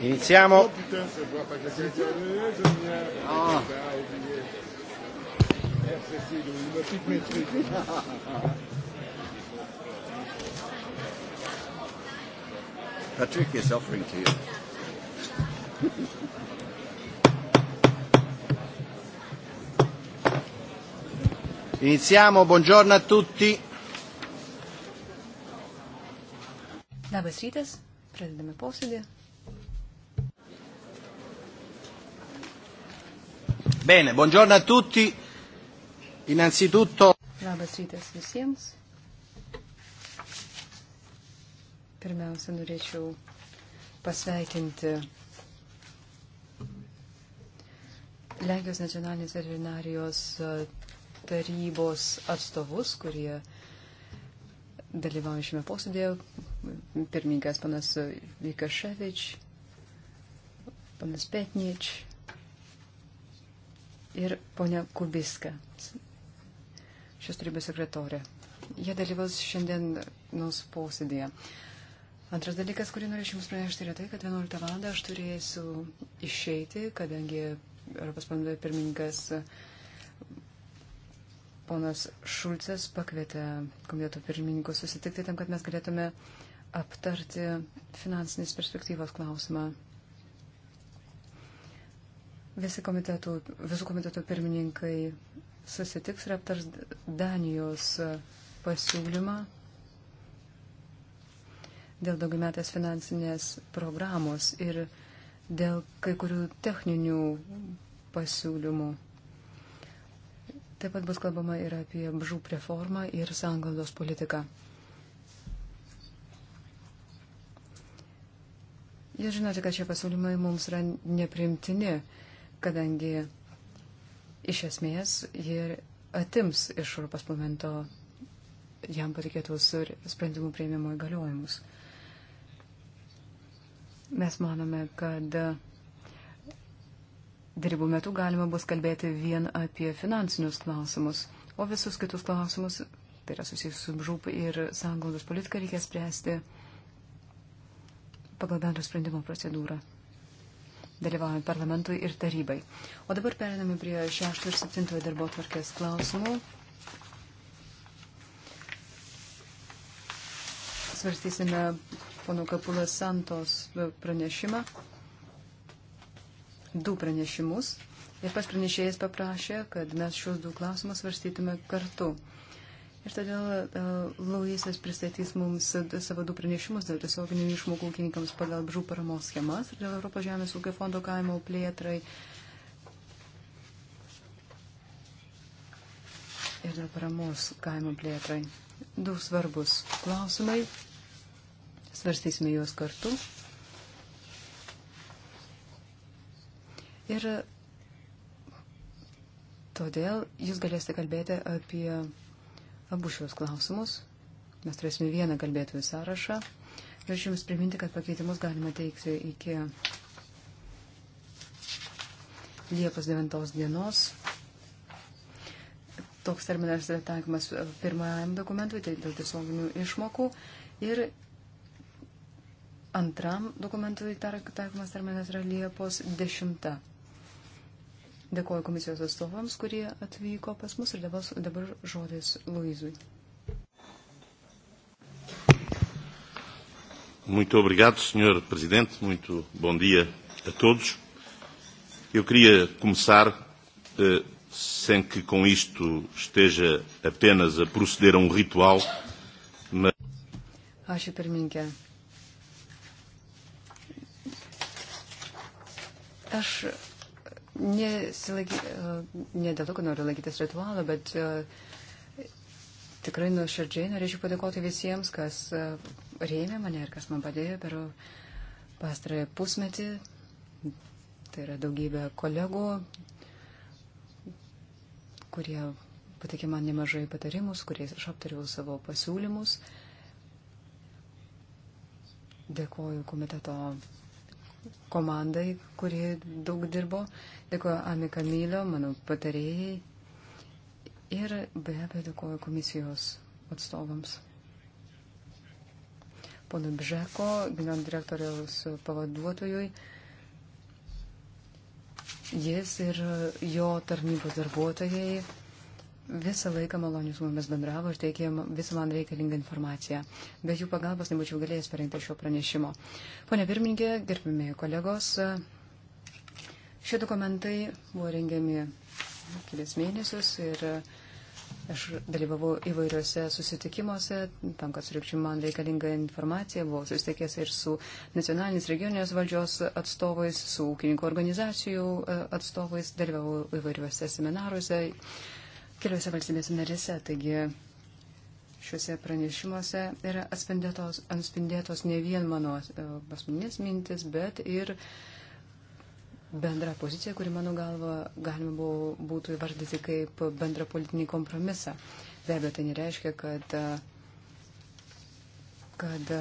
Iniziamo. Ah. Patrick is offering to you. Iniziamo, buongiorno a tutti. Labas rytas. Pradedame posėdį. Bene, buongiorno a tutti. Innanzitutto. Labas rytas visiems. Pirmiausia, norėčiau pasveikinti Lenkijos nacionalinės veterinarijos tarybos atstovus, kurie uh, dalyvauja šiame posėdėje, pirmininkas panas Vikaševič, panas Petnič ir ponia Kubiska, šios tarybos sekretorė. Jie dalyvaus šiandien nus posėdėje. Antras dalykas, kurį norėčiau Jums pranešti, yra tai, kad 11 val. aš turėsiu išeiti, kadangi Europos parlamento pirmininkas ponas Šulcas pakvietė komiteto pirmininkus susitikti tam, kad mes galėtume aptarti finansinės perspektyvos klausimą. Visi komitetų, visų komitetų pirmininkai susitiks ir aptars Danijos pasiūlymą dėl daugiametės finansinės programos ir dėl kai kurių techninių pasiūlymų. Taip pat bus kalbama ir apie žūp reformą ir sanglaudos politiką. Jūs žinote, kad šie pasiūlymai mums yra neprimtini, kadangi iš esmės jie atims iš Europos parlamento jam patikėtus sprendimų prieimimo įgaliojimus. Mes manome, kad Dirbų metu galima bus kalbėti vien apie finansinius klausimus, o visus kitus klausimus, tai yra susijęs su žūp ir sąnglaudos politika, reikės spręsti pagal bendro sprendimo procedūrą, dalyvaujant parlamentui ir tarybai. O dabar periname prie šešto ir septintojo darbo tvarkės klausimų. Svarstysime pono Kapulas Santos pranešimą du pranešimus ir pas pranešėjas paprašė, kad mes šios du klausimus svarstytume kartu. Ir todėl uh, Luisas pristatys mums savo du pranešimus dėl tiesioginių išmokų ūkininkams pagal bžų paramos schemas ir dėl Europos žemės ūkio fondo kaimo plėtrai. Ir dėl paramos kaimo plėtrai. Du svarbus klausimai. Svarstysime juos kartu. Ir todėl jūs galėsite kalbėti apie abu šios klausimus. Mes turėsime vieną kalbėtojų sąrašą. Ir aš jums priminti, kad pakeitimus galima teikti iki Liepos 9 dienos. Toks terminas yra taikomas pirmajam dokumentui, tai dėl tiesioginių išmokų. Ir antram dokumentui taikomas terminas yra Liepos 10. Dėkuoju komisijos atstovams, kurie atvyko pas mus ir dabar, dabar žodis Luizui. Muito obrigado, Sr. Presidente. Muito bom dia a todos. Eu queria começar, eh, sem que com isto esteja apenas a proceder a um ritual, mas. Acho, pirmininkė, aš Nesilaiky, e, ne dėl to, kad noriu laikytis ritualo, bet e, tikrai nuoširdžiai norėčiau padėkoti visiems, kas e, rėmė mane ir kas man padėjo per pastarąją pusmetį. Tai yra daugybė kolegų, kurie patikė man nemažai patarimų, su kuriais aš aptariau savo pasiūlymus. Dėkoju komiteto komandai, kurie daug dirbo. Dėkuoju Ami Kamilio, mano patarėjai. Ir be abejo dėkuoju komisijos atstovams. Pono Bžeko, generalinio direktoriaus pavaduotojui. Jis ir jo tarnybos darbuotojai visą laiką maloniai su mumis bendravo ir teikė visą man reikalingą informaciją. Be jų pagalbos nebūčiau galėjęs parengti šio pranešimo. Pone pirmininkė, gerbimieji kolegos, šie dokumentai buvo rengiami kelias mėnesius ir aš dalyvavau įvairiuose susitikimuose, tam, kad surinkčiau man reikalingą informaciją, buvau susitikęs ir su nacionalinės regioninės valdžios atstovais, su ūkininkų organizacijų e, atstovais, dalyvavau įvairiuose seminaruose keliose valstybės narėse. Taigi šiuose pranešimuose yra atspindėtos, atspindėtos ne vien mano e, asmeninės mintis, bet ir bendra pozicija, kuri mano galva galima buvo, būtų įvardyti kaip bendra politinį kompromisą. Be abejo, tai nereiškia, kad, e, kad e,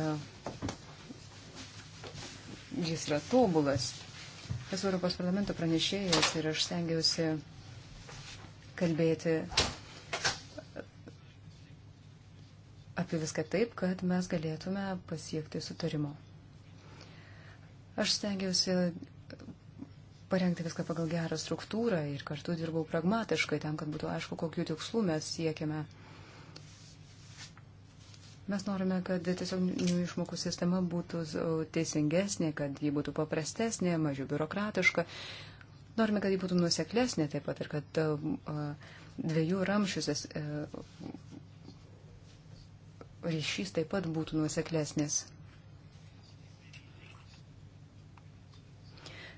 jis yra tobulas. Esu Europos parlamento pranešėjas ir aš stengiausi kalbėti apie viską taip, kad mes galėtume pasiekti sutarimo. Aš stengiausi parengti viską pagal gerą struktūrą ir kartu dirbau pragmatiškai tam, kad būtų aišku, kokiu tikslu mes siekiame. Mes norime, kad tiesiog išmokų sistema būtų teisingesnė, kad ji būtų paprastesnė, mažiau biurokratiška. Norime, kad ji būtų nuseklesnė taip pat ir kad e, dviejų ramšių e, ryšys taip pat būtų nuseklesnis.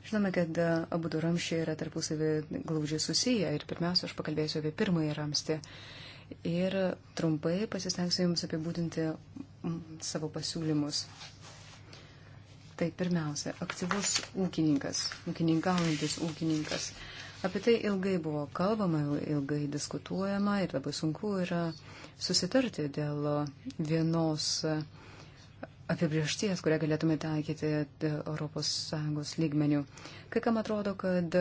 Žinome, kad e, abu du ramščiai yra tarpusavį glaudžiai susiję ir pirmiausia, aš pakalbėsiu apie pirmąjį ramstį ir trumpai pasistengsiu Jums apibūdinti savo pasiūlymus. Tai pirmiausia, aktyvus ūkininkas, ūkininkaujantis ūkininkas. Apie tai ilgai buvo kalbama, ilgai diskutuojama ir labai sunku yra susitarti dėl vienos apibriešties, kurią galėtume taikyti ES lygmenių. Kai kam atrodo, kad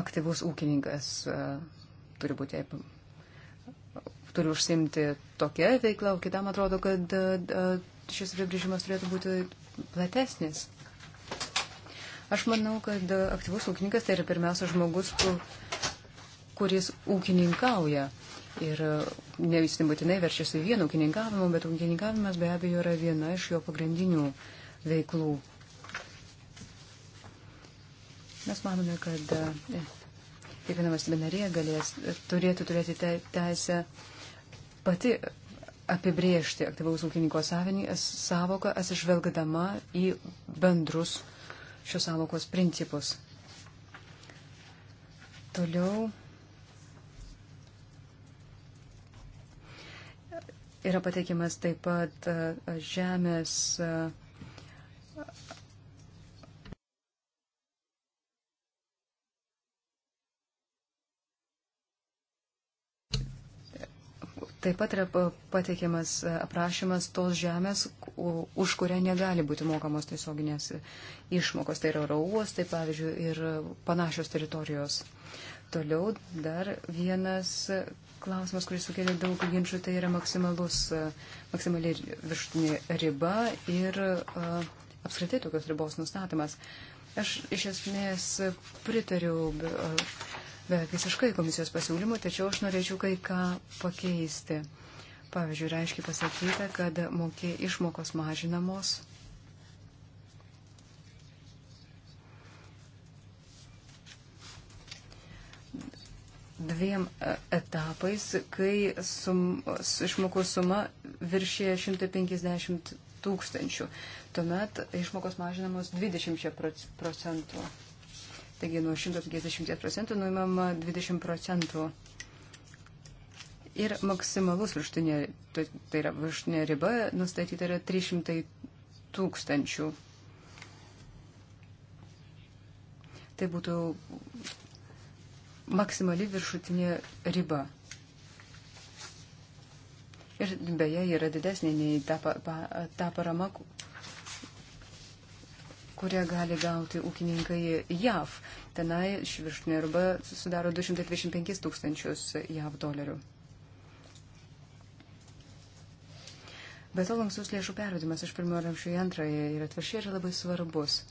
aktyvus ūkininkas e, turi būti turi užsimti tokia veikla, o kitam atrodo, kad e, šis apibrėžimas turėtų būti platesnis. Aš manau, kad aktyvus ūkininkas tai yra pirmiausia žmogus, kuris ūkininkauja. Ir ne jis nebūtinai verčiasi vienu ūkininkavimu, bet ūkininkavimas be abejo yra viena iš jo pagrindinių veiklų. Mes manome, kad e, kiekviena valstybė narė galės, turėtų turėti teisę pati apibriežti aktyvaus ūkininko savoką, atsižvelgdama į bendrus šios savokos principus. Toliau yra pateikimas taip pat e, žemės. Uh, Taip pat yra pateikiamas e, aprašymas tos žemės, už kurią negali būti mokamos tiesioginės e, išmokos. Tai yra rauos, tai pavyzdžiui, ir panašios teritorijos. Toliau dar vienas klausimas, kuris sukėlė daug ginčių, tai yra maksimalus, e, maksimali viršutinė riba ir uh, apskritai tokios ribos nustatymas. Aš iš esmės pritariu uh, beveik visiškai komisijos pasiūlymų, tačiau aš norėčiau kai ką pakeisti. Pavyzdžiui, reiškia pasakyta, kad mokė išmokos mažinamos. Dviem e, etapais, kai sum, išmokų suma viršė 150 tūkstančių, tuomet išmokos mažinamos 20 procentų. Taigi nuo 150 procentų nuimama 20 procentų. Ir maksimalus virštinė, tai, tai yra virštinė riba, nustatyta yra 300 tūkstančių. Tai būtų maksimali viršutinė riba. Ir beje, yra didesnė nei ta, pa, ta parama, kurią gali gauti ūkininkai JAV. Tenai viršutinė riba sudaro 225 tūkstančius JAV dolerių. Bet to lankstus lėšų pervedimas iš pirmojo ramščio į antrąją ir atviršiai yra labai svarbus.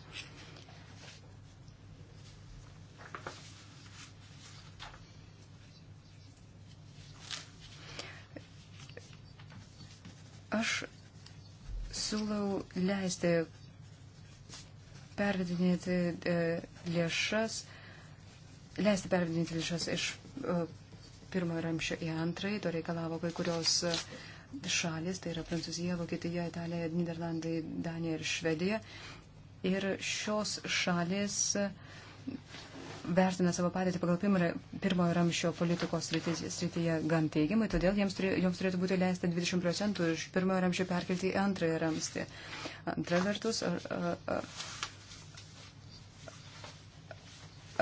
Aš siūlau leisti pervedinėti e, lėšas, leisti pervedinėti lėšas iš e, pirmojo ramščio į antrąjį, to reikalavo kai kurios e, šalis, tai yra Prancūzija, Vokietija, Italija, Niderlandai, Danija ir Švedija. Ir šios šalis vertina savo padėtį pagal pirmojo ramščio politikos srityje gan teigiamai, todėl jiems, turė, jiems turėtų būti leista 20 procentų iš pirmojo ramščio perkelti į antrąją ramstį. Antra vertus, ar, ar, ar,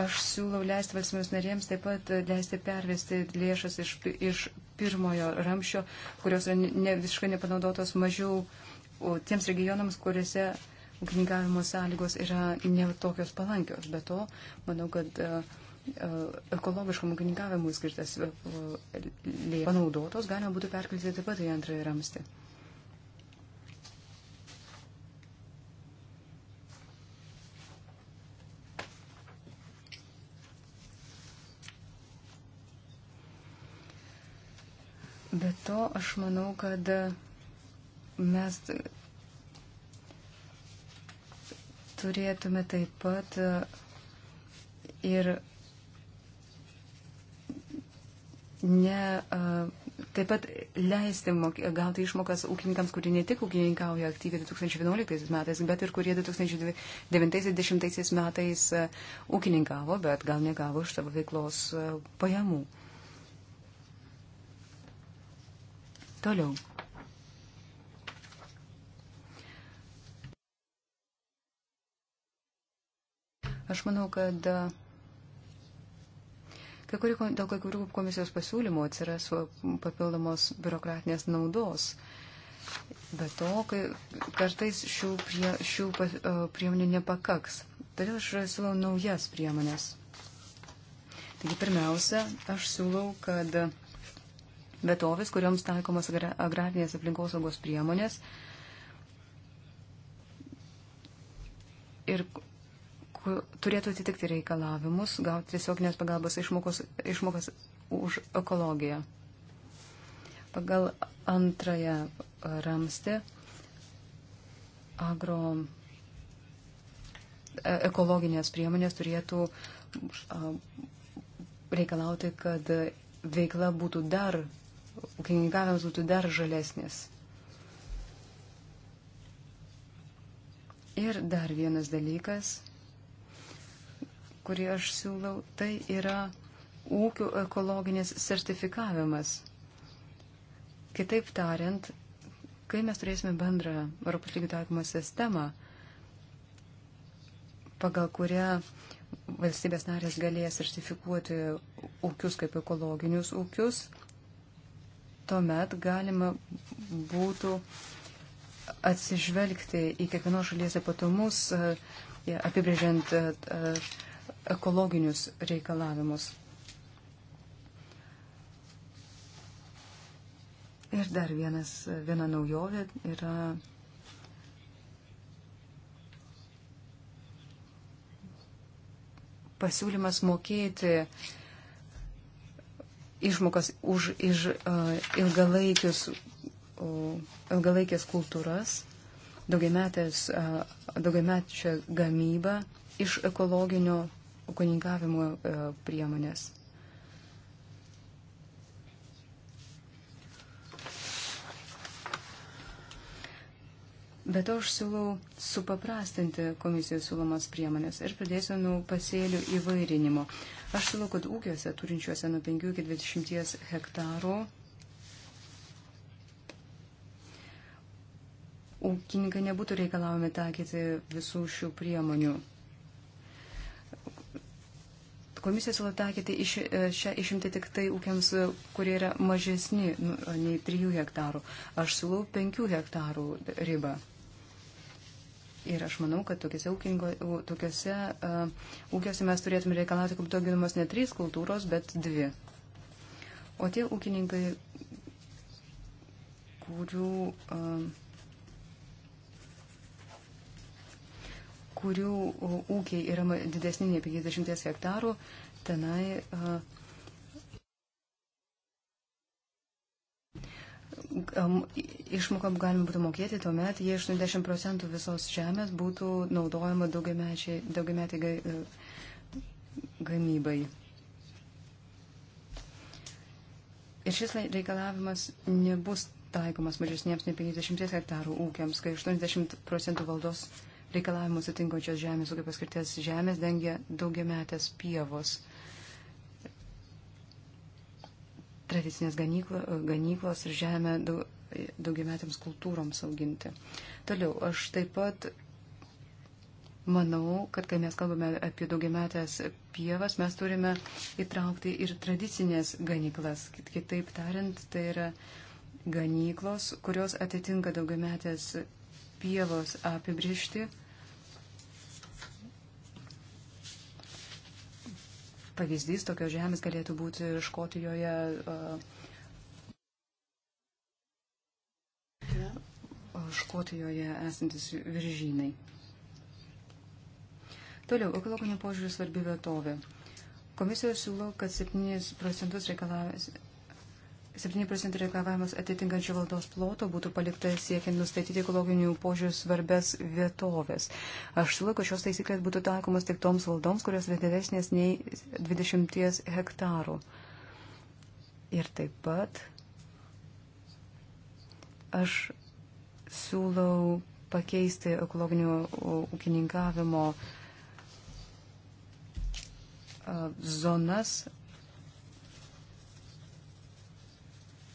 aš siūlau leisti valstybės narėms taip pat e, leisti pervesti lėšas iš, iš pirmojo ramščio, kurios yra ne, visiškai nepanaudotos mažiau tiems regionams, kuriuose ūkininkavimo sąlygos yra ne tokios palankios. Be to, manau, kad e, e, ekologiškam ūkininkavimui skirtas lėšas panaudotos galima būtų perkelti taip pat į antrąjį ramstį. Bet to aš manau, kad mes turėtume taip pat ir ne, taip pat leisti gauti išmokas ūkininkams, kurie ne tik ūkininkauja aktyviai 2011 metais, bet ir kurie 2009-2010 metais ūkininkavo, bet gal negavo iš savo veiklos pajamų. Toliau. Aš manau, kad e, kai kuri, dėl kai kurių komisijos pasiūlymų atsiras papildomos biurokratinės naudos. Be to, kai kartais šių, prie, šių e, priemonių nepakaks. Todėl aš siūlau naujas priemonės. Taigi pirmiausia, aš siūlau, kad vietovės, kuriuoms taikomas agrarinės aplinkosaugos priemonės. Ir turėtų atitikti reikalavimus, gauti tiesioginės pagalbos išmokos, išmokas už ekologiją. Pagal antrąją ramstį agro e, ekologinės priemonės turėtų reikalauti, kad veikla būtų dar ūkininkavimas būtų dar žalesnis. Ir dar vienas dalykas, kurį aš siūlau, tai yra ūkių ekologinis sertifikavimas. Kitaip tariant, kai mes turėsime bendrą Europos lygių taikymo sistemą, pagal kurią valstybės narės galės sertifikuoti ūkius kaip ekologinius ūkius, tuomet galima būtų atsižvelgti į kiekvienos šalies ypatumus, e, apibrėžiant e, e, ekologinius reikalavimus. Ir dar vienas, viena naujovė yra pasiūlymas mokėti uh, išmokas už iš, e, ilgalaikius, ilgalaikės kultūras, daugiamečią e, gamybą iš ekologinio ūkininkavimo e, priemonės. Bet aš siūlau supaprastinti komisijos siūlomas priemonės ir pradėsiu nuo pasėlių įvairinimo. Uh, Aš siūlau, kad ūkiuose turinčiuose nuo 5 iki 20 hektarų ūkininkai nebūtų reikalavami taikyti visų šių priemonių. Komisija siūlo taikyti iš, e, šią išimti tik tai ūkiams, kurie yra mažesni nu, nei 3 hektarų. Aš siūlau 5 hektarų ribą. Ir aš manau, kad tokiuose, ūkingo, tokiuose uh, ūkiuose mes turėtume reikalauti, kad būtų ginamos ne trys kultūros, bet dvi. O tie ūkininkai, kurių, uh, kurių ūkiai yra didesni nei 50 hektarų, tenai uh, išmokom galima būtų mokėti tuomet, jei 80 procentų visos žemės būtų naudojama daugiametį ga, e, gamybai. Ir šis reikalavimas nebus taikomas mažesniems nei 50 hektarų ūkiams, kai 80 procentų valdos reikalavimus atinkančios žemės ūkio paskirties žemės dengia daugiametės pievos. tradicinės ganyklos ir žemę daugiametėms kultūroms auginti. Toliau, aš taip pat manau, kad kai mes kalbame apie daugiametės pievas, mes turime įtraukti ir tradicinės ganyklas. Kitaip tariant, tai yra ganyklos, kurios atitinka daugiametės pievos apibrišti Pavyzdys tokios žemės galėtų būti Škotijoje. Škotijoje esantis viržynai. Toliau, ekologinio požiūrį svarbi vietovė. Komisija siūlo, kad 7 procentus reikalavęs 7 procentų reikalavimas atitinkančio valdos ploto būtų palikta siekiant nustatyti ekologinių požiūrių svarbės vietovės. Aš siūlau, kad šios taisyklės būtų taikomas tik toms valdoms, kurios didesnės nei 20 hektarų. Ir taip pat aš siūlau pakeisti ekologinio ūkininkavimo zonas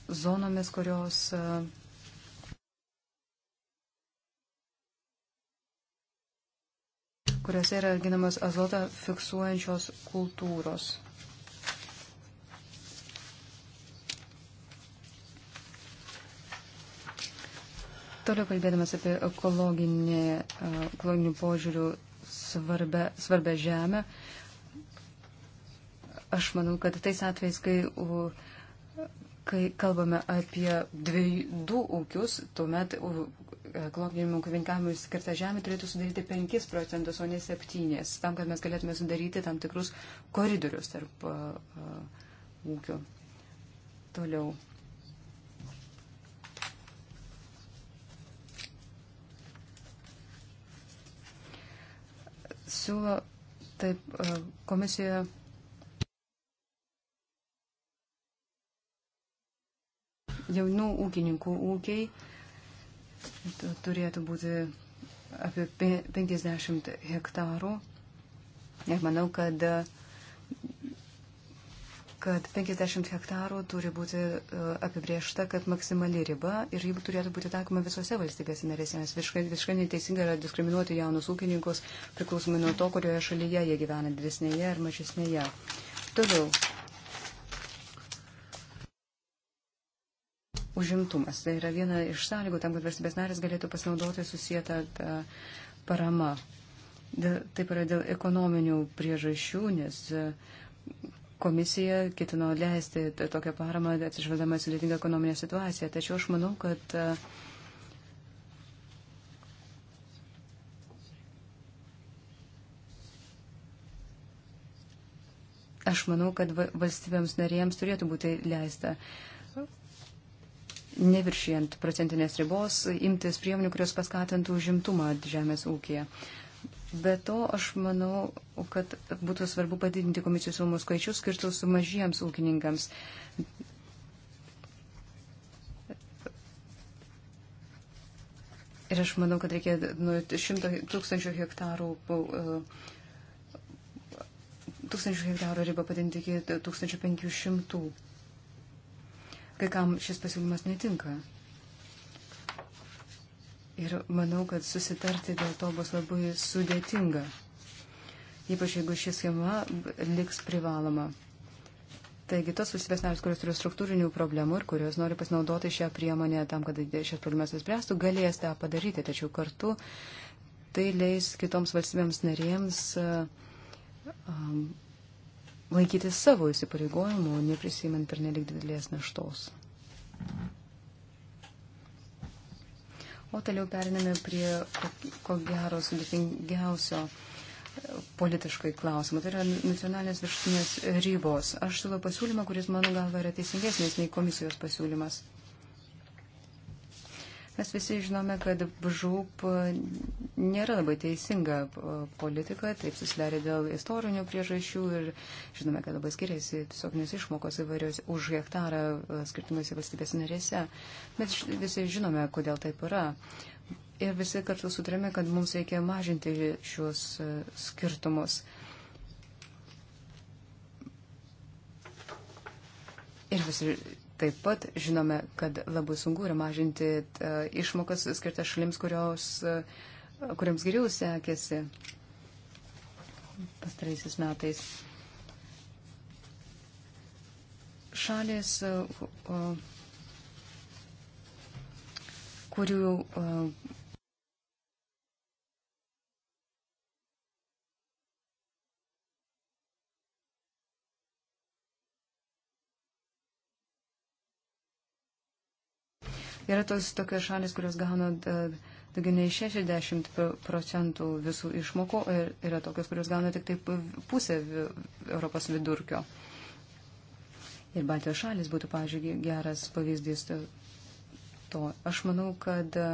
zonomis, kurios e, kuriuose yra ginamas azotą fiksuojančios kultūros. Toliau kalbėdamas apie ekologinį, e, ekologinių požiūrių svarbę, svarbę žemę, aš manau, kad tais atvejais, kai Kai kalbame apie dviejų, du ūkius, tuomet ekologiniam ūkininkavimui skirta žemė turėtų sudaryti 5 procentus, o ne 7, tam, kad mes galėtume sudaryti tam tikrus koridorius tarp uh, ūkių. Toliau. Siūlo taip komisijoje jaunų ūkininkų ūkiai turėtų būti apie 50 hektarų. Ir manau, kad, kad 50 hektarų turi būti e, apibriešta kaip maksimali riba ir ji turėtų būti taikoma visose valstybės narėse, nes visiškai neteisinga yra diskriminuoti jaunus ūkininkus priklausomai nuo to, kurioje šalyje jie gyvena, didesnėje ar mažesnėje. Toliau užimtumas. Tai yra viena iš sąlygų tam, kad valstybės narės galėtų pasinaudoti susijęta e, parama. Dėl, taip yra dėl ekonominių priežasčių, nes e, komisija ketino leisti tokią paramą atsižvelgdama sudėtingą ekonominę situaciją. Tačiau aš manau, kad e, Aš manau, kad valstybėms narėms turėtų būti leista uh, neviršijant procentinės ribos, imtis priemonių, kurios paskatintų užimtumą žemės ūkėje. Be to, aš manau, kad būtų svarbu padidinti komisijų siūlomų skaičius skirtus mažiems ūkininkams. Ir aš manau, kad reikia nuo 100 tūkstančių hektarų, e, tūkstančių hektarų ribą padinti iki 1500 kai kam šis pasiūlymas netinka. Ir manau, kad susitarti dėl to bus labai sudėtinga, ypač jeigu ši schema liks privaloma. Taigi tos valstybės narės, kurios turi struktūrinių problemų ir kurios nori pasinaudoti šią priemonę tam, kad šias problemas įspręstų, galės tą padaryti, tačiau kartu tai leis kitoms valstybėms narėms um, laikyti savo įsipareigojimų, neprisimant per nelik didelės naštos. O toliau periname prie ko gero sudėtingiausio e, politiškai klausimą. Tai yra nacionalinės virštinės rybos. Aš siūlau pasiūlymą, kuris mano galva yra teisingesnis nei komisijos pasiūlymas. Mes visi žinome, kad žūp nėra labai teisinga politika, taip susidarė dėl istorinių priežasčių ir žinome, kad labai skiriasi tiesioginės išmokos įvairios už hektarą skirtingose valstybės narėse. Mes visi žinome, kodėl taip yra. Ir visi kartu sutarėme, kad mums reikia mažinti šios skirtumus. Ir visi Taip pat žinome, kad labai sunku yra mažinti e, išmokas skirtas šalims, kurios, e, kuriams geriau sekėsi pastaraisiais metais. Šalis, e, kurių Yra tos tokios šalis, kurios gauna e, daugiau nei 60 procentų visų išmokų ir yra tokios, kurios gauna tik taip pusę Europos vidurkio. Ir Baltijos šalis būtų, pavyzdžiui, geras pavyzdys to. Aš manau, kad e,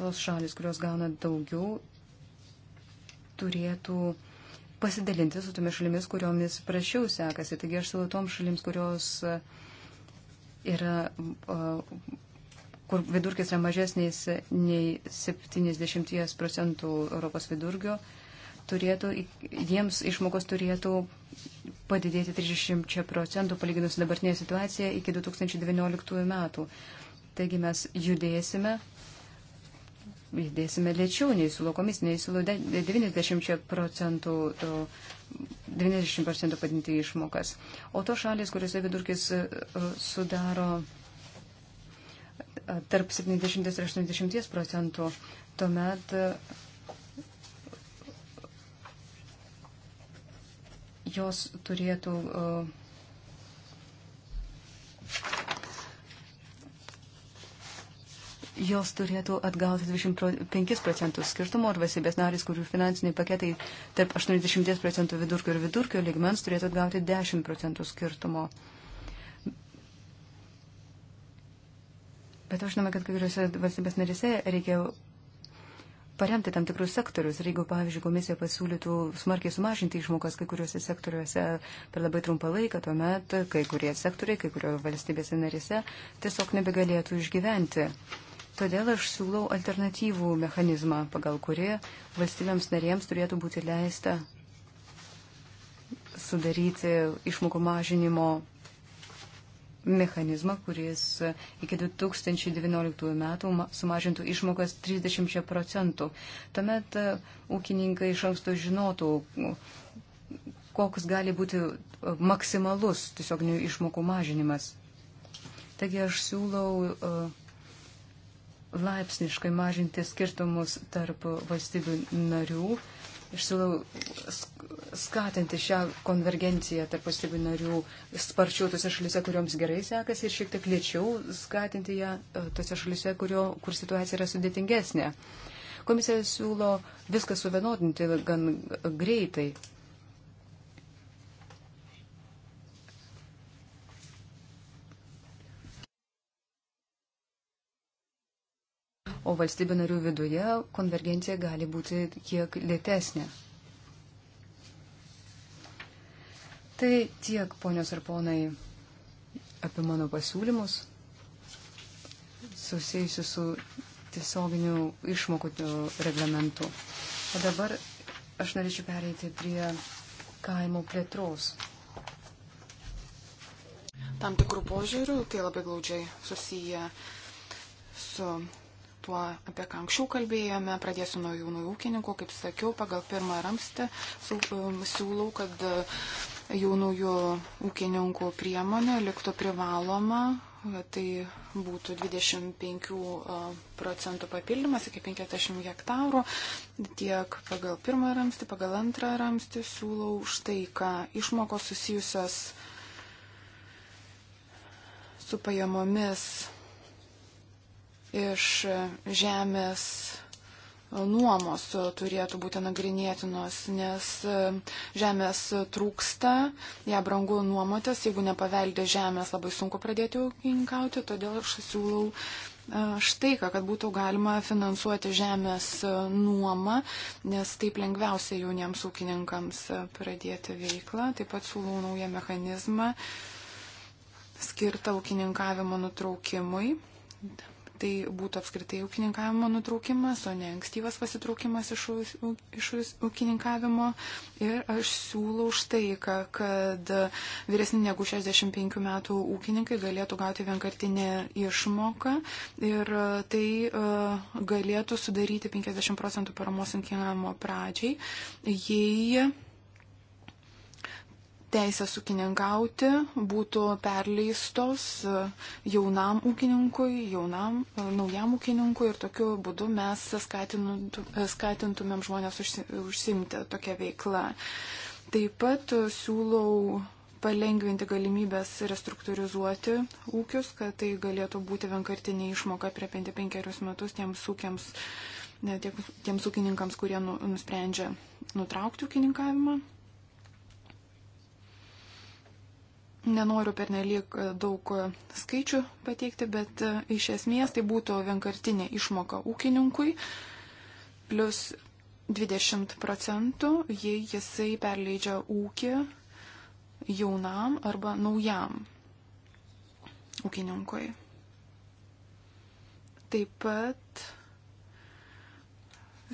tos šalis, kurios gauna daugiau, turėtų pasidalinti su tomis šalimis, kuriomis prašiau sekasi. Taigi aš siūlau toms šalims, kurios uh, yra, kur vidurkis yra mažesnis nei 70 procentų Europos vidurkio, turėtų, jiems išmokos turėtų padidėti 30 procentų palyginus dabartinė situacija iki 2019 metų. Taigi mes judėsime judėsime lėčiau nei siūlo komisija, nei siūlo 90 procentų, to, 90 procentų padinti išmokas. O to šalis, kuriuose vidurkis e, e, sudaro e, tarp 70 ir 80 procentų, tuomet jos turėtų uh, jos turėtų atgauti 25 procentus skirtumo ir valstybės narys, kurių finansiniai paketai tarp 80 procentų vidurkio ir vidurkio ligmens turėtų atgauti 10 procentų skirtumo. Bet aš žinome, kad kai kuriuose valstybės narėse reikia paremti tam tikrus sektorius. Ir jeigu, pavyzdžiui, komisija pasiūlytų smarkiai sumažinti išmokas kai kuriuose sektoriuose per labai trumpą laiką, tuomet kai kurie sektoriai, kai kurio valstybėse narėse tiesiog nebegalėtų išgyventi. Todėl aš siūlau alternatyvų mechanizmą, pagal kurį valstybėms narėms turėtų būti leista sudaryti išmokų mažinimo mechanizmą, kuris iki 2019 metų sumažintų išmokas 30 procentų. Tuomet e, ūkininkai iš anksto žinotų, koks gali būti e, maksimalus tiesioginių išmokų mažinimas. Taigi aš siūlau uh, laipsniškai mažinti skirtumus tarp valstybių narių, išsilau skatinti šią konvergenciją tarp valstybių narių sparčiau tose šalise, kuriuoms gerai sekasi, ir šiek tiek lėčiau skatinti ją e, tose šalise, kurio, kur situacija yra sudėtingesnė. Komisija siūlo viską suvienodinti gan greitai. o valstybių narių viduje konvergencija gali būti kiek lėtesnė. Tai tiek, ponios ir ponai, apie mano pasiūlymus susijusiu su tiesioginiu išmokų reglamentu. O dabar aš norėčiau pereiti prie kaimo plėtros. Tam tikrų požiūrių tai labai glaudžiai susiję su tuo, apie ką anksčiau kalbėjome. Pradėsiu nuo jaunų ūkininkų. Kaip sakiau, pagal pirmą ramstį um, siūlau, kad uh, jaunųjų ūkininkų priemonė liktų privaloma. Tai būtų 25 uh, procentų papildymas iki 50 hektarų. Tiek pagal pirmą ramstį, pagal antrą ramstį siūlau štai ką išmokos susijusios su pajamomis iš žemės nuomos turėtų būti nagrinėtinos, nes žemės trūksta, ją brangu nuomotis, jeigu nepaveldė žemės, labai sunku pradėti ūkininkauti, todėl aš siūlau e, štai ką, kad būtų galima finansuoti žemės nuomą, nes taip lengviausia jauniems ūkininkams pradėti veiklą. Taip pat siūlau naują mechanizmą skirtą ūkininkavimo nutraukimui tai būtų apskritai ūkininkavimo nutraukimas, o ne ankstyvas pasitraukimas iš, iš ūkininkavimo. Ir aš siūlau štai, kad vyresni negu 65 metų ūkininkai galėtų gauti vienkartinę išmoką ir tai e, galėtų sudaryti 50 procentų paramos ūkininkavimo pradžiai, jei teisės ūkininkauti būtų perleistos jaunam ūkininkui, jaunam, e, naujam ūkininkui ir tokiu būdu mes e, skatintumėm žmonės užsimti tokią veiklą. Taip pat siūlau palengvinti galimybės restruktūrizuoti ūkius, kad tai galėtų būti vienkartinė išmoka prie 55 metus tiems ūkiams, tiems ūkininkams, kurie nu, nusprendžia nutraukti ūkininkavimą. Nenoriu pernelyg e, daug e, skaičių pateikti, bet e, iš esmės tai būtų vienkartinė išmoka ūkininkui plus 20 procentų, jei jisai perleidžia ūkį jaunam arba naujam ūkininkui. Taip pat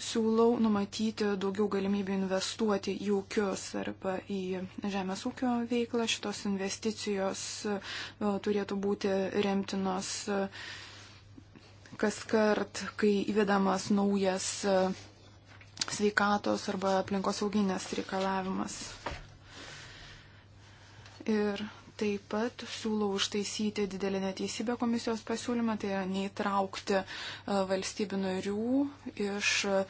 siūlau numatyti daugiau galimybių investuoti į ūkius arba į žemės ūkio veiklą. Šitos investicijos e, turėtų būti remtinos e, kas kart, kai įvedamas naujas e, sveikatos arba aplinkosauginės reikalavimas. Ir Taip pat siūlau užtaisyti didelį neteisybę komisijos pasiūlymą, tai yra neįtraukti e, valstybių narių iš e,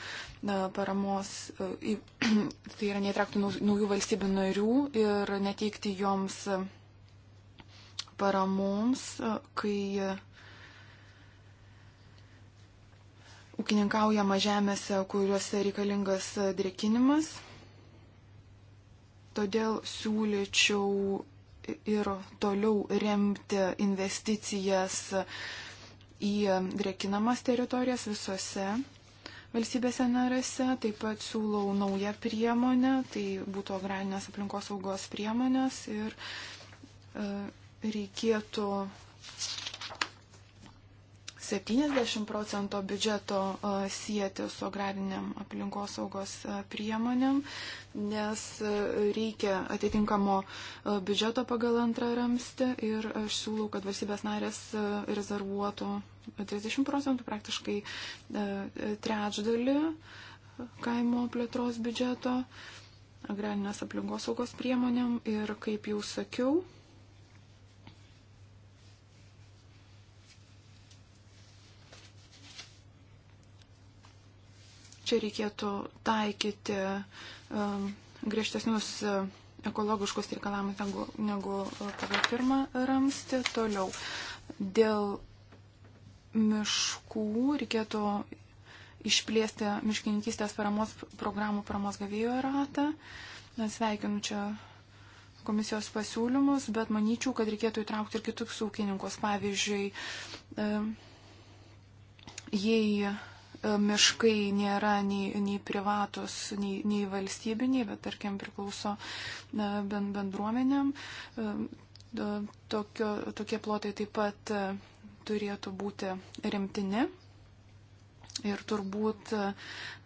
paramos, e, tai yra neįtraukti naujų valstybių narių ir neteikti joms paramoms, kai ūkininkaujama žemėse, kuriuose reikalingas drėkinimas. Todėl siūlyčiau ir toliau remti investicijas į drėkinamas teritorijas visose valstybėse narėse. Taip pat siūlau naują priemonę, tai būtų agrarinės aplinkos saugos priemonės ir e, reikėtų 70 procento biudžeto sieti su agrariniam aplinkosaugos priemonėm, nes reikia atitinkamo biudžeto pagal antrą ramstį ir aš siūlau, kad valstybės narės rezervuotų 30 procentų, praktiškai trečdalį kaimo plėtros biudžeto agrarinės aplinkosaugos priemonėm ir kaip jau sakiau, čia reikėtų taikyti um, griežtesnius uh, ekologiškus reikalavimus negu, negu uh, pagal pirmą ramstį. Toliau, dėl miškų reikėtų išplėsti miškininkystės paramos programų paramos gavėjo ratą. Sveikinu čia komisijos pasiūlymus, bet manyčiau, kad reikėtų įtraukti ir kitus ūkininkus. Pavyzdžiui, um, jei miškai nėra nei, nei privatus, nei, nei valstybiniai, bet tarkim priklauso e, bendruomenėm. E, tokio, tokie plotai taip pat e, turėtų būti rimtini. Ir turbūt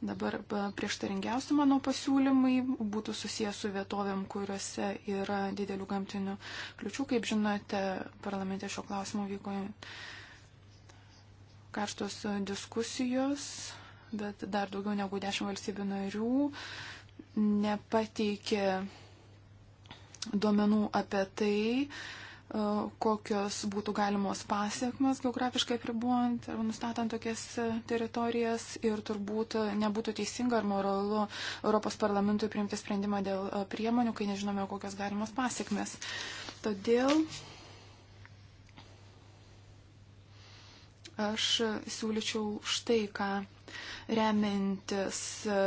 dabar prieštaringiausi mano pasiūlymai būtų susijęs su vietovėm, kuriuose yra didelių gamtinių kliučių. Kaip žinote, parlamente šio klausimo vyko karštos diskusijos, bet dar daugiau negu 10 valstybių narių nepateikė duomenų apie tai, e, kokios būtų galimos pasiekmes geografiškai pribuojant ar nustatant tokias e, teritorijas ir turbūt e, nebūtų teisinga ar moralu Europos parlamentui priimti sprendimą dėl priemonių, kai nežinome, kokios galimos pasiekmes. Todėl aš siūlyčiau štai ką remintis e,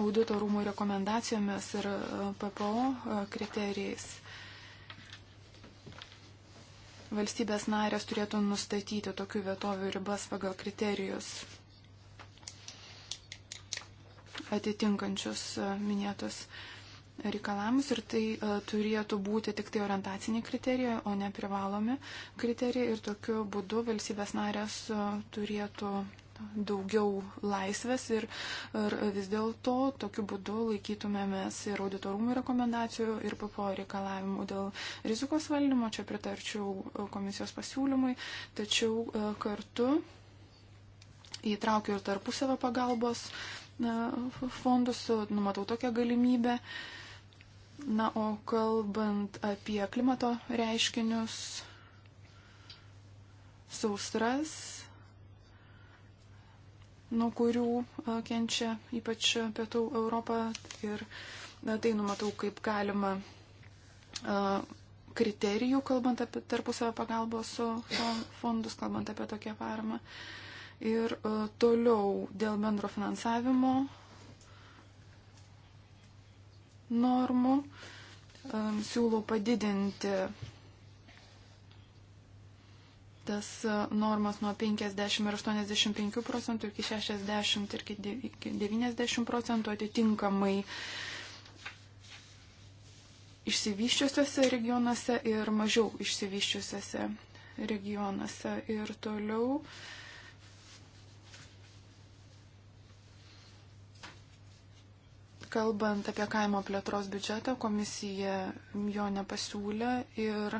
audito rūmų rekomendacijomis ir e, PPO e, kriterijais. Valstybės narės turėtų nustatyti tokių vietovių ribas pagal kriterijus atitinkančius minėtus kriterijus reikalavimus ir tai uh, turėtų būti tik tai orientaciniai kriterijai, o ne privalomi kriterijai ir tokiu būdu valstybės narės uh, turėtų daugiau laisvės ir, ir vis dėlto tokiu būdu laikytumėmės ir auditorumų rekomendacijų ir PPO reikalavimų dėl rizikos valdymo. Čia pritarčiau e, komisijos pasiūlymui, tačiau uh, kartu įtraukiu ir tarpusavio pagalbos fondus, numatau tokią galimybę. Uh, Na, o kalbant apie klimato reiškinius, saustras, nuo kurių kenčia ypač pietų Europą ir tai numatau kaip galima kriterijų, kalbant apie tarpusavę pagalbą su fondus, kalbant apie tokią paramą. Ir toliau dėl bendro finansavimo normų. Siūlau padidinti tas e, normas nuo 50 ir 85 procentų iki 60 ir iki 90 procentų atitinkamai išsivyščiusiuose regionuose ir mažiau išsivyščiusiuose regionuose. Ir toliau uh, Kalbant apie kaimo plėtros biudžetą, komisija jo nepasiūlė ir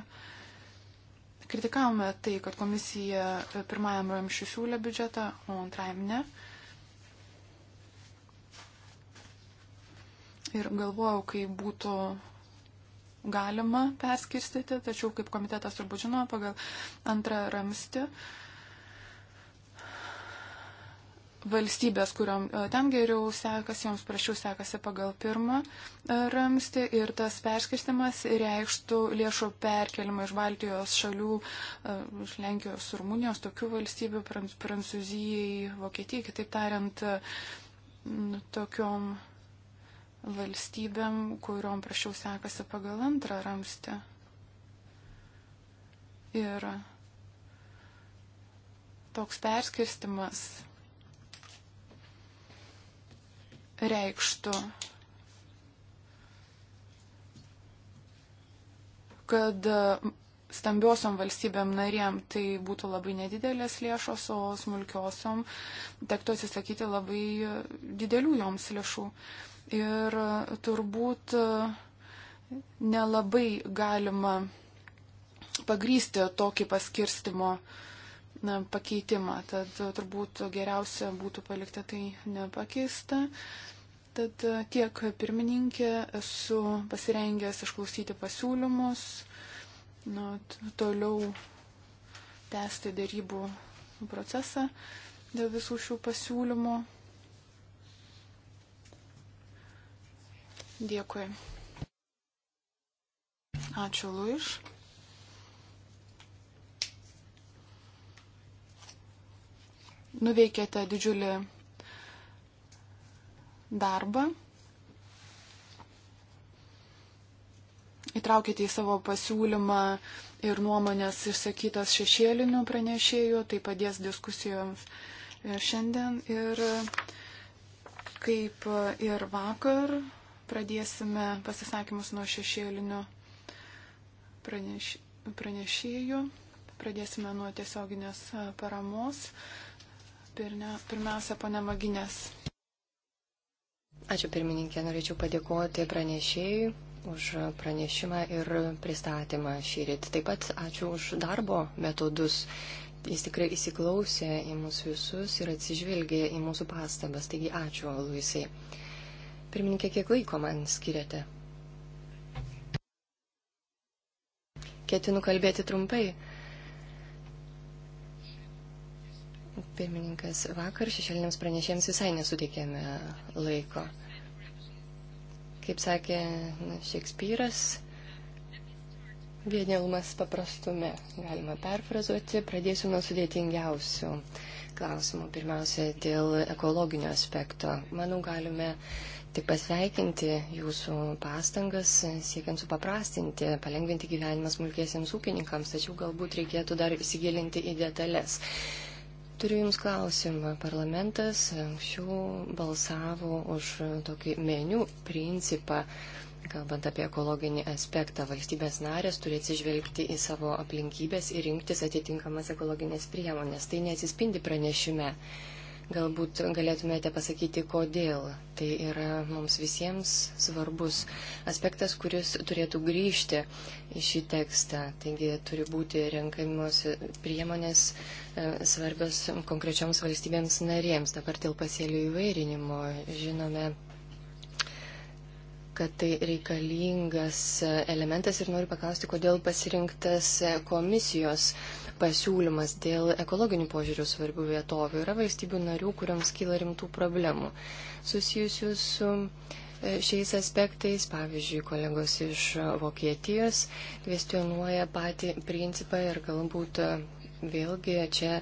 kritikavome tai, kad komisija pirmajam ramšiui siūlė biudžetą, o antrajam ne. Ir galvojau, kaip būtų galima perskirstyti, tačiau kaip komitetas turbūt žino, pagal antrą ramstį uh, valstybės, kuriuom e, ten geriau sekasi, joms prašiau sekasi pagal pirmą e, ramstį ir tas perskirstimas reikštų lėšų perkelimą iš Baltijos šalių, e, iš Lenkijos, Rumunijos, tokių valstybių, Prancūzijai, Vokietijai, kitaip tariant, tokiom valstybėm, kuriuom prašiau sekasi pagal antrą ramstį. Ir toks perskirstimas reikštų, kad stambiosiom valstybėm narėm tai būtų labai nedidelės lėšos, o smulkiosiom tektų atsisakyti labai didelių joms lėšų. Ir turbūt nelabai galima pagrysti tokį paskirstimo uh, na, pakeitimą. Tad e, turbūt geriausia būtų palikti tai nepakeista. Tad e, tiek pirmininkė, esu pasirengęs išklausyti pasiūlymus, nu, toliau tęsti dėrybų procesą dėl visų šių pasiūlymų. Dėkui. Ačiū Luiš. nuveikėte didžiulį darbą. Įtraukite į savo pasiūlymą ir nuomonės išsakytas šešėlinių pranešėjų, tai padės diskusijoms šiandien. Ir kaip ir vakar, pradėsime pasisakymus nuo šešėlinių praneš, pranešėjų. Pradėsime nuo tiesioginės paramos. Pirne, pirmiausia, ponė Maginės. Ačiū pirmininkė, norėčiau padėkoti pranešėjui už pranešimą ir pristatymą šį rytį. Taip pat ačiū už darbo metodus. Jis tikrai įsiklausė į mūsų visus ir atsižvelgė į mūsų pastabas. Taigi ačiū, Luisai. Pirmininkė, kiek laiko man skiriate? Ketinu kalbėti trumpai. Pirmininkas, vakar šešėliniams pranešėjams visai nesuteikėme laiko. Kaip sakė Šekspyras, vienelumas paprastume. Galima perfrazuoti, pradėsiu nuo sudėtingiausių klausimų. Pirmiausia, dėl ekologinio aspekto. Manau, galime tik pasveikinti jūsų pastangas, siekiant supaprastinti, palengvinti gyvenimą smulkėsiams ūkininkams, tačiau galbūt reikėtų dar įsigilinti į detalės. Turiu Jums klausimą. Parlamentas anksčiau balsavo už tokį meniu principą. Kalbant apie ekologinį aspektą, valstybės narės turi atsižvelgti į savo aplinkybės ir rinktis atitinkamas ekologinės priemonės. Tai neatsispindi pranešime. Galbūt galėtumėte pasakyti, kodėl tai yra mums visiems svarbus aspektas, kuris turėtų grįžti į šį tekstą. Taigi turi būti renkamos priemonės e, svarbios konkrečioms valstybėms narėms. Dabar dėl pasėlių įvairinimo žinome kad tai reikalingas elementas ir noriu paklausti, kodėl pasirinktas komisijos pasiūlymas dėl ekologinių požiūrių svarbių vietovių. Yra valstybių narių, kuriams kyla rimtų problemų susijusių su e, šiais aspektais. Pavyzdžiui, kolegos iš Vokietijos kvestionuoja patį principą ir galbūt e, vėlgi čia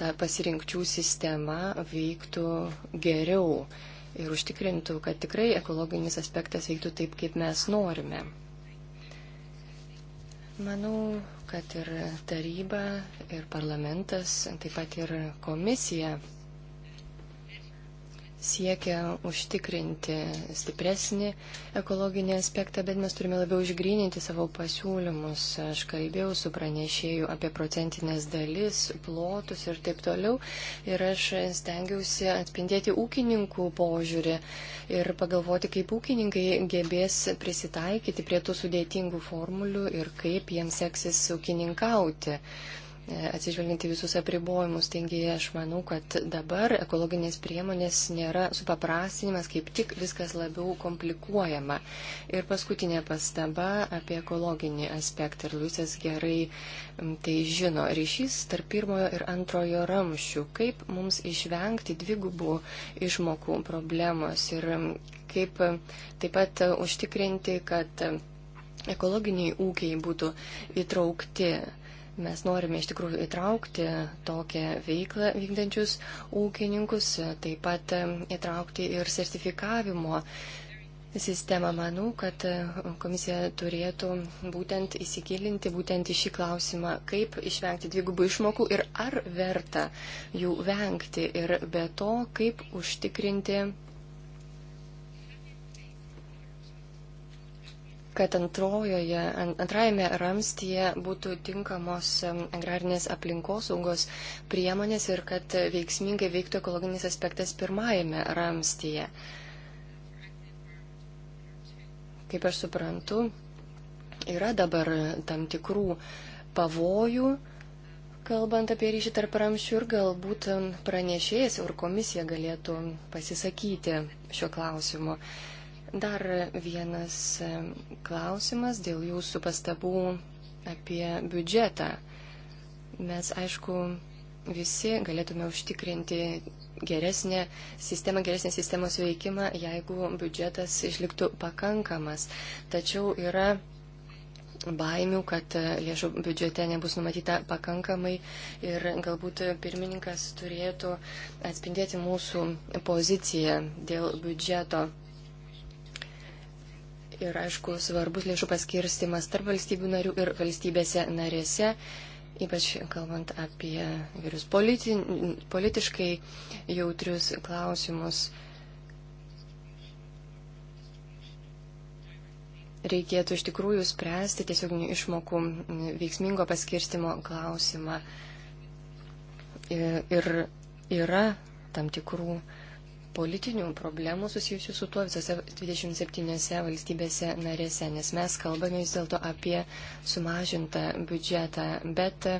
ta pasirinkčių sistema veiktų geriau ir užtikrintų, kad tikrai ekologinis aspektas veiktų taip, kaip mes norime. Manau, kad ir taryba, ir parlamentas, taip pat ir komisija siekia užtikrinti stipresnį ekologinį aspektą, bet mes turime labiau išgrįninti savo pasiūlymus. Aš kalbėjau su pranešėju apie procentinės dalis, plotus ir taip toliau. Ir aš stengiausi atspindėti ūkininkų požiūrį ir pagalvoti, kaip ūkininkai gebės prisitaikyti prie tų sudėtingų formulių ir kaip jiems seksis ūkininkauti. E, atsižvelginti visus apribojimus. Taigi aš manau, kad dabar ekologinės priemonės nėra supaprastinimas, kaip tik viskas labiau komplikuojama. Ir paskutinė pastaba apie ekologinį aspektą. Ir Liusės gerai tai žino. Ryšys tarp pirmojo ir antrojo ramščių. Kaip mums išvengti dvigubų išmokų problemos ir kaip e, taip pat e, užtikrinti, kad ekologiniai ūkiai būtų įtraukti Mes norime iš tikrųjų įtraukti tokią veiklą vykdančius ūkininkus, taip pat įtraukti ir sertifikavimo sistemą. Manau, kad komisija turėtų būtent įsigilinti būtent į šį klausimą, kaip išvengti dvigubų išmokų ir ar verta jų vengti ir be to, kaip užtikrinti kad antrojoje, antrajame ramstyje būtų tinkamos agrarinės aplinkosaugos priemonės ir kad veiksmingai veiktų ekologinis aspektas pirmajame ramstyje. Kaip aš suprantu, yra dabar tam tikrų pavojų, kalbant apie ryšį tarp ramščių ir galbūt pranešėjas ir komisija galėtų pasisakyti šiuo klausimu. Dar vienas e, klausimas dėl jūsų pastabų apie biudžetą. Mes, aišku, visi galėtume užtikrinti geresnė sistema, geresnė sistemos veikimą, jeigu biudžetas išliktų pakankamas. Tačiau yra baimių, kad e, lėšų biudžete nebus numatyta pakankamai ir galbūt pirmininkas turėtų atspindėti mūsų poziciją dėl biudžeto ir, aišku, svarbus lėšų paskirstimas tarp valstybių narių ir valstybėse narėse, ypač kalbant apie vairius politi politiškai jautrius klausimus. Reikėtų iš tikrųjų spręsti tiesioginių išmokų veiksmingo paskirstimo klausimą. Ir yra tam tikrų politinių problemų susijusių su tuo visose 27 valstybėse narėse, nes mes kalbame vis dėlto apie sumažintą biudžetą, bet e,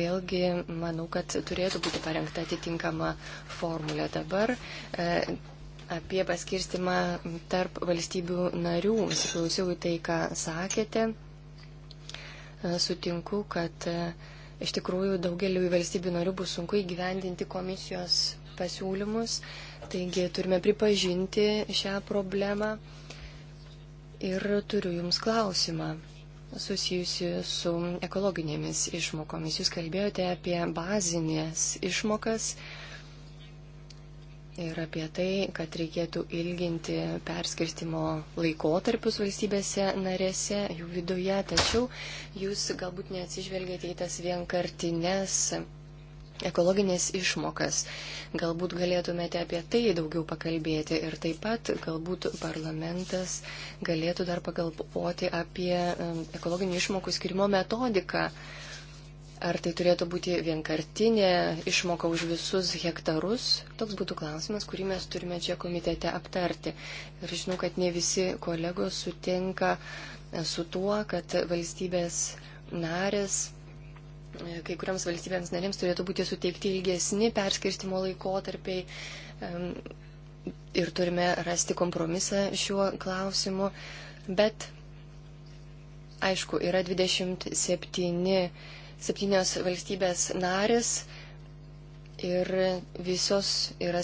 vėlgi manau, kad turėtų būti parengta atitinkama formulė dabar. E, apie paskirstimą tarp valstybių narių. Įsiklausiau į tai, ką sakėte. E, sutinku, kad iš tikrųjų daugeliu valstybių narių bus sunku įgyvendinti komisijos pasiūlymus Taigi turime pripažinti šią problemą ir turiu Jums klausimą susijusi su ekologinėmis išmokomis. Jūs kalbėjote apie bazinės išmokas ir apie tai, kad reikėtų ilginti perskirstimo laikotarpius valstybėse narėse, jų viduje, tačiau jūs galbūt neatsižvelgėte į tas vienkartinės ekologinės išmokas. Galbūt galėtumėte apie tai daugiau pakalbėti ir taip pat galbūt parlamentas galėtų dar pagalvoti apie ekologinių išmokų skirimo metodiką. Ar tai turėtų būti vienkartinė išmoka už visus hektarus? Toks būtų klausimas, kurį mes turime čia komitete aptarti. Ir žinau, kad ne visi kolegos sutinka e, su tuo, kad valstybės narės kai kuriams valstybėms narėms turėtų būti suteikti ilgesni perskirstimo laikotarpiai. Ir turime rasti kompromisą šiuo klausimu. Bet, aišku, yra 27 septynios valstybės narės ir visos,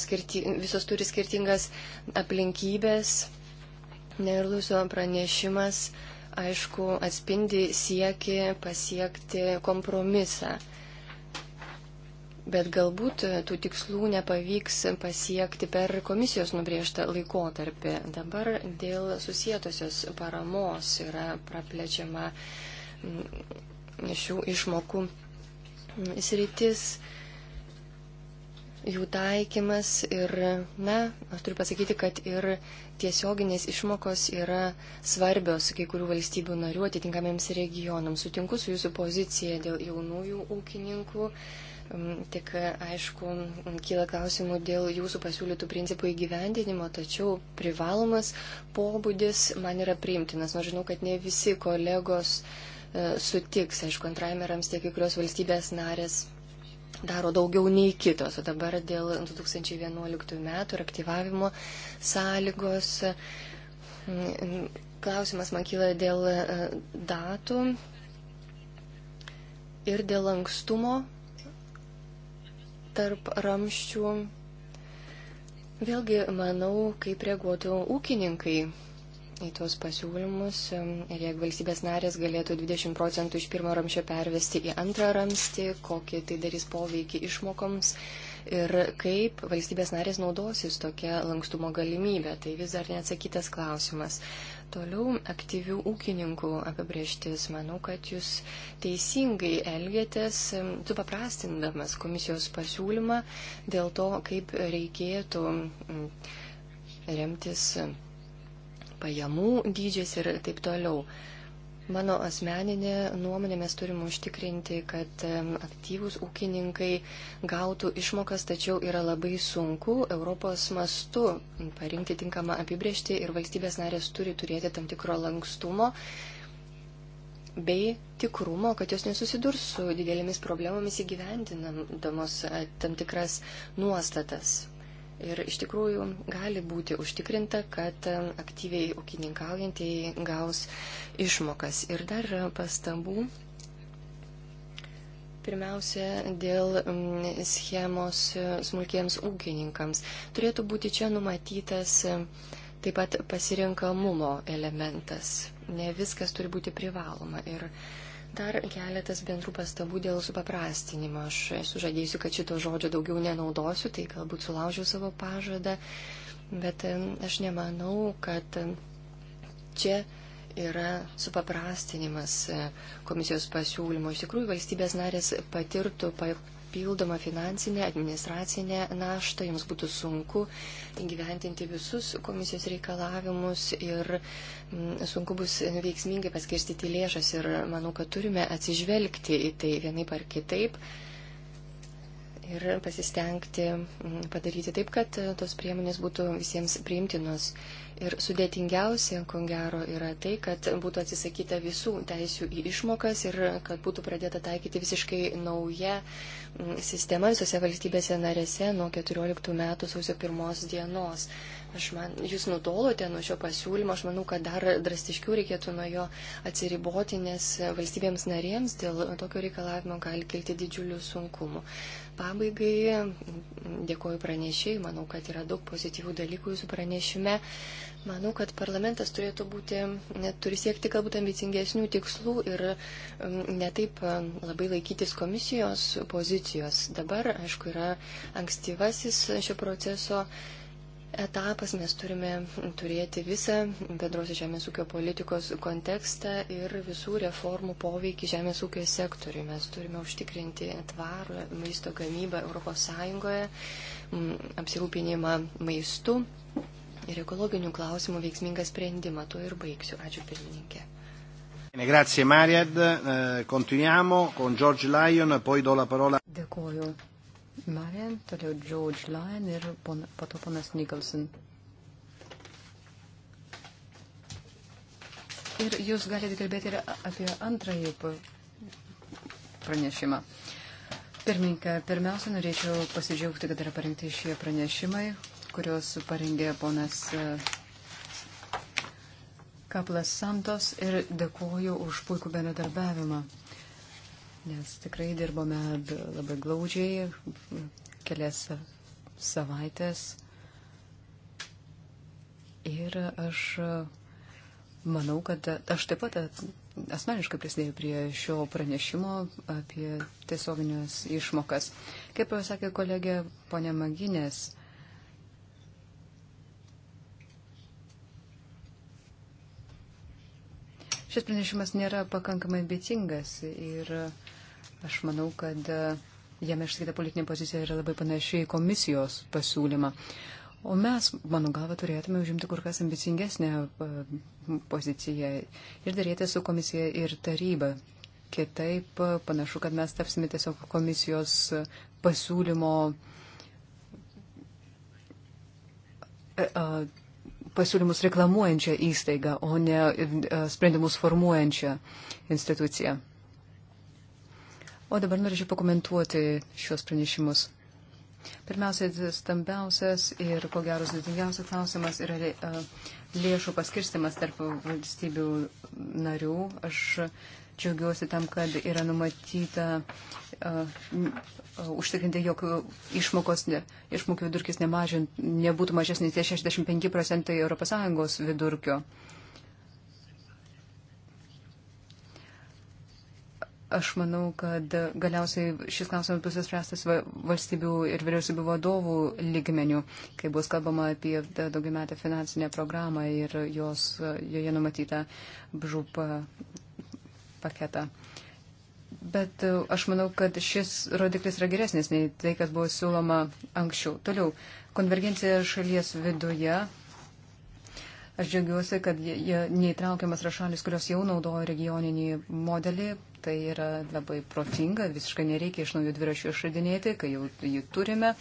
skirti, visos turi skirtingas aplinkybės. Nerluso pranešimas aišku, atspindi sieki pasiekti kompromisą. Bet galbūt tų tikslų nepavyks pasiekti per komisijos nubriežtą laikotarpį. Dabar dėl susijėtosios paramos yra praplečiama mm, šių išmokų mm, sritis, jų taikymas ir, na, aš turiu pasakyti, kad ir tiesioginės išmokos yra svarbios kai kurių valstybių narių atitinkamiems regionams. Sutinku su jūsų pozicija dėl jaunųjų ūkininkų. Mm, tik aišku, kyla klausimų dėl jūsų pasiūlytų principų įgyvendinimo, tačiau privalomas pobūdis man yra priimtinas. Nors žinau, kad ne visi kolegos e, sutiks, aišku, antrajame ramstė kai kurios valstybės narės daro daugiau nei kitos. O dabar dėl 2011 metų ir aktyvavimo sąlygos. Mm, klausimas man kyla dėl e, datų ir dėl lankstumo tarp ramščių. Vėlgi, manau, kaip reaguotų ūkininkai į tuos pasiūlymus ir jeigu valstybės narės galėtų 20 procentų iš pirmo ramščio pervesti į antrą ramstį, kokį tai darys poveikį išmokoms ir kaip valstybės narės naudosis tokia lankstumo galimybė. Tai vis dar neatsakytas klausimas. Toliau aktyvių ūkininkų apibrieštis. Manau, kad jūs teisingai elgėtės, supaprastindamas komisijos pasiūlymą dėl to, kaip reikėtų remtis pajamų dydžiais ir taip toliau. Mano asmeninė nuomonė mes turim užtikrinti, kad aktyvūs ūkininkai gautų išmokas, tačiau yra labai sunku Europos mastu parinkti tinkamą apibriežtį ir valstybės narės turi turėti tam tikro lankstumo bei tikrumo, kad jos nesusidurs su didelėmis problemomis įgyvendinamos tam tikras nuostatas. Ir iš tikrųjų gali būti užtikrinta, kad aktyviai ūkininkaujantieji gaus išmokas. Ir dar pastabų. Pirmiausia, dėl mm, schemos smulkiems ūkininkams. Turėtų būti čia numatytas taip pat pasirinkamumo elementas. Ne viskas turi būti privaloma. Ir Dar keletas bendrų pastabų dėl supaprastinimo. Aš esu žadėjusi, kad šito žodžio daugiau nenaudosiu, tai galbūt sulaužiau savo pažadą, bet aš nemanau, kad čia yra supaprastinimas komisijos pasiūlymo. Iš tikrųjų, valstybės narės patirtų papildomą finansinę, administracinę naštą, jums būtų sunku įgyventinti visus komisijos reikalavimus ir mm, sunku bus veiksmingai paskirstyti lėšas ir manau, kad turime atsižvelgti į tai vienaip ar kitaip ir pasistengti mm, padaryti taip, kad e, tos priemonės būtų visiems priimtinos. Ir sudėtingiausia, ko gero, yra tai, kad būtų atsisakyta visų teisių į išmokas ir kad būtų pradėta taikyti visiškai nauja mm, sistema visose valstybėse narėse nuo 14 metų sausio 1 dienos. Aš man, jūs nutolote nuo šio pasiūlymo, aš manau, kad dar drastiškiau reikėtų nuo jo atsiriboti, nes valstybėms narėms dėl tokio reikalavimo gali kilti didžiulių sunkumų pabaigai dėkoju pranešėjai, manau, kad yra daug pozityvių dalykų jūsų pranešime. Manau, kad parlamentas turėtų būti, turi siekti galbūt ambicingesnių tikslų ir um, netaip um, labai laikytis komisijos pozicijos. Dabar, aišku, yra ankstyvasis šio proceso etapas, mes turime turėti visą bendros žemės ūkio politikos kontekstą ir visų reformų poveikį žemės ūkio sektoriui. Mes turime užtikrinti tvarų maisto gamybą ES, apsirūpinimą maistu ir ekologinių klausimų veiksmingą sprendimą. Tuo ir baigsiu. Ačiū pirmininkė. Grazie Mariad, eh, continuiamo con George Lyon, poi do la parola. Dėkuoju. Marien, toliau George Lyon ir pon, po to ponas Nicholson. Ir jūs galite kalbėti ir apie antrąjį pranešimą. Pirmininką, pirmiausia, norėčiau pasidžiaugti, kad yra parengti šie pranešimai, kuriuos parengė ponas e, Kaplas Santos ir dėkoju už puikų bendradarbiavimą nes tikrai dirbome labai glaudžiai kelias savaitės. Ir aš manau, kad aš taip pat asmeniškai prisidėjau prie šio pranešimo apie tiesioginės išmokas. Kaip jau sakė kolegė ponė Maginės, šis pranešimas nėra pakankamai ambicingas ir uh, Aš manau, kad e, jame išsakyta politinė pozicija yra labai panašiai komisijos pasiūlyma. O mes, mano galva, turėtume užimti kur kas ambicingesnę e, poziciją ir daryti su komisija ir taryba. Kitaip e, panašu, kad mes tapsime tiesiog komisijos pasiūlymo. pasiūlymus reklamuojančią įstaigą, o ne sprendimus formuojančią instituciją. O dabar norėčiau pakomentuoti šios pranešimus. Pirmiausia, stambiausias ir ko gero sudėtingiausias klausimas yra e, lėšų paskirstimas tarp valstybių narių. Aš džiaugiuosi tam, kad yra numatyta uh, uh, užtikrinti, jog išmokos, ne, išmokų vidurkis nemažint, nebūtų mažesnis nei 65 procentai ES vidurkio. Uh, Aš manau, kad galiausiai šis klausimas bus įspręstas valstybių ir vyriausybių vadovų lygmenių, kai bus kalbama apie daugiametę finansinę programą ir jos, joje numatytą bžūp paketą. Bet e, aš manau, kad šis rodiklis yra geresnis nei tai, kas buvo siūloma anksčiau. Toliau, konvergencija šalies viduje Aš džiaugiuosi, kad jie, jie neįtraukiamas yra šalis, kurios jau naudoja regioninį modelį, Tai yra labai protinga, visiškai nereikia iš naujo dviračio išradinėti, kai jau jį turime.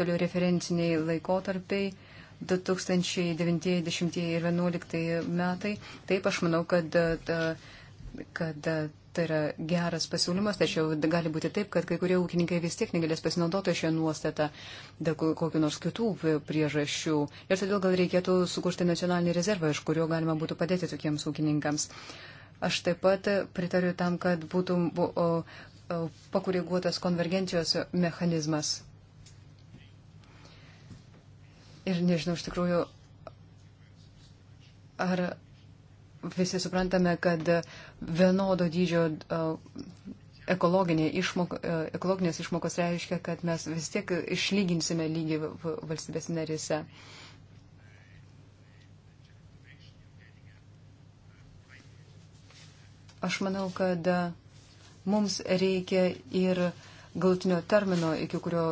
Toliau referenciniai laikotarpiai 2090 ir 2011 metai. Taip, aš manau, kad, kad tai yra geras pasiūlymas, tačiau gali būti taip, kad kai kurie ūkininkai vis tiek negalės pasinaudoti šią nuostatą dėl kokiu nors kitų priežasčių. Ir todėl gal reikėtų sukurti nacionalinį rezervą, iš kurio galima būtų padėti tokiems ūkininkams. Uh, Aš taip pat pritariu tam, kad būtų pakoreguotas konvergencijos mechanizmas. Ir nežinau, iš tikrųjų, ar visi suprantame, kad vienodo dydžio ekologinė išmok, ekologinės išmokos reiškia, kad mes vis tiek išlyginsime lygį valstybės narėse. Uh, Aš manau, kad mums reikia ir galtinio termino, iki kurio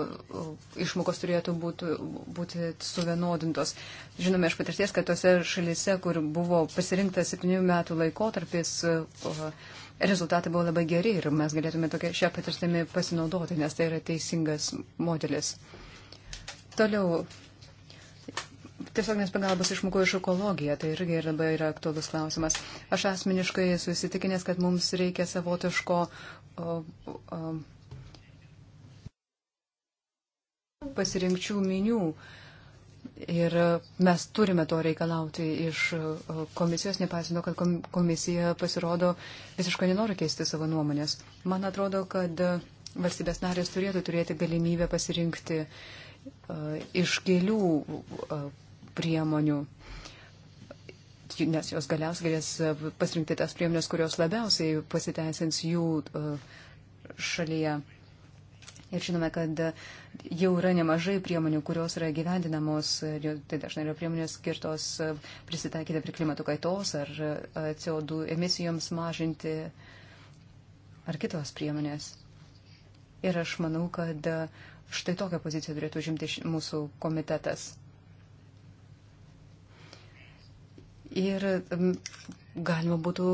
išmokos turėtų būti, būti suvienodintos. Žinome iš patirties, kad tose šalise, kur buvo pasirinktas 7 metų laikotarpis, rezultatai buvo labai geri ir mes galėtume tokia, šią patirtimį pasinaudoti, nes tai yra teisingas modelis. Toliau tiesioginės pagalbos išmokų iš ekologiją, tai irgi labai yra aktuolus klausimas. Aš asmeniškai esu įsitikinęs, kad mums reikia savotiško. O, o, pasirinkčių minių. Ir mes turime to reikalauti iš komisijos, nepaisino, kad komisija pasirodo visiškai nenori keisti savo nuomonės. Man atrodo, kad valstybės narės turėtų turėti galimybę pasirinkti uh, iš kelių uh, priemonių, nes jos galiausiai galės e, pasirinkti tas priemonės, kurios labiausiai pasiteisins jų e, šalyje. Ir žinome, kad jau yra nemažai priemonių, kurios yra gyvendinamos, e, tai dažnai yra priemonės skirtos prisitaikyti prie klimato kaitos ar CO2 emisijoms mažinti ar kitos priemonės. Ir aš manau, kad štai tokią poziciją turėtų žimti mūsų komitetas. Ir galima būtų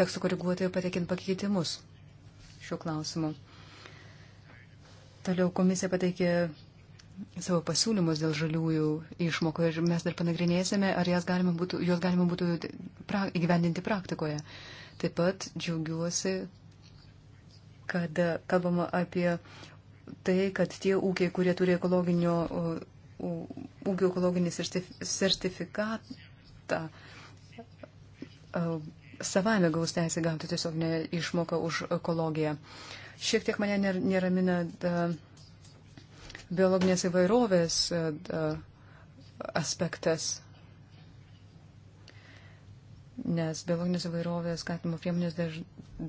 tekstą koreguoti pateikint pakeitimus šiuo klausimu. Toliau komisija pateikė savo pasiūlymus dėl žaliųjų išmokų ir mes dar panagrinėsime, ar jas galima būtų, juos galima būtų pra, įgyvendinti praktikoje. Taip pat džiaugiuosi, kad kalbama apie tai, kad tie ūkiai, kurie turi ekologinio, ūkio ekologinį sertifikatą, ta, e, savame gaus teisę gauti tiesiog išmoką už ekologiją. Šiek tiek mane neramina da, e, biologinės įvairovės da, e, aspektas nes biologinės įvairovės skatimo priemonės daž,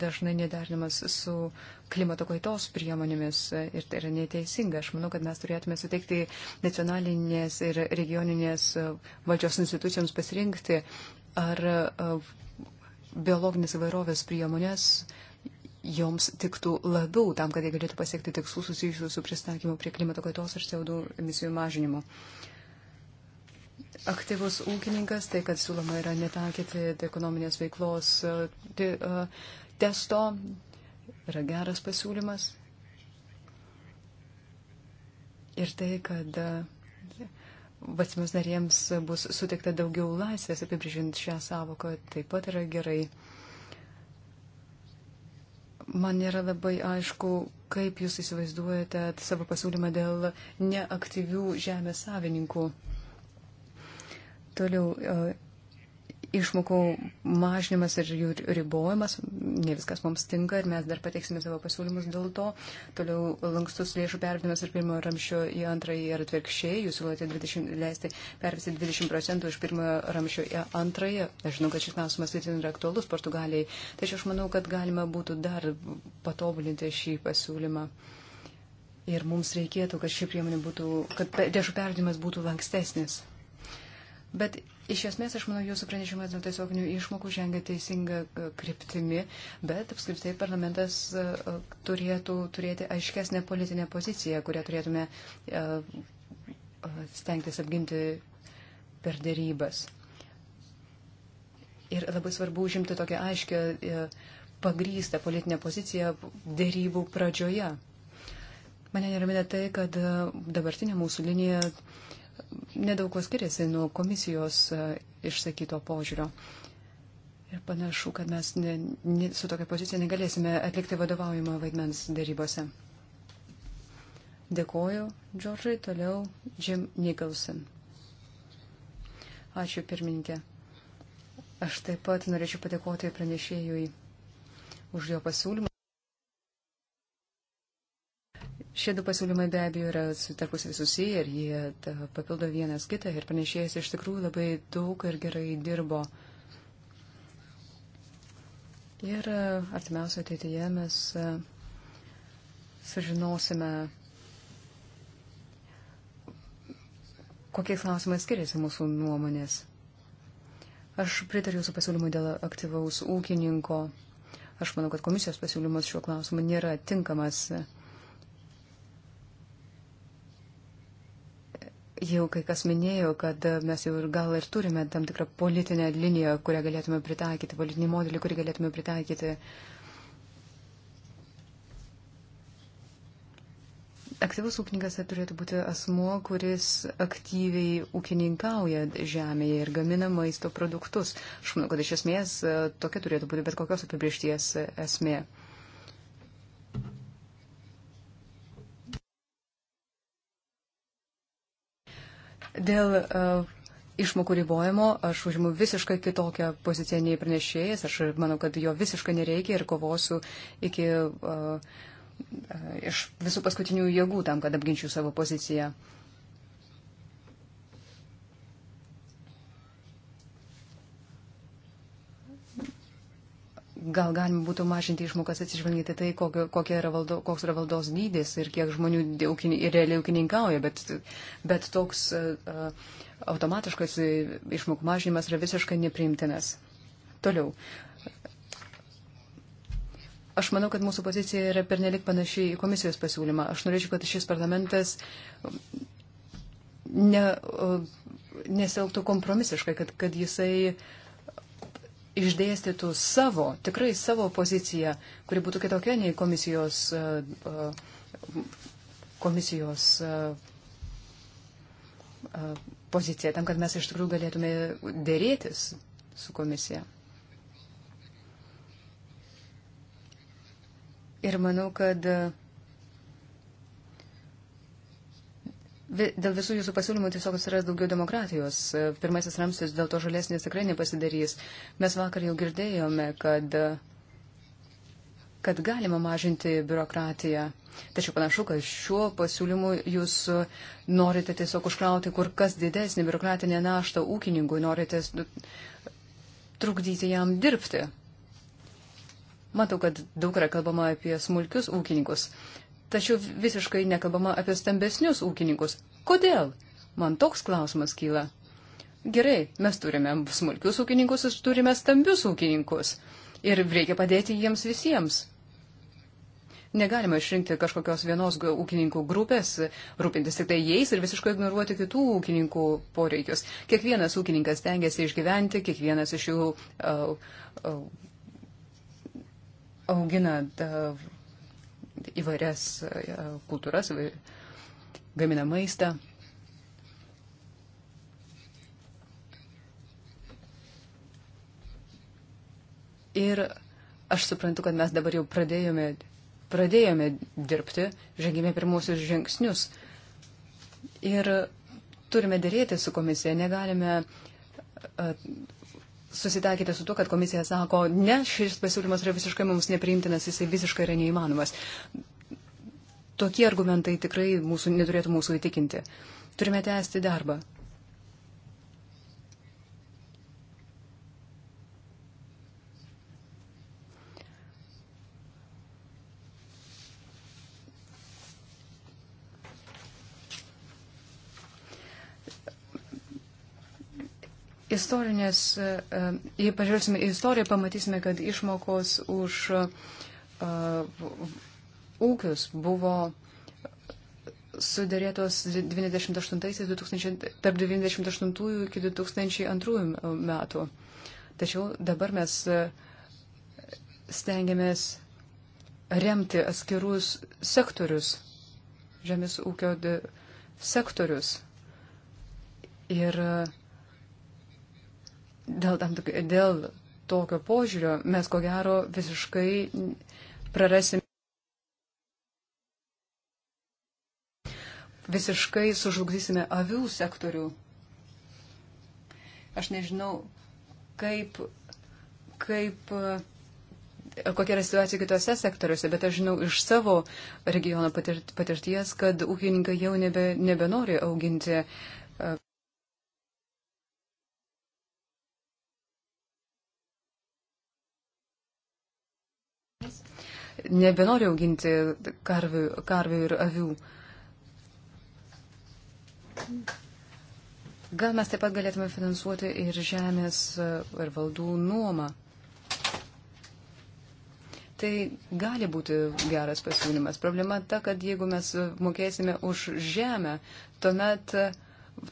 dažnai nedarinamas su klimato kaitos priemonėmis ir tai yra neteisinga. Aš manau, kad mes turėtume suteikti nacionalinės ir regioninės valdžios institucijoms pasirinkti, ar e, biologinės įvairovės priemonės joms tiktų labiau tam, kad jie galėtų pasiekti tikslus susijusius su pristatymu prie klimato kaitos ir CO2 emisijų mažinimu. Uh, aktyvus ūkininkas, tai kad siūloma yra netakyti ekonominės veiklos e, e, testo, yra geras pasiūlymas. Ir tai, kad e, valstybės narėms bus suteikta daugiau laisvės apibrėžint šią savoką, taip pat yra gerai. Man nėra labai aišku, kaip jūs įsivaizduojate savo pasiūlymą dėl neaktyvių žemės savininkų. Uh, Toliau e, išmokų mažinimas ir jų ribojimas, ne viskas mums tinka ir mes dar pateiksime savo pasiūlymus dėl to. Toliau lankstus lėšų pervedimas ir pirmojo ramščio į antrąjį ir atvirkščiai, jūs siūlote 20, leisti pervesti 20 procentų iš pirmojo ramščio į antrąjį. Aš žinau, kad šis klausimas itin yra aktualus Portugalijai, tačiau aš manau, kad galima būtų dar patobulinti šį pasiūlymą. Ir mums reikėtų, kad ši priemonė būtų, kad lėšų pervedimas būtų lankstesnis. Bet iš esmės, aš manau, jūsų pranešimas dėl tiesioginių išmokų žengia teisinga e, kryptimi, bet apskritai parlamentas e, e, turėtų turėti aiškesnę politinę poziciją, kurią turėtume stengtis apginti per dėrybas. Ir labai svarbu užimti tokią aiškę pagrystą politinę poziciją dėrybų pradžioje. Mane neramina tai, kad dabartinė mūsų linija nedaug ko skiriasi nuo komisijos e, išsakyto požiūrio. Ir panašu, kad mes ne, ne, su tokia pozicija negalėsime atlikti vadovaujimo vaidmens darybose. Dėkoju, Džordžai, toliau Jim Nicholson. Ačiū, pirmininkė. Aš taip pat norėčiau padėkoti pranešėjui už jo pasiūlymą. Šie du pasiūlymai be abejo yra tarpusiai susiję ir jie ta, papildo vienas kitą ir pranešėjas iš tikrųjų labai daug ir gerai dirbo. Ir uh, artimiausio ateityje mes uh, sužinosime, kokie klausimai skiriasi mūsų nuomonės. Aš pritariu jūsų pasiūlymui dėl aktyvaus ūkininko. Aš manau, kad komisijos pasiūlymas šiuo klausimu nėra tinkamas. Jau kai kas minėjo, kad mes jau ir gal ir turime tam tikrą politinę liniją, kurią galėtume pritaikyti, politinį modelį, kurį galėtume pritaikyti. Aktyvus ūkininkas turėtų būti asmuo, kuris aktyviai ūkininkauja žemėje ir gamina maisto produktus. Aš manau, kad iš esmės e, tokia turėtų būti bet kokios apibriešties e, esmė. Dėl uh, išmokų ribojimo aš užimu visiškai kitokią poziciją nei pranešėjas. Aš manau, kad jo visiškai nereikia ir kovosiu iki, uh, uh, iš visų paskutinių jėgų tam, kad apginčiau savo poziciją. Uh, gal galima būtų mažinti išmokas atsižvelgiant į tai, kokio, kokia yra valdo, koks yra valdos dydis ir kiek žmonių ūkini, realiai ūkininkauja, bet, bet toks uh, automatiškas išmokų mažinimas yra visiškai nepriimtinas. Toliau. Aš manau, kad mūsų pozicija yra pernelik panaši į komisijos pasiūlymą. Aš norėčiau, kad šis parlamentas ne, uh, nesielgtų kompromisiškai, kad, kad jisai uh, išdėstytų savo, tikrai savo poziciją, kuri būtų kitokia nei komisijos, e, e, komisijos e, poziciją, tam, kad mes iš tikrųjų galėtume dėrėtis su komisija. Ir manau, kad Dėl visų jūsų pasiūlymų tiesiog atsiras daugiau demokratijos. Pirmasis ramstis dėl to žalesnis tikrai nepasidarys. Mes vakar jau girdėjome, kad, kad galima mažinti biurokratiją. Tačiau panašu, kad šiuo pasiūlymu jūs norite tiesiog užkrauti kur kas didesnį biurokratinę naštą ūkininkui, norite trukdyti jam dirbti. Matau, kad daug yra kalbama apie smulkius ūkininkus tačiau visiškai nekalbama apie stambesnius ūkininkus. Kodėl? Man toks klausimas kyla. Gerai, mes turime smulkius ūkininkus, turime stambius ūkininkus. Ir reikia padėti jiems visiems. Negalima išrinkti kažkokios vienos ūkininkų grupės, rūpintis tik tai jais ir visiškai ignoruoti kitų ūkininkų poreikius. Kiekvienas ūkininkas tengiasi išgyventi, kiekvienas iš jų uh, uh, augina. Uh, įvairias e, kultūras, gamina maistą. Ir aš suprantu, kad mes dabar jau pradėjome, pradėjome dirbti, žengėme pirmosius žingsnius. Ir turime dėrėti su komisija, negalime e, susitakėte su tuo, kad komisija sako, ne, šis pasiūlymas yra visiškai mums nepriimtinas, jisai visiškai yra neįmanomas. Tokie argumentai tikrai mūsų, neturėtų mūsų įtikinti. Turime tęsti darbą. istorinės, e, e, jei pažvelgsime į istoriją, pamatysime, kad išmokos už uh, ūkius buvo sudarėtos 98, 2000, tarp 98 iki 2002 metų. Tačiau dabar mes stengiamės remti atskirus sektorius, žemės ūkio sektorius. Ir uh, dėl, dėl tokio požiūrio mes ko gero visiškai prarasim. Visiškai sužlugdysime avių sektorių. Aš nežinau, kaip, kaip, kokia yra situacija kitose sektoriuose, bet aš žinau iš savo regiono patirties, kad ūkininkai jau nebe, nebenori auginti uh, nebenori auginti karvių, karvių ir avių. Gal mes taip pat galėtume finansuoti ir žemės e, ir valdų nuomą. Tai gali būti geras pasiūlymas. Problema ta, kad jeigu mes mokėsime už žemę, tuomet uh,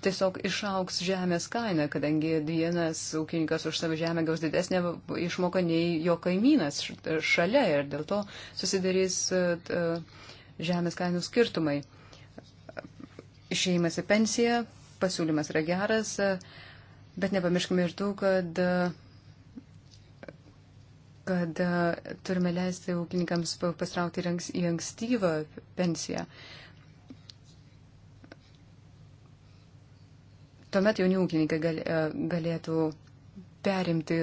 tiesiog išauks žemės kaina, kadangi vienas ūkininkas už savo žemę gaus didesnę išmoką nei jo kaimynas e, šalia ir dėl to susidarys e, e, žemės kainų skirtumai. Išėjimas į pensiją, pasiūlymas yra geras, bet nepamirškime ir tų, kad kad turime leisti ūkininkams pastraukti į ankstyvą pensiją. Uh, Tuomet jauni ūkininkai gal, e, galėtų perimti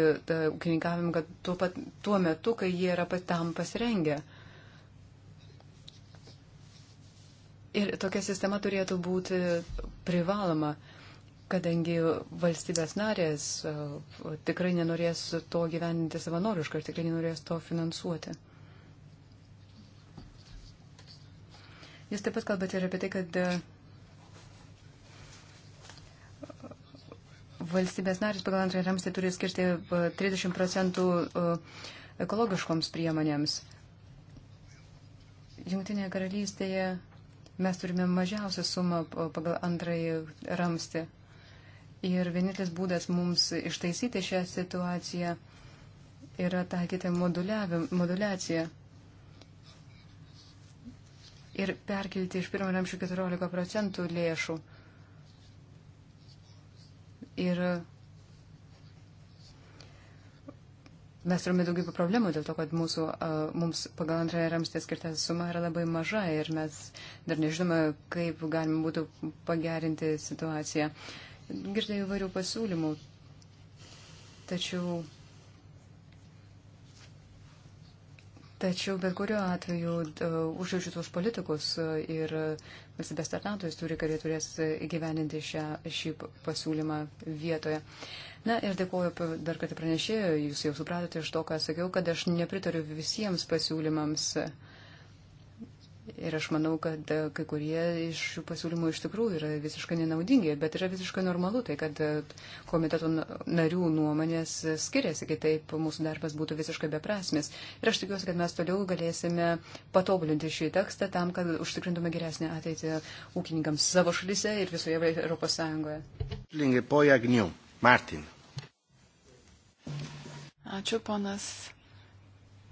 ūkininkavimą kad tuo, pat, tuo metu, kai jie yra tam pasirengę. Ir tokia sistema turėtų būti privaloma, kadangi valstybės narės e, tikrai nenorės to gyveninti savanoriškai ir tikrai nenorės to finansuoti. Jūs taip pat kalbate ir apie tai, kad e, valstybės narys pagal antrąjį ramstį turi skirti 30 e, procentų e, ekologiškoms priemonėms. Jungtinėje karalystėje mes turime mažiausią sumą e, pagal antrąjį ramstį. Ir vienintelis būdas mums ištaisyti šią situaciją yra taikyti moduliaciją ir perkelti iš pirmo ramščių 14 procentų lėšų Ir mes turime daugybę problemų dėl to, kad mūsų, mums pagal antrąją ramstę skirtą sumą yra labai maža ir mes dar nežinome, kaip galima būtų pagerinti situaciją. Girdėjau įvairių pasiūlymų, tačiau Tačiau bet kuriuo atveju užjaučiu tuos politikus ir valstybės tarnautojus turi, kad jie turės įgyveninti šią, šį pasiūlymą vietoje. Na ir dėkuoju dar kartą pranešėjui, jūs jau supratote iš to, ką sakiau, kad aš nepritariu visiems pasiūlymams. Uh, Ir aš manau, kad e, kai kurie iš šių pasiūlymų iš tikrųjų yra visiškai nenaudingi, bet yra visiškai normalu tai, kad e, komiteto narių nuomonės skiriasi, kitaip mūsų darbas būtų visiškai beprasmis. Ir aš tikiuosi, kad mes toliau galėsime patobulinti šį tekstą tam, kad užtikrintume geresnį ateitį ūkininkams savo šalyse ir visoje Europos Sąjungoje. Martin. Ačiū, ponas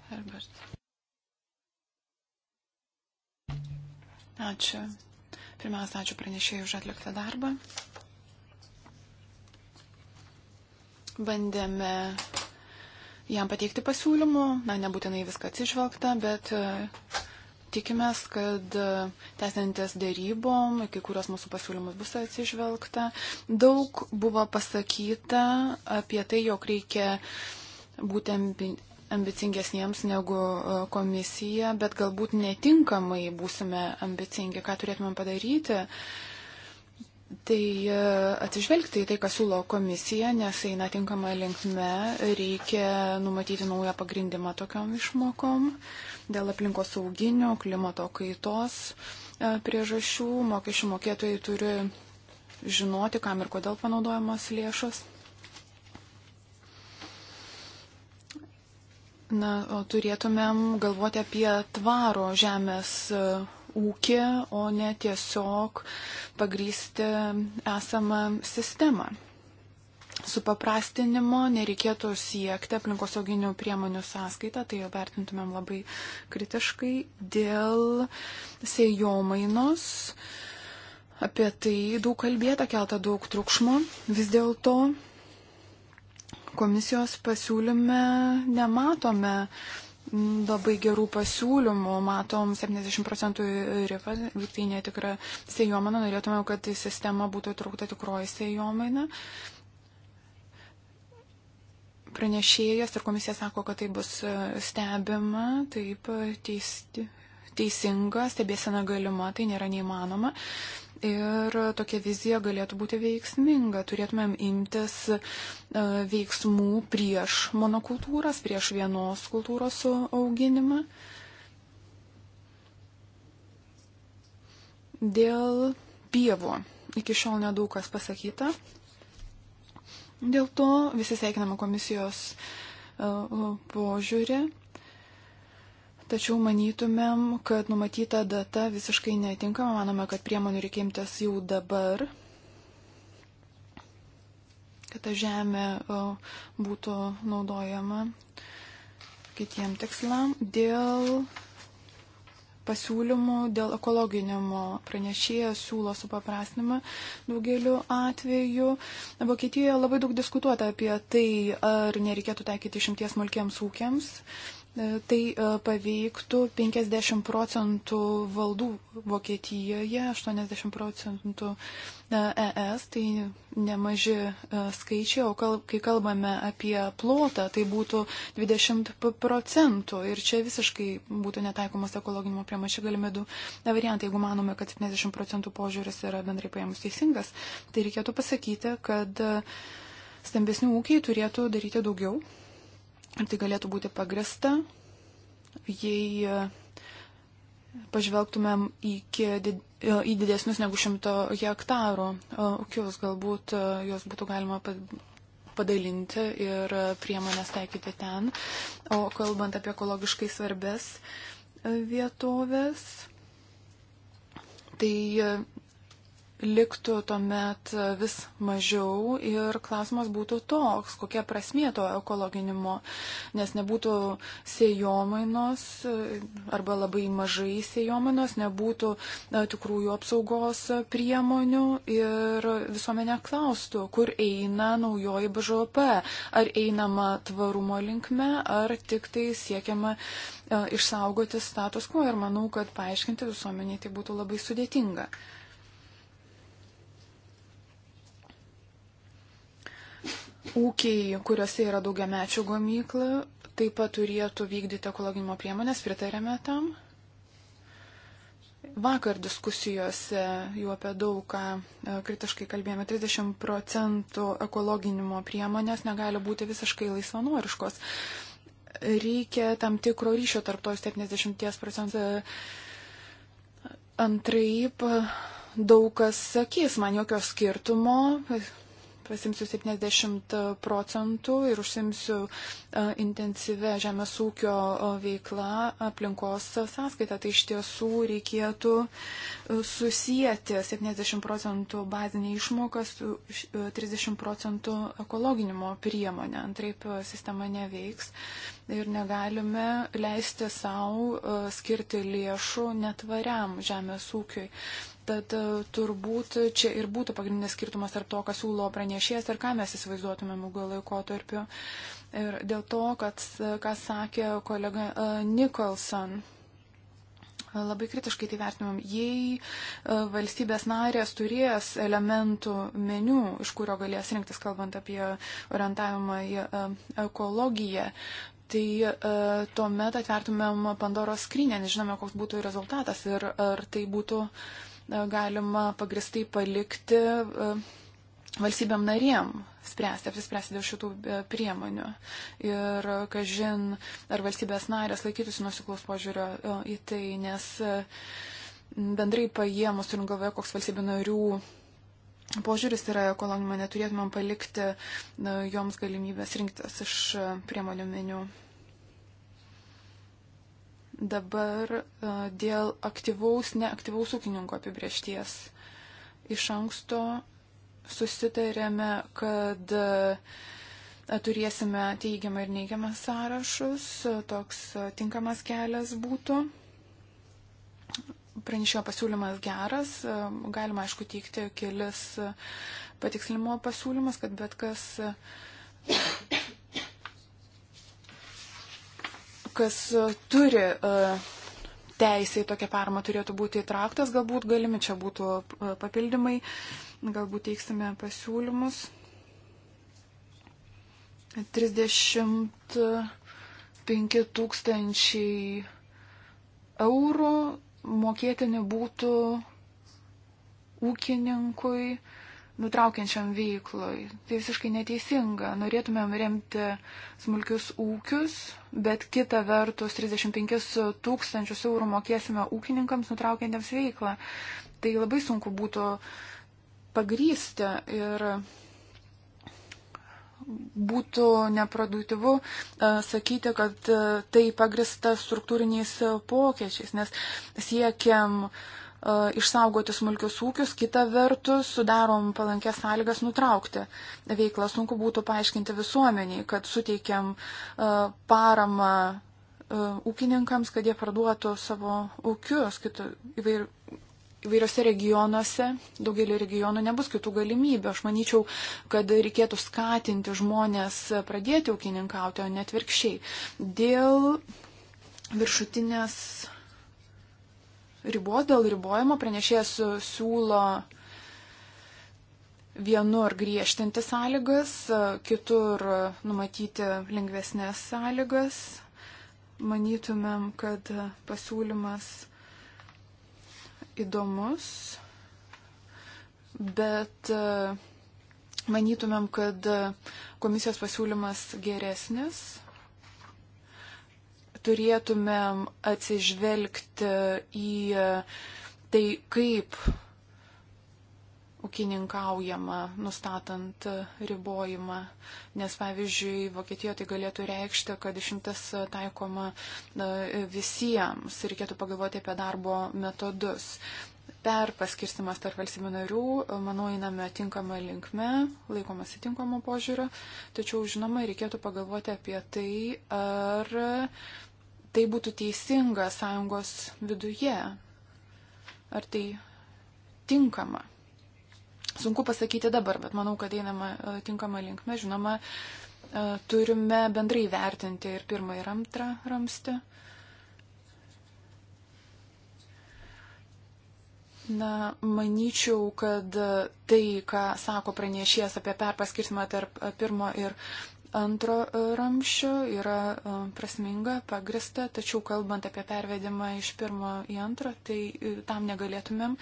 Herbert. Ačiū. Pirmiausia, ačiū pranešėjai už atliktą darbą. Bandėme jam pateikti pasiūlymų, na, nebūtinai viską atsižvelgta, bet e, tikimės, kad e, tęsiantis dėrybom, kai kurios mūsų pasiūlymus bus atsižvelgta. Daug buvo pasakyta apie tai, jog reikia būtent ambicingesniems negu e, komisija, bet galbūt netinkamai būsime ambicingi, ką turėtumėm padaryti. Tai e, atsižvelgti į tai, ką siūlo komisija, nes eina tinkama linkme, reikia numatyti naują pagrindimą tokiam išmokom dėl aplinkos sauginio, klimato kaitos e, priežasčių. Mokesčių mokėtojai turi žinoti, kam ir kodėl panaudojamos lėšos. Na, turėtumėm galvoti apie tvaro žemės e, ūkį, o ne tiesiog pagrysti esamą sistemą. Supaprastinimo nereikėtų siekti aplinkosauginių priemonių sąskaitą, tai vertintumėm labai kritiškai dėl sėjomainos. Apie tai daug kalbėta, kelta daug triukšmo. Vis dėlto Komisijos pasiūlyme nematome labai gerų pasiūlymų, matom 70 procentų ribą, tai netikra sėjomana, norėtume, kad į sistemą būtų įtraukta tikroji sėjomaina. Pranešėjas ir komisija sako, kad tai bus e, stebima, taip teisti, teisinga, stebėsena galima, tai nėra neįmanoma. Ir tokia vizija galėtų būti veiksminga. Turėtumėm imtis e, veiksmų prieš monokultūras, prieš vienos kultūros auginimą. Dėl pievų iki šiol nedaug kas pasakyta. Dėl to visi sveikiname komisijos e, požiūrį Tačiau manytumėm, kad numatyta data visiškai netinkama, manome, kad priemonių reikia imtis jau dabar, kad ta žemė būtų naudojama kitiem tikslam. Dėl pasiūlymų dėl ekologinimo pranešėjas siūlo supaprastinimą daugeliu atveju. Vokietijoje labai daug diskutuota apie tai, ar nereikėtų taikyti šimties smulkiems ūkiams. Uh, E, tai e, paveiktų 50 procentų valdų Vokietijoje, 80 procentų ES, e tai nemaži skaičiai, o kal, kai kalbame apie plotą, tai būtų 20 procentų ir čia visiškai būtų netaikomas ekologinimo priemonė. Čia galime du variantai, jeigu manome, kad 70 procentų požiūris yra bendrai paėmus teisingas, tai reikėtų pasakyti, kad stambesnių ūkiai turėtų daryti daugiau Ar tai galėtų būti pagrista, jei e, pažvelgtumėm iki, e, į didesnius negu šimto hektarų ūkius, galbūt e, juos būtų galima padalinti ir priemonės taikyti ten. O kalbant apie ekologiškai svarbės vietovės, tai liktų tuomet vis mažiau ir klausimas būtų toks, kokia prasmė to ekologinimo, nes nebūtų sėjomainos arba labai mažai sėjomainos, nebūtų e, tikrųjų apsaugos priemonių ir visuomenė klaustų, kur eina naujoji BŽP, ar einama tvarumo linkme, ar tik tai siekiama e, išsaugoti status quo ir manau, kad paaiškinti visuomeniai tai būtų labai sudėtinga. ūkiai, kuriuose yra daugiamečių gamyklų, taip pat turėtų vykdyti ekologinimo priemonės, pritarėme tam. Vakar diskusijose jau apie daug ką e, kritiškai kalbėjome, 30 procentų ekologinimo priemonės negali būti visiškai laisvanoriškos. Reikia tam tikro ryšio tarp tos 70 procentų. Antraip, daug kas sakys, man jokio skirtumo, pasimsiu 70 procentų ir užsimsiu e, intensyvę žemės ūkio e, veiklą aplinkos sąskaitą. Tai iš tiesų reikėtų e, susijęti 70 procentų bazinį išmoką su 30 procentų ekologinimo priemonę. Antraip sistema neveiks ir negalime leisti savo skirti lėšų netvariam žemės ūkiui. Tad e, turbūt čia ir būtų pagrindinis skirtumas tarp to, ką siūlo pranešėjas ir ką mes įsivaizduotumėm ilgo laikotarpiu. Ir dėl to, kad, ką sakė kolega e, Nikolson. E, labai kritiškai tai vertinam. Jei valstybės narės turės elementų meniu, iš kurio galės rinktis, kalbant apie orientavimą į ekologiją, tai e, tuomet atvertumėm Pandoros skrinę, nežinome, koks būtų rezultatas ir ar tai būtų E, galima pagristai palikti e, valstybėm narėm spręsti, apsispręsti dėl šitų e, priemonių. Ir, kažin, ar valstybės narės laikytųsi nusiklaus požiūrio į tai, nes bendrai paėmus, turint galvoje, koks valstybių narių požiūris yra ekonominio, neturėtumėm palikti joms galimybės rinktis iš priemonių meniu. Dabar e, dėl aktyvaus, neaktyvaus ūkininko apibriešties. Iš anksto susitarėme, kad e, turėsime teigiamą ir neigiamą sąrašus. E, toks tinkamas kelias būtų. Pranešėjo pasiūlymas geras. Galima, aišku, teikti kelis patikslinimo pasiūlymus, kad bet kas kas e, turi e, teisę į tokią paramą, turėtų būti įtrauktas, galbūt galimi čia būtų e, papildymai, galbūt teiksime pasiūlymus. 35 tūkstančiai eurų mokėtini būtų ūkininkui nutraukiančiam veiklui. Tai visiškai neteisinga. Norėtumėm remti smulkius ūkius, bet kita vertus 35 tūkstančius eurų mokėsime ūkininkams nutraukiantiems veiklą. Tai labai sunku būtų pagrysti ir būtų neproduktyvu e, sakyti, kad e, tai pagrista struktūriniais pokėčiais, nes siekiam uh, E, išsaugoti smulkius ūkius, kita vertus sudarom palankės sąlygas nutraukti veiklą. Sunku būtų paaiškinti visuomeniai, kad suteikiam e, paramą e, ūkininkams, kad jie parduotų savo ūkius kitų įvairių. Įvairiose regionuose, daugelį regionų nebus kitų galimybių. Aš manyčiau, kad reikėtų skatinti žmonės pradėti ūkininkauti, o net virkščiai. Dėl viršutinės ribos, dėl ribojimo pranešėjas siūlo vienur griežtinti sąlygas, kitur numatyti lengvesnės sąlygas. Manytumėm, kad pasiūlymas įdomus, bet manytumėm, kad komisijos pasiūlymas geresnis turėtumėm atsižvelgti į tai, kaip ūkininkaujama, nustatant ribojimą. Nes, pavyzdžiui, Vokietijoje tai galėtų reikšti, kad išimtis taikoma visiems. Reikėtų pagalvoti apie darbo metodus. Per paskirstimas tarp valstybių narių, manau, einame tinkamą linkmę, laikomasi tinkamo požiūrio, tačiau, žinoma, reikėtų pagalvoti apie tai, ar tai būtų teisinga sąjungos viduje. Ar tai tinkama? Sunku pasakyti dabar, bet manau, kad einama e, tinkama linkme. Žinoma, e, turime bendrai vertinti ir pirmą ir antrą ramstį. Na, manyčiau, kad tai, ką sako pranešėjas apie perpaskirstimą tarp e, pirmo ir antro e, ramščio yra e, prasminga, pagrista, tačiau kalbant apie pervedimą iš pirmo į antrą, tai e, tam negalėtumėm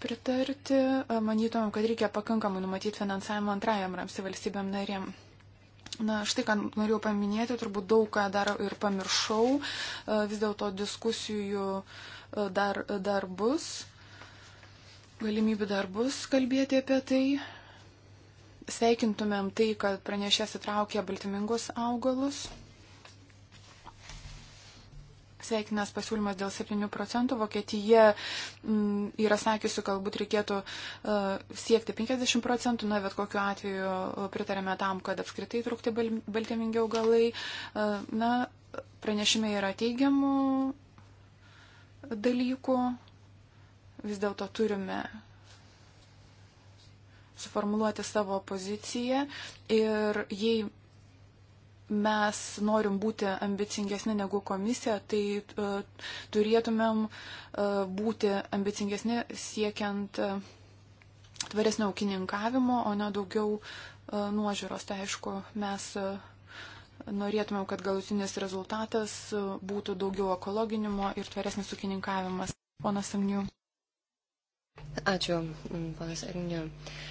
pritarti. Manytumėm, kad reikia pakankamai numatyti finansavimą antrajam ramsti valstybėm narėm. Na, štai ką norėjau paminėti, turbūt daug ką dar ir pamiršau, vis dėlto diskusijų dar, dar bus, galimybių dar bus kalbėti apie tai sveikintumėm tai, kad pranešės įtraukė baltymingus augalus. Sveikinęs pasiūlymas dėl 7 procentų. Vokietija m, mm, yra sakiusi, galbūt reikėtų uh, siekti 50 procentų, na, bet kokiu atveju pritarėme tam, kad apskritai trūkti bal, baltymingi augalai. Uh, na, pranešime yra teigiamų dalykų. Vis dėlto turime suformuluoti savo poziciją ir jei mes norim būti ambicingesni negu komisija, tai uh, turėtumėm uh, būti ambicingesni siekiant uh, tvaresnio ūkininkavimo, o ne daugiau uh, nuožiūros. Tai aišku, mes uh, norėtumėm, kad galutinis rezultatas uh, būtų daugiau ekologinimo ir tvaresnis ūkininkavimas. Ponas Agniu. Ačiū, ponas Agniu. Uh,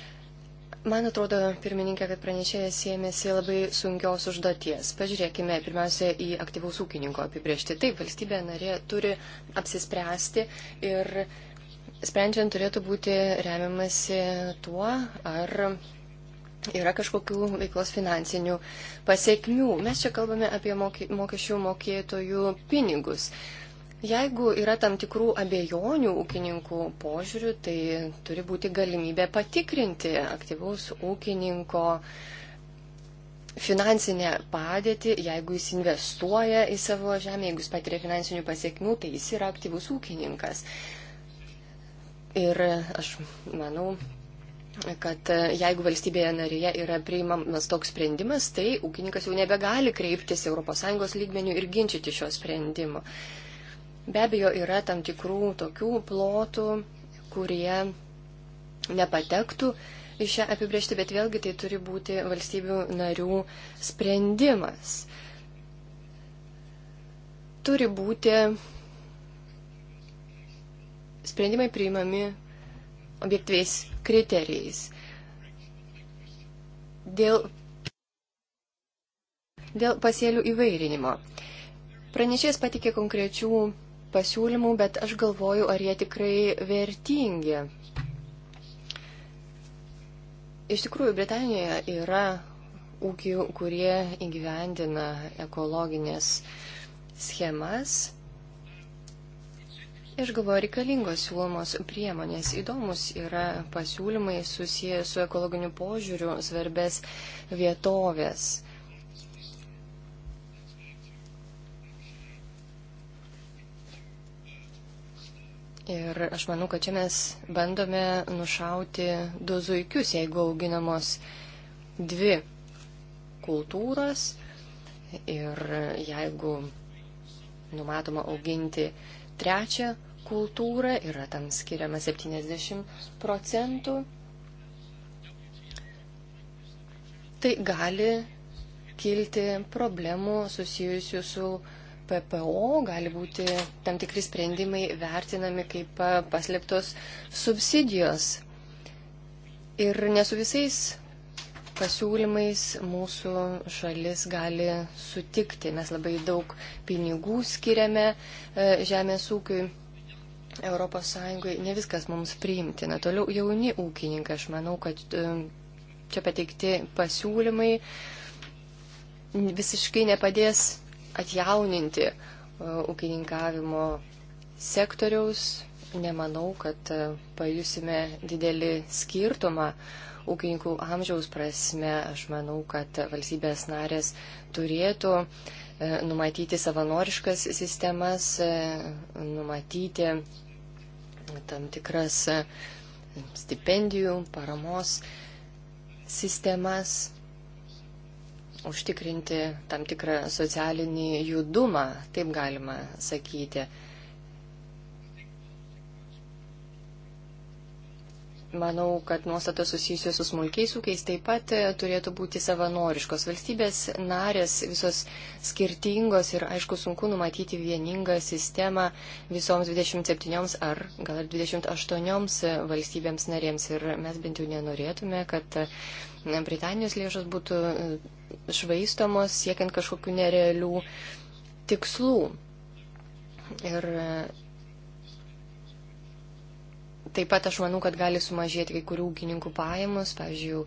Man atrodo, pirmininkė, kad pranešėjas siemėsi labai sunkios užduoties. Pažiūrėkime pirmiausia į aktyvaus ūkininko apibriežti. Taip, valstybė narė turi apsispręsti ir sprendžiant turėtų būti remiamasi tuo, ar yra kažkokių veiklos finansinių pasiekmių. Mes čia kalbame apie mokesčių mokėtojų pinigus. Jeigu yra tam tikrų abejonių ūkininkų požiūrių, tai turi būti galimybė patikrinti aktyvaus ūkininko finansinę padėtį, jeigu jis investuoja į savo žemę, jeigu jis patiria finansinių pasiekmių, tai jis yra aktyvus ūkininkas. Ir aš manau, kad jeigu valstybėje narėje yra priimamas toks sprendimas, tai ūkininkas jau nebegali kreiptis ES lygmenių ir ginčyti šio sprendimo. Be abejo, yra tam tikrų tokių plotų, kurie nepatektų į šią apibriežtį, bet vėlgi tai turi būti valstybių narių sprendimas. Turi būti sprendimai priimami objektyviais kriterijais. Dėl, dėl pasėlių įvairinimo. Pranešėjas patikė konkrečių pasiūlymų, bet aš galvoju, ar jie tikrai vertingi. Iš tikrųjų, Britanijoje yra ūkių, kurie įgyvendina ekologinės schemas. Aš galvoju, reikalingos siūlomos priemonės. Įdomus yra pasiūlymai susiję su ekologiniu požiūriu svarbės vietovės. Ir aš manau, kad čia mes bandome nušauti du zuikius, jeigu auginamos dvi kultūros ir jeigu numatoma auginti trečią kultūrą, yra tam skiriama 70 procentų, tai gali kilti problemų susijusių su PPO gali būti tam tikri sprendimai vertinami kaip e, paslėptos subsidijos. Ir ne su visais pasiūlymais mūsų šalis gali sutikti. Mes labai daug pinigų skiriame e, žemės ūkiui. Europos Sąjungai ne viskas mums priimtina. Toliau jauni ūkininkai, aš manau, kad e, čia pateikti pasiūlymai visiškai nepadės atjauninti e, ūkininkavimo sektoriaus. Nemanau, kad e, pajusime didelį skirtumą ūkininkų amžiaus prasme. Aš manau, kad valstybės narės turėtų e, numatyti savanoriškas sistemas, numatyti tam tikras stipendijų, paramos sistemas užtikrinti tam tikrą socialinį judumą, taip galima sakyti. Manau, kad nuostatos susijusios su smulkiais ūkiais taip pat e, turėtų būti savanoriškos. Valstybės narės visos skirtingos ir, aišku, sunku numatyti vieningą sistemą visoms 27 ar gal ir 28 e, valstybėms narėms. Ir mes bent jau nenorėtume, kad e, Britanijos lėšos būtų švaistomos siekiant kažkokių nerealių tikslų. Ir Taip pat aš manau, kad gali sumažėti kai kurių ūkininkų pajamos, pavyzdžiui,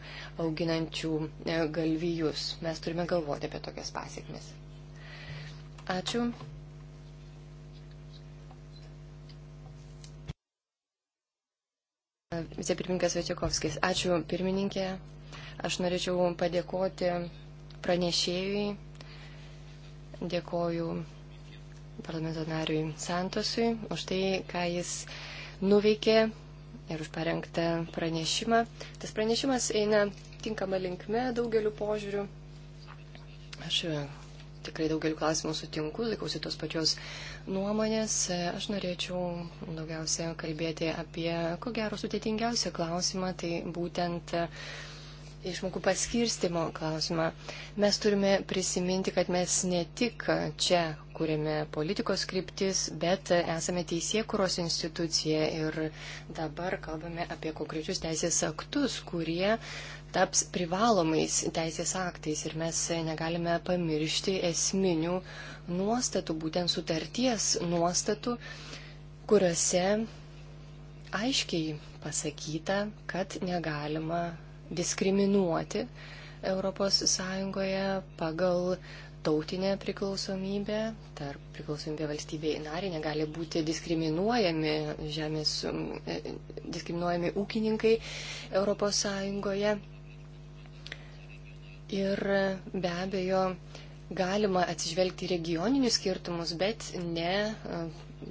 auginančių e, galvijus. Mes turime galvoti apie tokias pasiekmes. Ačiū. E, vicepirmininkas Večiakovskis. Ačiū pirmininkė. Aš norėčiau padėkoti pranešėjui. Dėkoju parlamento nariui Santosui už tai, ką jis nuveikė ir už parengtą pranešimą. Tas pranešimas eina tinkama linkme daugeliu požiūrių. Aš e, tikrai daugeliu klausimų sutinku, laikausi tos pačios nuomonės. E, aš norėčiau daugiausia kalbėti apie, ko gero, sudėtingiausią klausimą, tai būtent išmokų paskirstimo klausimą, mes turime prisiminti, kad mes ne tik čia kūrėme politikos kryptis, bet esame teisėkuros institucija ir dabar kalbame apie konkrečius teisės aktus, kurie taps privalomais teisės aktais ir mes negalime pamiršti esminių nuostatų, būtent sutarties nuostatų, kuriuose aiškiai pasakyta, kad negalima diskriminuoti ES pagal tautinę priklausomybę, tarp priklausomybė valstybei nariai negali būti diskriminuojami, žemės, e, diskriminuojami ūkininkai ES. Ir be abejo, galima atsižvelgti regioninius skirtumus, bet ne, e,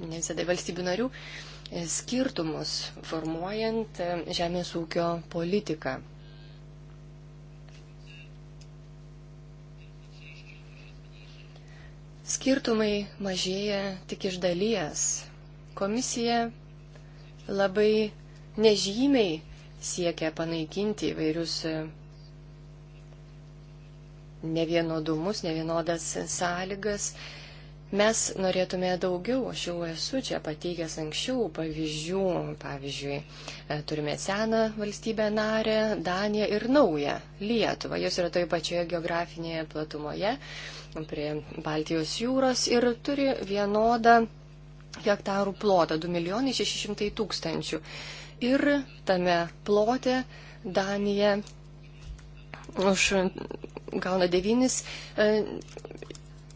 ne visada valstybių narių e, skirtumus formuojant žemės ūkio politiką. Skirtumai mažėja tik iš dalies. Komisija labai nežymiai siekia panaikinti įvairius e, nevienodumus, nevienodas sąlygas Mes norėtume daugiau, aš jau esu čia pateikęs anksčiau pavyzdžių. Pavyzdžiui, e, turime seną valstybę narę, Daniją ir naują Lietuvą. Jos yra toje pačioje geografinėje platumoje prie Baltijos jūros ir turi vienodą hektarų plotą 2 milijonai 600 tūkstančių. Ir tame plote Danija už gauna 9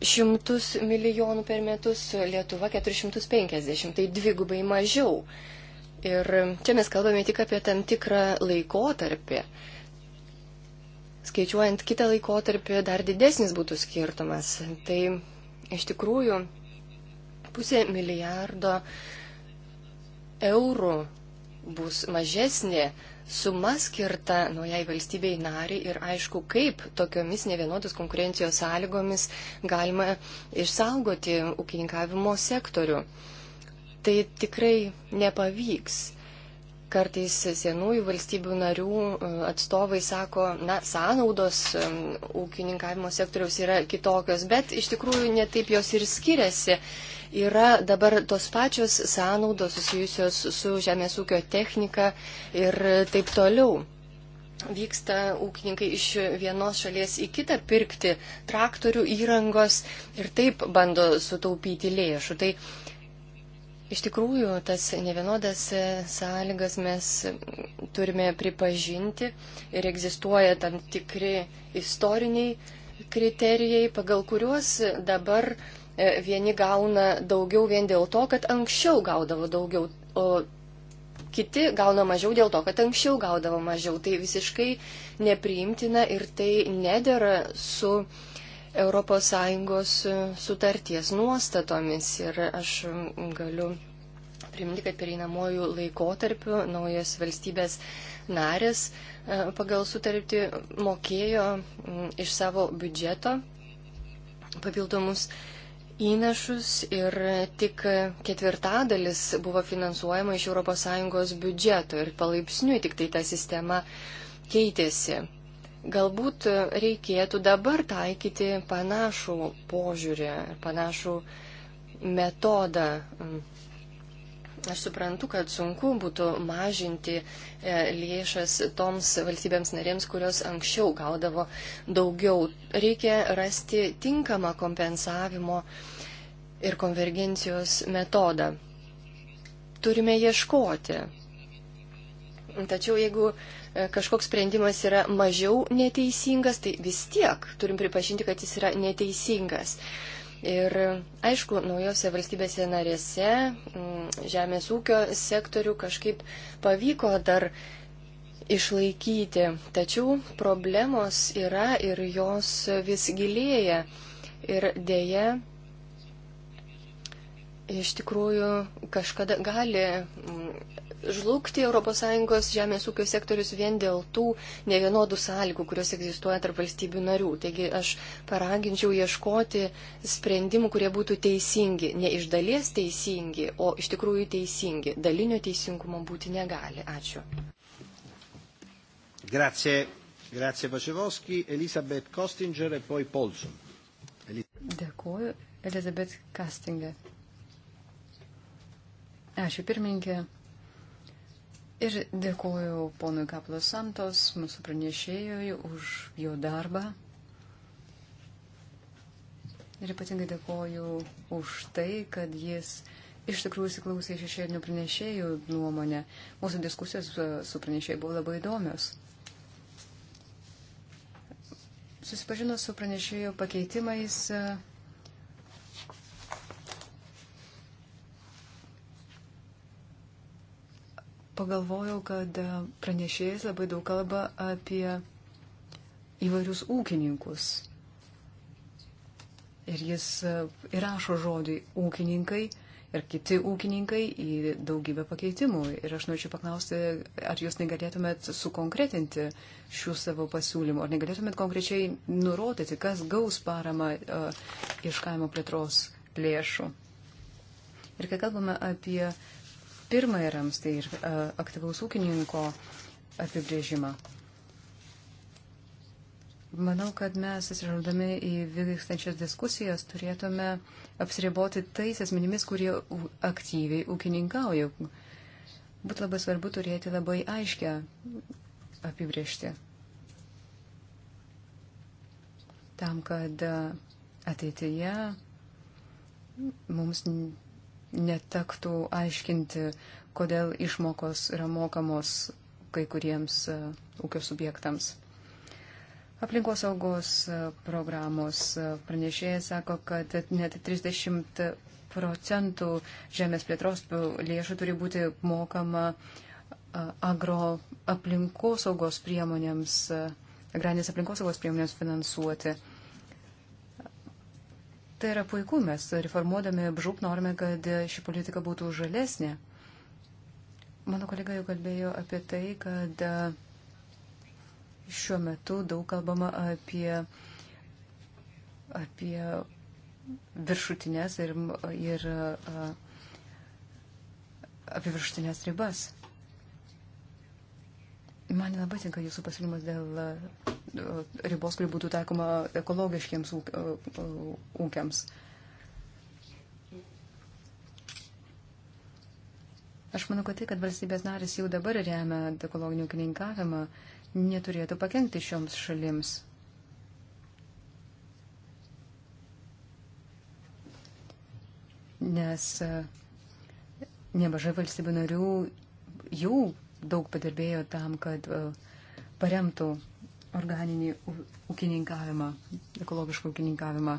šimtus milijonų per metus, Lietuva 450, tai dvigubai mažiau. Ir čia mes kalbame tik apie tam tikrą laikotarpį. Skaičiuojant kitą laikotarpį, dar didesnis būtų skirtumas. Tai iš tikrųjų pusė milijardo eurų bus mažesnė suma skirta naujai valstybei nariai ir aišku, kaip tokiomis nevienodos konkurencijos sąlygomis galima išsaugoti ūkininkavimo sektorių. Tai tikrai nepavyks. Kartais senųjų valstybių narių e, atstovai sako, na, sąnaudos e, ūkininkavimo sektoriaus yra kitokios, bet iš tikrųjų netaip jos ir skiriasi yra dabar tos pačios sąnaudos susijusios su žemės ūkio technika ir taip toliau. Vyksta ūkininkai iš vienos šalies į kitą pirkti traktorių įrangos ir taip bando sutaupyti lėšų. Tai Iš tikrųjų, tas nevienodas sąlygas mes turime pripažinti ir egzistuoja tam tikri istoriniai kriterijai, pagal kuriuos dabar E, vieni gauna daugiau vien dėl to, kad anksčiau gaudavo daugiau, o kiti gauna mažiau dėl to, kad anksčiau gaudavo mažiau. Tai visiškai nepriimtina ir tai nedėra su ES sutarties nuostatomis. Ir aš galiu priminti, kad pereinamojų laikotarpių naujas valstybės narės e, pagal sutartį mokėjo iš savo biudžeto papildomus įnašus ir tik ketvirtadalis buvo finansuojama iš ES biudžeto ir palaipsniui tik tai ta sistema keitėsi. Galbūt reikėtų dabar taikyti panašų požiūrį, panašų metodą Aš suprantu, kad sunku būtų mažinti e, lėšas toms valstybėms narėms, kurios anksčiau gaudavo daugiau. Reikia rasti tinkamą kompensavimo ir konvergencijos metodą. Turime ieškoti. Tačiau jeigu e, kažkoks sprendimas yra mažiau neteisingas, tai vis tiek turim pripažinti, kad jis yra neteisingas. Ir aišku, naujose valstybėse narėse mm, žemės ūkio sektorių kažkaip pavyko dar išlaikyti, tačiau problemos yra ir jos vis gilėja. Ir dėja, iš tikrųjų, kažkada gali mm, žlugti ES žemės ūkio sektorius vien dėl tų nevienodų sąlygų, kurios egzistuoja tarp valstybių narių. Taigi aš paraginčiau ieškoti sprendimų, kurie būtų teisingi. Ne iš dalies teisingi, o iš tikrųjų teisingi. Dalinio teisingumo būti negali. Ačiū. Grazie. Grazie Pacevoski, Elisabeth Kostinger e poi Polson. Elis Dėkuoju, Elisabeth Kastinger. Ačiū pirmininkė. Ir dėkuoju ponui Kaplo Santos, mūsų pranešėjui, už jo darbą. Ir ypatingai dėkuoju už tai, kad jis iš tikrųjų įsiklausė šešėlinių pranešėjų nuomonę. Mūsų diskusijos su pranešėjai buvo labai įdomios. Susipažinus su pranešėjų pakeitimais, pagalvojau, kad pranešėjas labai daug kalba apie įvairius ūkininkus. Ir jis e, įrašo žodį ūkininkai ir kiti ūkininkai į daugybę pakeitimų. Ir aš norėčiau paklausti, ar jūs negalėtumėt sukonkretinti šių savo pasiūlymų, ar negalėtumėt konkrečiai nurodyti, kas gaus paramą uh, iš kaimo plėtros lėšų. Ir kai kalbame apie pirmąjį ramstį ir e, aktyvaus ūkininko apibrėžimą. Manau, kad mes, atsižvelgdami į vykstančias diskusijas, turėtume apsiriboti tais asmenimis, kurie aktyviai ūkininkauja. Būtų labai svarbu turėti labai aiškę apibriežti. Tam, kad e, ateityje mums netektų aiškinti, kodėl išmokos yra mokamos kai kuriems e, ūkio subjektams. Aplinkosaugos e, programos e, pranešėjas sako, kad net 30 procentų žemės plėtros lėšų turi būti mokama agro aplinkosaugos priemonėms, agrarinės aplinkosaugos priemonėms finansuoti. Tai yra puiku, mes reformuodami BŽUP norime, kad ši politika būtų žalesnė. Mano kolega jau kalbėjo apie tai, kad e, šiuo metu daug kalbama apie, apie viršutinės ir, ir e, apie viršutinės ribas. Man labai tinka jūsų pasiūlymas dėl e, ribos, kuri būtų taikoma ekologiškiams e, e, ūkiams. Aš manau, kad tai, kad valstybės narės jau dabar remia ekologinį ūkininkavimą, neturėtų pakengti šioms šalims. Nes nemažai valstybių narių jau daug padirbėjo tam, kad e, paremtų organinį ūkininkavimą, ekologišką ūkininkavimą.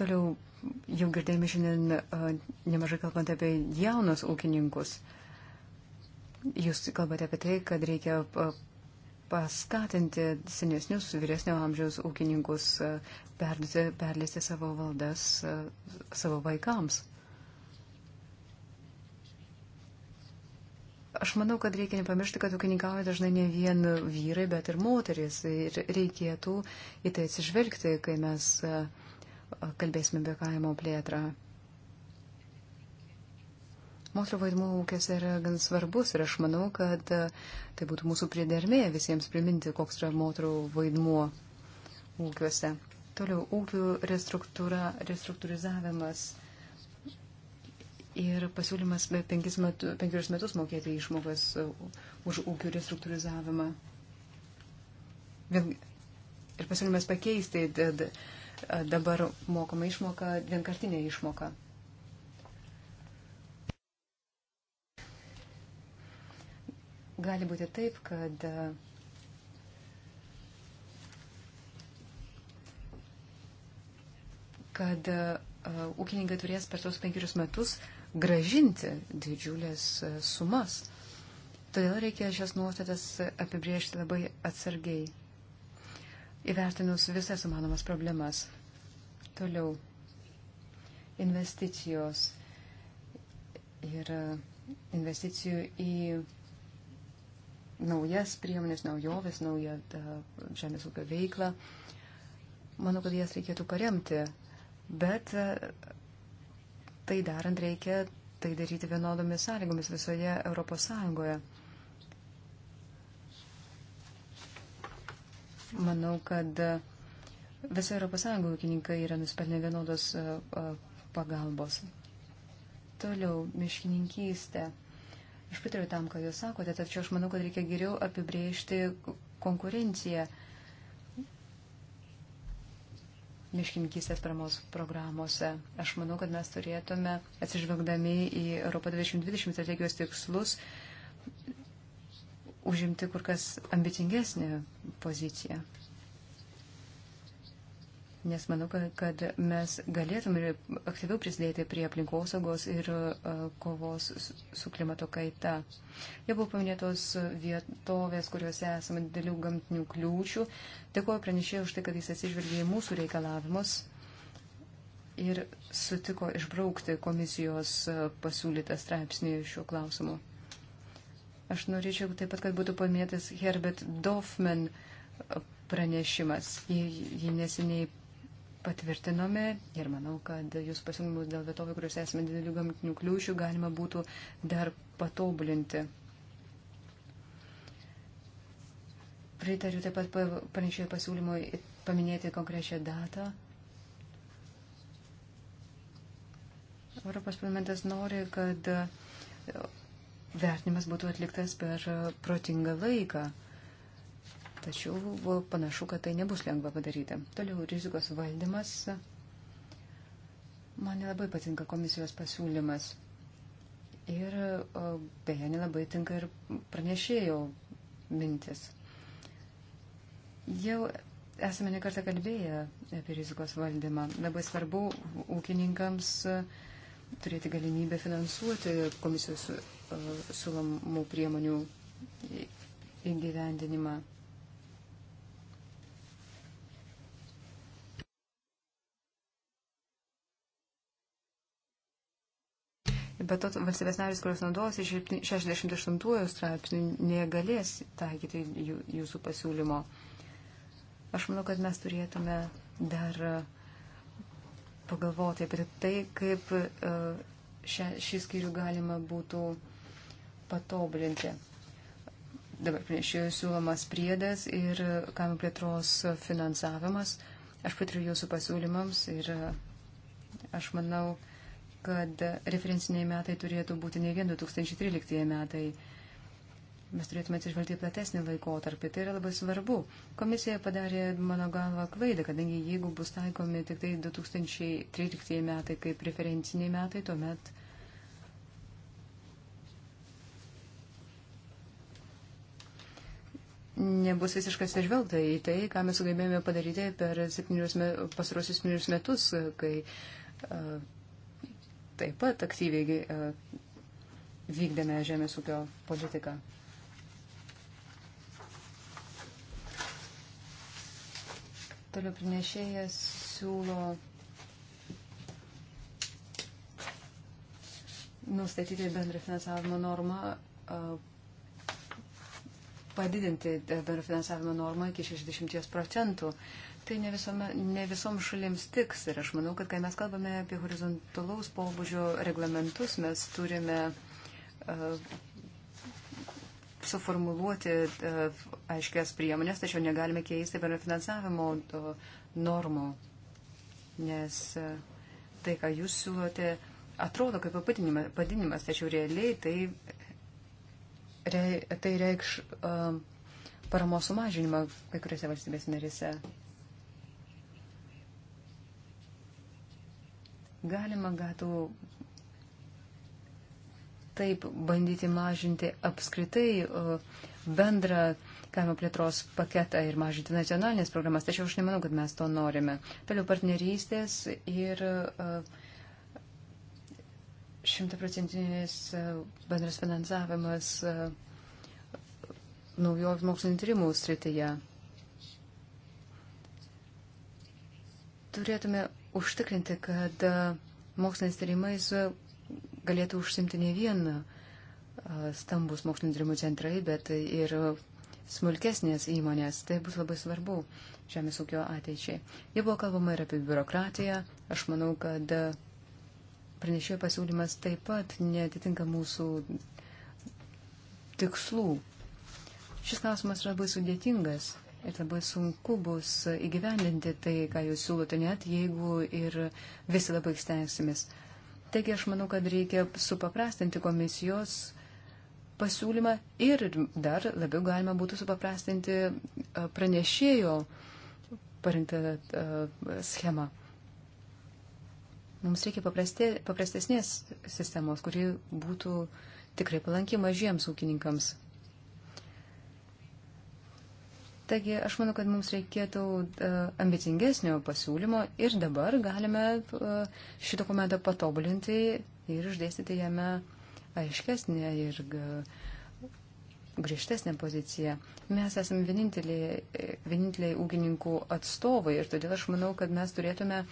Toliau jau girdėjome šiandien e, nemažai kalbant apie jaunus ūkininkus. Jūs kalbate apie tai, kad reikia e, paskatinti senesnius, vyresnio amžiaus ūkininkus perduoti, perleisti savo valdas savo vaikams. Aš manau, kad reikia nepamiršti, kad ūkininkauja dažnai ne vien vyrai, bet ir moteris. Ir reikėtų į tai atsižvelgti, kai mes kalbėsime apie kaimo plėtrą. Moterų vaidmuo ūkėse yra gan svarbus ir aš manau, kad tai būtų mūsų pridermė visiems priminti, koks yra moterų vaidmuo ūkiuose. Toliau ūkių restruktūrizavimas Ir pasiūlymas penkis metu, penkerius metus mokėti išmokas uh, už ūkių restruktūrizavimą. Ir pasiūlymas pakeisti dabar mokamą išmoką vienkartinę išmoką. Gali būti taip, kad kad uh, ūkininkai turės per tos penkerius metus uh, gražinti didžiulės e, sumas. Todėl reikia šias nuostatas apibriežti labai atsargiai, įvertinus visas įmanomas problemas. Toliau investicijos ir e, investicijų į naujas priemonės, naujoves, naują e, žemės ūkio veiklą. Manau, kad jas reikėtų paremti, bet tai darant reikia tai daryti vienodomis sąlygomis visoje Europos Sąjungoje. Manau, kad visoje Europos Sąjungoje ūkininkai yra nusipelnę vienodos e, e, pagalbos. Toliau, miškininkystė. Aš pritariu tam, ką jūs sakote, tačiau aš manau, kad reikia geriau apibrėžti konkurenciją miškininkystės paramos programuose. Aš manau, kad mes turėtume, atsižvelgdami į Europą 2020 strategijos tikslus, užimti kur kas ambicingesnį poziciją nes manau, kad mes galėtume aktyviau prisidėti prie aplinkosaugos ir e, kovos su klimato kaita. Jau buvo paminėtos vietovės, kuriuose esame didelių gamtinių kliūčių. Dėkuoju pranešėjai už tai, kad jis atsižvelgė į mūsų reikalavimus ir sutiko išbraukti komisijos e, pasiūlytą straipsnį šiuo klausimu. Aš norėčiau taip pat, kad būtų paminėtas Herbert Doffman e, pranešimas. Jį, jį neseniai patvirtinome ir manau, kad jūsų pasiūlymus dėl vietovių, kuriuose esame didelių gamtinių kliūčių, galima būtų dar patobulinti. Pritariu taip pat pranešėjo pasiūlymui paminėti konkrečią datą. Europos parlamentas nori, kad vertinimas būtų atliktas per protingą laiką. Tačiau panašu, kad tai nebus lengva padaryti. Toliau rizikos valdymas. Man nelabai patinka komisijos pasiūlymas. Ir beje, nelabai tinka ir pranešėjo mintis. Jau esame nekartą kalbėję apie rizikos valdymą. Labai svarbu ūkininkams e, turėti galimybę finansuoti komisijos e, siūlomų priemonių įgyvendinimą. Bet to valstybės narės, kurios naudojasi 68 straipsnių, negalės taikyti jūsų pasiūlymo. Aš manau, kad mes turėtume dar e, pagalvoti apie tai, kaip e, šią, šį skyrių galima būtų patobulinti. Dabar priešėjų siūlomas priedas ir kaimo plėtros finansavimas. Aš pritariu jūsų pasiūlymams ir e, aš manau, kad kad referenciniai metai turėtų būti ne vien 2013 metai. Mes turėtume atsižvelgti platesnį laikotarpį. Tai yra labai svarbu. Komisija padarė mano galva klaidą, kadangi jeigu bus taikomi tik tai 2013 metai kaip referenciniai metai, tuomet nebus visiškai atsižvelgta į tai, ką mes sugebėjome padaryti per pastarosius septynius metus, kai uh, taip pat aktyviai e, vykdėme žemės ūkio politiką. Toliau prinešėjas siūlo nustatyti bendrą finansavimo normą, e, padidinti bendrą finansavimo normą iki 60 procentų tai ne, visome, ne visoms šalims tiks. Ir aš manau, kad kai mes kalbame apie horizontalaus pobūdžio reglamentus, mes turime uh, suformuluoti uh, aiškias priemonės, tačiau negalime keisti bendro finansavimo uh, normų, nes uh, tai, ką jūs siūlote, atrodo kaip padinimas, tačiau realiai tai, re, tai reikš. Uh, paramos sumažinimą kai kuriuose valstybės narise. Galima gatų taip bandyti mažinti apskritai uh, bendrą kaimo plėtros paketą ir mažinti nacionalinės programas, tačiau aš nemanau, kad mes to norime. Toliau partnerystės ir uh, šimtaprocentinis uh, bendras finansavimas naujos mokslinio tyrimų srityje. Turėtume užtikrinti, kad e, moksliniais tyrimais galėtų užsimti ne vien e, stambus mokslinio tyrimų centrai, bet ir smulkesnės įmonės. Tai bus labai svarbu žemės ūkio ateičiai. Jau buvo kalbama ir apie biurokratiją. Aš manau, kad e, pranešėjo pasiūlymas taip pat netitinka mūsų tikslų. Šis klausimas yra labai sudėtingas. Ir labai sunku bus įgyvendinti tai, ką jūs siūlote, net jeigu ir visi labai stengsimės. Taigi aš manau, kad reikia supaprastinti komisijos pasiūlymą ir dar labiau galima būtų supaprastinti pranešėjo parinktą schemą. Mums reikia paprastė, paprastesnės sistemos, kuri būtų tikrai palanki mažiems ūkininkams. Taigi aš manau, kad mums reikėtų e, ambicingesnio pasiūlymo ir dabar galime e, šį dokumentą patobulinti ir išdėstyti jame aiškesnė ir e, griežtesnė pozicija. Mes esame vieninteliai, vieninteliai ūkininkų atstovai ir todėl aš manau, kad mes turėtume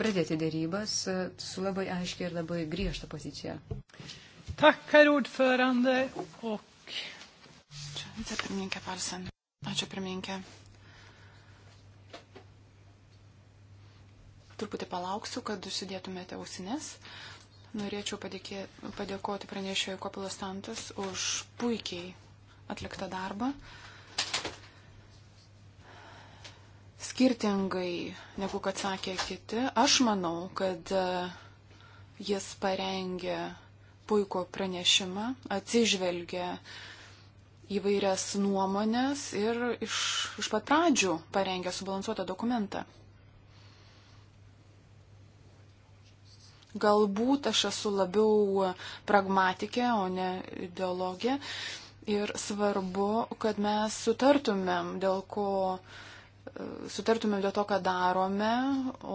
pradėti dėrybas su labai aiškia ir labai griežta pozicija. Tak, herr ordförande, och... Vicepirmininkė Palsen. Ačiū, pirmininkė. Truputį palauksiu, kad užsidėtumėte ausines. Norėčiau padėkė, padėkoti pranešėjui Kopilas Tantas už puikiai atliktą darbą. Skirtingai negu kad sakė kiti, aš manau, kad e, jis parengė puikų pranešimą, atsižvelgė uh, įvairias nuomonės ir iš, iš pat pradžių parengė subalansuotą dokumentą. Galbūt aš esu labiau pragmatikė, o ne ideologė. Ir svarbu, kad mes sutartumėm dėl ko, sutartumėm dėl to, ką darome,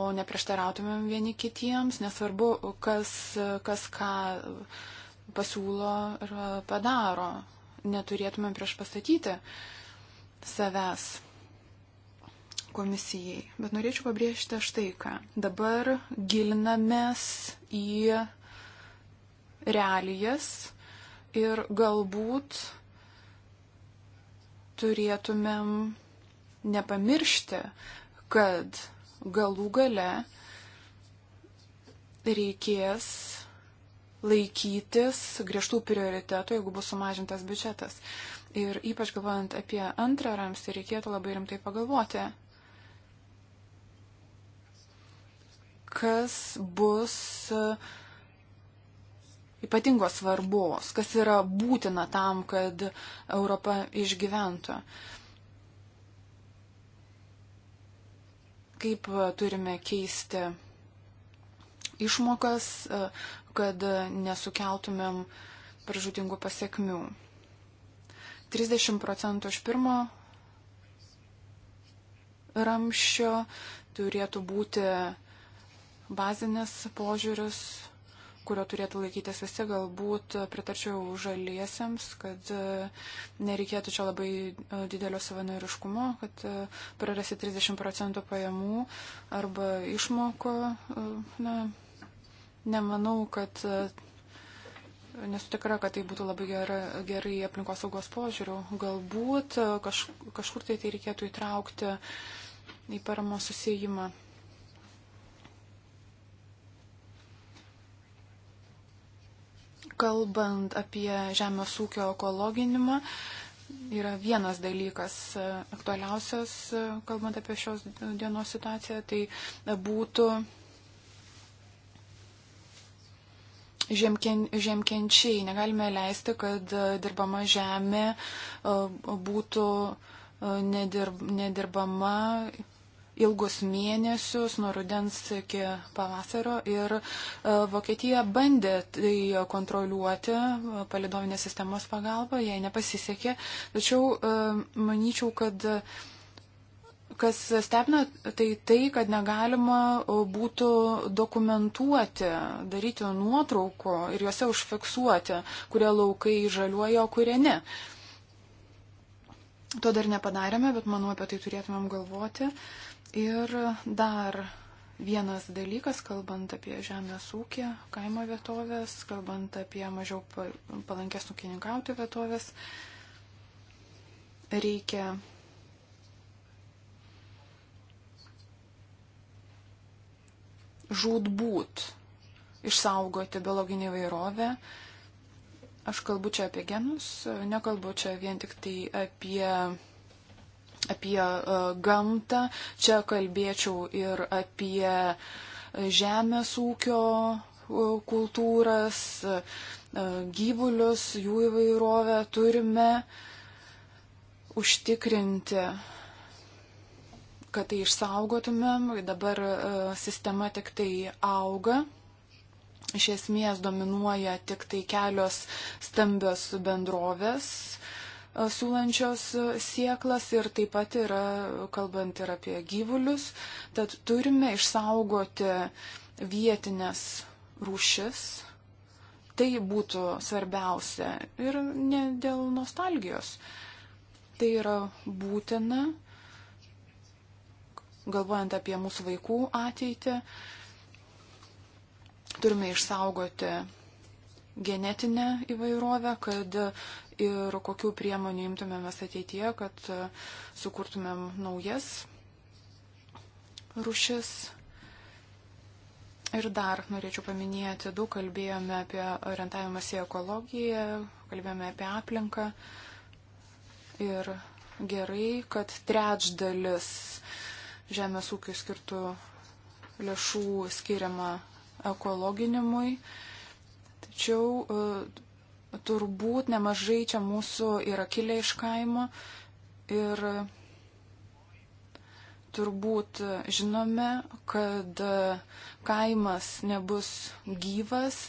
o neprieštarautumėm vieni kitiems, nesvarbu, kas, kas ką pasiūlo ir padaro neturėtumėm prieš pasakyti savęs komisijai. Bet norėčiau pabrėžti štai ką. Dabar gilinamės į realijas ir galbūt turėtumėm nepamiršti, kad galų gale reikės laikytis griežtų prioritetų, jeigu bus sumažintas biudžetas. Ir ypač galvojant apie antrą ramstį, reikėtų labai rimtai pagalvoti, kas bus e, ypatingos svarbos, kas yra būtina tam, kad Europa išgyventų. Kaip e, turime keisti išmokas, e, kad nesukeltumėm pražudingų pasiekmių. 30 procentų iš pirmo ramščio turėtų būti bazinis požiūris, kurio turėtų laikytis visi, galbūt pritarčiau žaliesiems, kad nereikėtų čia labai e, didelio savanoriškumo, kad e, prarasi 30 procentų pajamų arba išmoko, e, na, Nemanau, kad e, nesu tikra, kad tai būtų labai gerai, gerai aplinkos saugos požiūrių. Galbūt e, kaž, kažkur tai tai reikėtų įtraukti į paramos susijimą. Kalbant apie žemės ūkio ekologinimą, yra vienas dalykas e, aktualiausias, kalbant apie šios dienos situaciją, tai būtų žemken, žemkenčiai. Negalime leisti, kad e, dirbama žemė e, būtų e, nedirb, nedirbama ilgus mėnesius, nuo rudens iki pavasario. Ir Vokietija bandė tai kontroliuoti palidovinės sistemos pagalba, jai nepasisekė. Tačiau manyčiau, kad Kas stebina, tai tai, kad negalima e, būtų dokumentuoti, daryti nuotraukų ir juose užfiksuoti, kurie laukai žaliuoja, o kurie ne. To dar nepadarėme, bet manau apie tai turėtumėm galvoti. Ir dar Vienas dalykas, kalbant apie žemės ūkį, kaimo vietovės, kalbant apie mažiau palankės nukininkauti vietovės, reikia žūtbūt išsaugoti biologinį įvairovę. Aš kalbu čia apie genus, nekalbu čia vien tik tai apie, apie uh, gamtą, čia kalbėčiau ir apie žemės ūkio e, kultūras, e, gyvulius, jų įvairovę turime užtikrinti kad tai išsaugotumėm. Dabar e, sistema tik tai auga. Iš esmės dominuoja tik tai kelios stambios bendrovės e, siūlančios e, sieklas ir taip pat yra, kalbant ir apie gyvulius, tad turime išsaugoti vietinės rūšis. Tai būtų svarbiausia ir ne dėl nostalgijos. Tai yra būtina galvojant apie mūsų vaikų ateitį, turime išsaugoti genetinę įvairovę, kad ir kokių priemonių imtumėmės ateityje, kad sukurtumėm naujas rušis. Ir dar norėčiau paminėti, daug kalbėjome apie orientavimąsi į ekologiją, kalbėjome apie aplinką. Ir gerai, kad trečdalis uh, žemės ūkiai skirtų lėšų skiriama ekologinimui. Tačiau e, turbūt nemažai čia mūsų yra kilę iš kaimo ir turbūt žinome, kad kaimas nebus gyvas,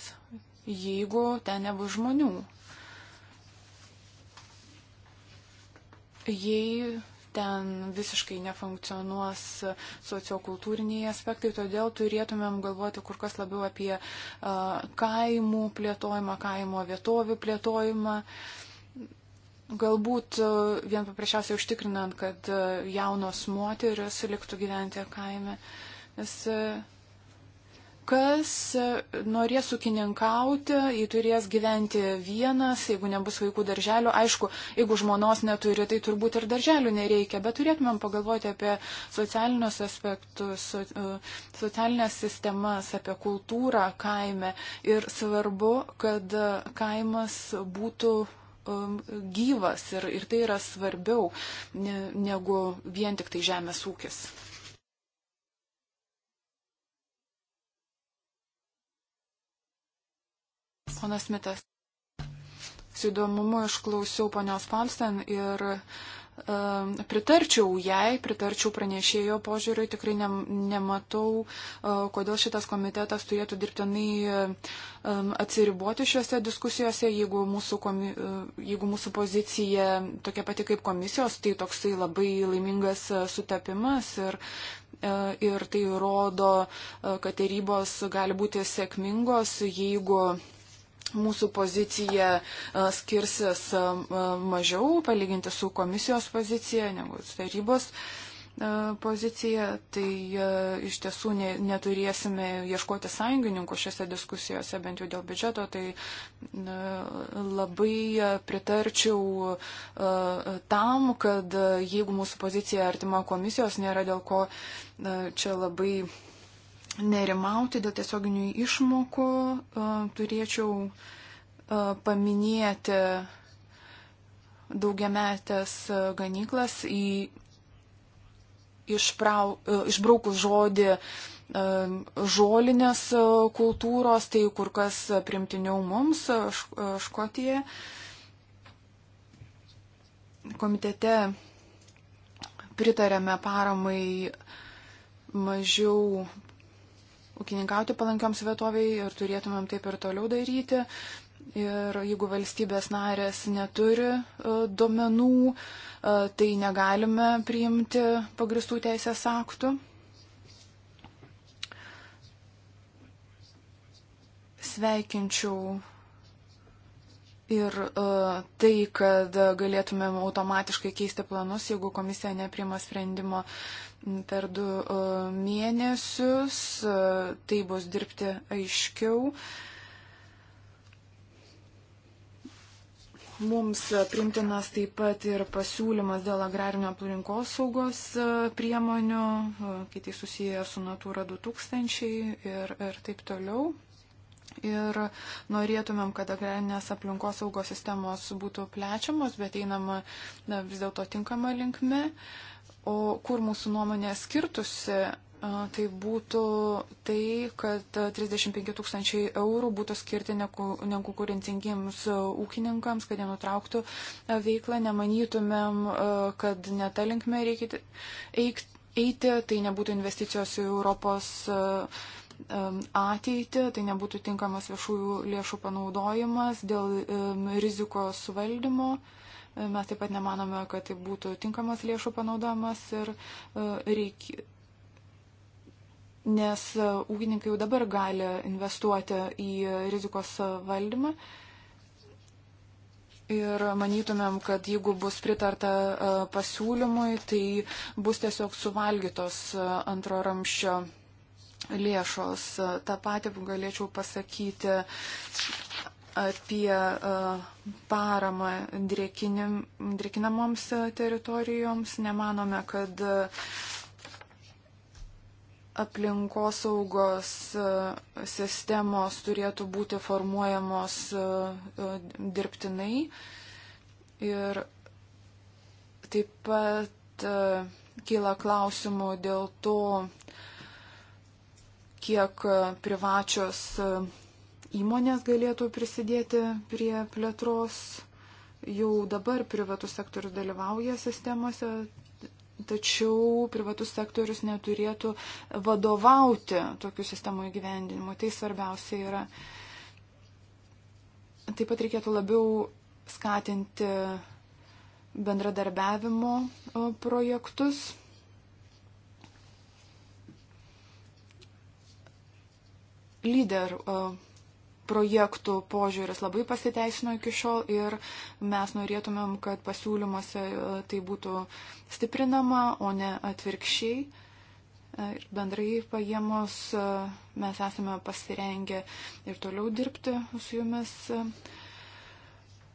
jeigu ten nebus žmonių. Jei ten visiškai nefunkcionuos sociokultūriniai aspektai, todėl turėtumėm galvoti kur kas labiau apie kaimų plėtojimą, kaimo vietovių plėtojimą. Galbūt vien paprasčiausiai užtikrinant, kad jaunos moteris liktų gyventi kaime. Nes kas e, norės ūkininkauti, jį turės gyventi vienas, jeigu nebus vaikų darželio. Aišku, jeigu žmonos neturi, tai turbūt ir darželių nereikia, bet turėtumėm pagalvoti apie socialinius aspektus, e, socialinės sistemas, apie kultūrą kaime. Ir svarbu, kad kaimas būtų e, gyvas ir, ir tai yra svarbiau negu vien tik tai žemės ūkis. Ponas Mitas. Su įdomumu išklausiau ponios Palsten ir e, pritarčiau jai, pritarčiau pranešėjo požiūriui, tikrai ne, nematau, e, kodėl šitas komitetas turėtų dirbtinai e, atsiriboti šiuose diskusijose, jeigu mūsų, komi, e, jeigu mūsų pozicija tokia pati kaip komisijos, tai toksai labai laimingas e, sutapimas ir e, ir tai rodo, e, kad tarybos gali būti sėkmingos, jeigu mūsų pozicija e, skirsis e, e, mažiau palyginti su komisijos pozicija negu tarybos poziciją, tai iš tiesų ne, neturėsime ieškoti sąjungininkų šiose diskusijose, bent jau dėl biudžeto, tai labai pritarčiau tam, kad jeigu mūsų pozicija artima komisijos, nėra dėl ko čia labai nerimauti dėl tiesioginių išmokų, e, turėčiau e, paminėti daugiametės e, ganyklas į išprau, išbraukus žodį žolinės kultūros, tai kur kas primtiniau mums Škotijoje. Komitete pritarėme paramai mažiau ūkininkauti palankioms vietoviai ir turėtumėm taip ir toliau daryti. Ir jeigu valstybės narės neturi e, duomenų, e, tai negalime priimti pagristų teisės aktų. Sveikinčiau Ir uh, tai, kad galėtumėm automatiškai keisti planus, jeigu komisija neprima sprendimo per du e, mėnesius, e, tai bus dirbti aiškiau. Mums primtinas taip pat ir pasiūlymas dėl agrarinio aplinkos saugos e, priemonių, kiti susiję su Natūra 2000 ir, ir taip toliau. Ir norėtumėm, kad agrarinės aplinkos saugos sistemos būtų plečiamos, bet einama na, vis dėlto tinkama linkme. Uh, O kur mūsų nuomonė skirtusi, tai būtų tai, kad 35 tūkstančiai eurų būtų skirti nekonkurencingiems ūkininkams, kad jie nutrauktų veiklą. Nemanytumėm, kad ne tą linkmę reikia eiti, tai nebūtų investicijos į Europos ateitį, tai nebūtų tinkamas viešųjų lėšų panaudojimas dėl rizikos valdymo. Mes taip pat nemanome, kad tai būtų tinkamas lėšų panaudojimas ir e, reikia. Nes e, ūkininkai jau dabar gali investuoti į rizikos valdymą. Ir manytumėm, kad jeigu bus pritarta e, pasiūlymui, tai bus tiesiog suvalgytos antro ramščio lėšos. Ta pati galėčiau pasakyti apie e, paramą drėkinamoms e, teritorijoms. Nemanome, kad e, aplinkosaugos sistemos turėtų būti formuojamos dirbtinai. Ir taip pat kyla klausimų dėl to, kiek privačios įmonės galėtų prisidėti prie plėtros. Jau dabar privatus sektorius dalyvauja sistemose, tačiau privatus sektorius neturėtų vadovauti tokių sistemų įgyvendinimu. Tai svarbiausia yra. Taip pat reikėtų labiau skatinti bendradarbiavimo projektus. lyder projektų požiūris labai pasiteisino iki šiol ir mes norėtumėm, kad pasiūlymuose e, tai būtų stiprinama, o ne atvirkščiai. E, ir bendrai paėmus e, mes esame pasirengę ir toliau dirbti su jumis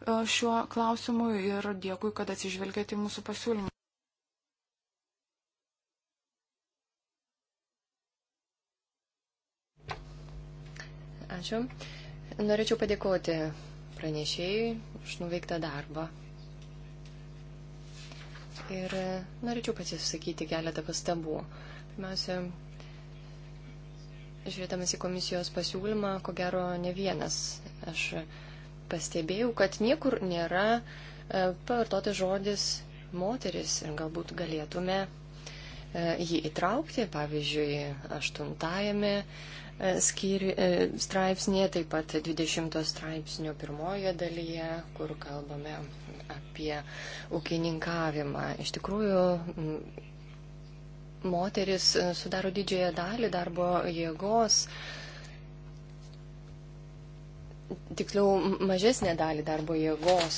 šiuo klausimu ir dėkui, kad atsižvelgėte į mūsų pasiūlymą. Ačiū. Norėčiau padėkoti pranešėjui už nuveiktą darbą. Ir norėčiau pasisakyti keletą pastabų. Pirmiausia, žiūrėdamas į komisijos pasiūlymą, ko gero ne vienas. Aš pastebėjau, kad niekur nėra e, pavartoti žodis moteris ir galbūt galėtume e, jį įtraukti, pavyzdžiui, aštuntajame E, skyri, e, straipsnėje, taip pat 20 straipsnio pirmojo dalyje, kur kalbame apie ūkininkavimą. Iš tikrųjų, moteris e, sudaro didžiąją dalį darbo jėgos tiksliau mažesnę dalį darbo jėgos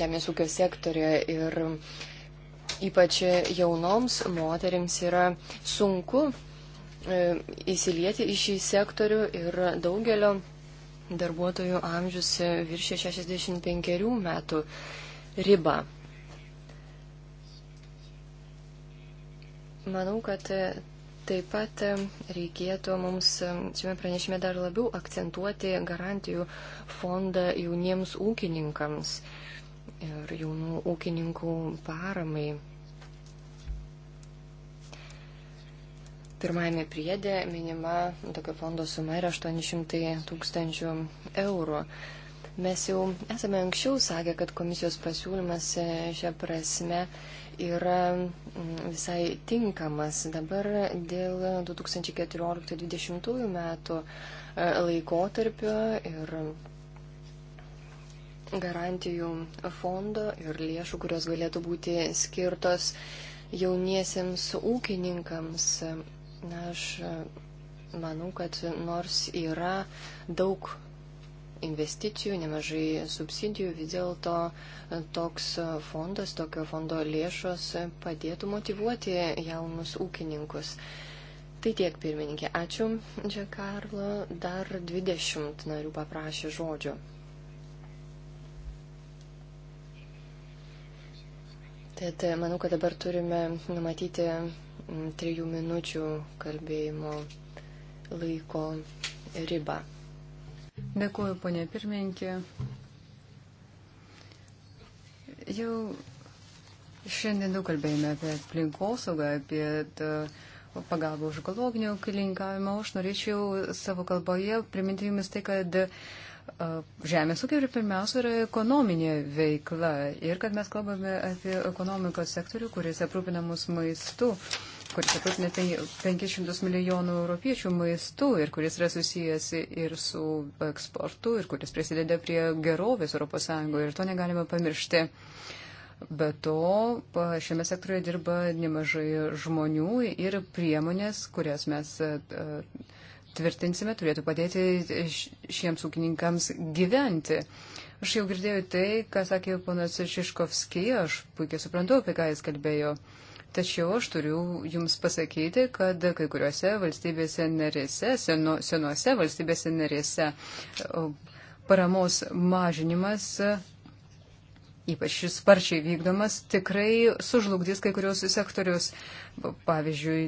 žemės ūkio sektorė ir ypač jaunoms moterims yra sunku E, įsilieti į šį sektorių ir daugelio darbuotojų amžius viršė 65 metų ribą. Manau, kad taip pat reikėtų mums šiame pranešime dar labiau akcentuoti garantijų fondą jauniems ūkininkams ir jaunų ūkininkų paramai. Pirmajame priedė minima tokio fondo suma yra 800 tūkstančių eurų. Mes jau esame anksčiau sakę, kad komisijos pasiūlymas e, šią prasme yra mm, visai tinkamas. Dabar dėl 2014-2020 metų e, laikotarpio ir garantijų fondo ir lėšų, kurios galėtų būti skirtos jauniesiems ūkininkams Na, aš e, manau, kad nors yra daug investicijų, nemažai subsidijų, vis dėlto e, toks e, fondas, tokio fondo lėšos padėtų motivuoti jaunus ūkininkus. Tai tiek, pirmininkė. Ačiū, Džekarlo. Dar 20 narių paprašė žodžio. Tad manau, kad dabar turime numatyti trijų minučių kalbėjimo laiko ribą. Dėkuoju, ponė pirmininkė. Jau šiandien daug kalbėjome apie aplinkosaugą, apie tą, pagalbą už ekologinio kilinkavimą. Aš norėčiau savo kalboje priminti jumis tai, kad Žemės ūkio ir pirmiausia yra ekonominė veikla ir kad mes kalbame apie ekonomikos sektorių, kuris aprūpina mus maistu kuris aprūpinęs 500 milijonų europiečių maistu ir kuris yra susijęs ir su eksportu, ir kuris prisideda prie gerovės ES ir to negalime pamiršti. Be to, šiame sektoriuje dirba nemažai žmonių ir priemonės, kurias mes e, e, tvirtinsime, turėtų padėti šiems ūkininkams gyventi. Aš jau girdėjau tai, ką sakė ponas Šiškovski, aš puikiai suprantu, apie ką jis kalbėjo. Uh, Tačiau aš turiu Jums pasakyti, kad kai kuriuose valstybėse narėse, senu, senuose valstybėse narėse paramos mažinimas, ypač šis sparčiai vykdomas, tikrai sužlugdys kai kurios sektorius. Pavyzdžiui,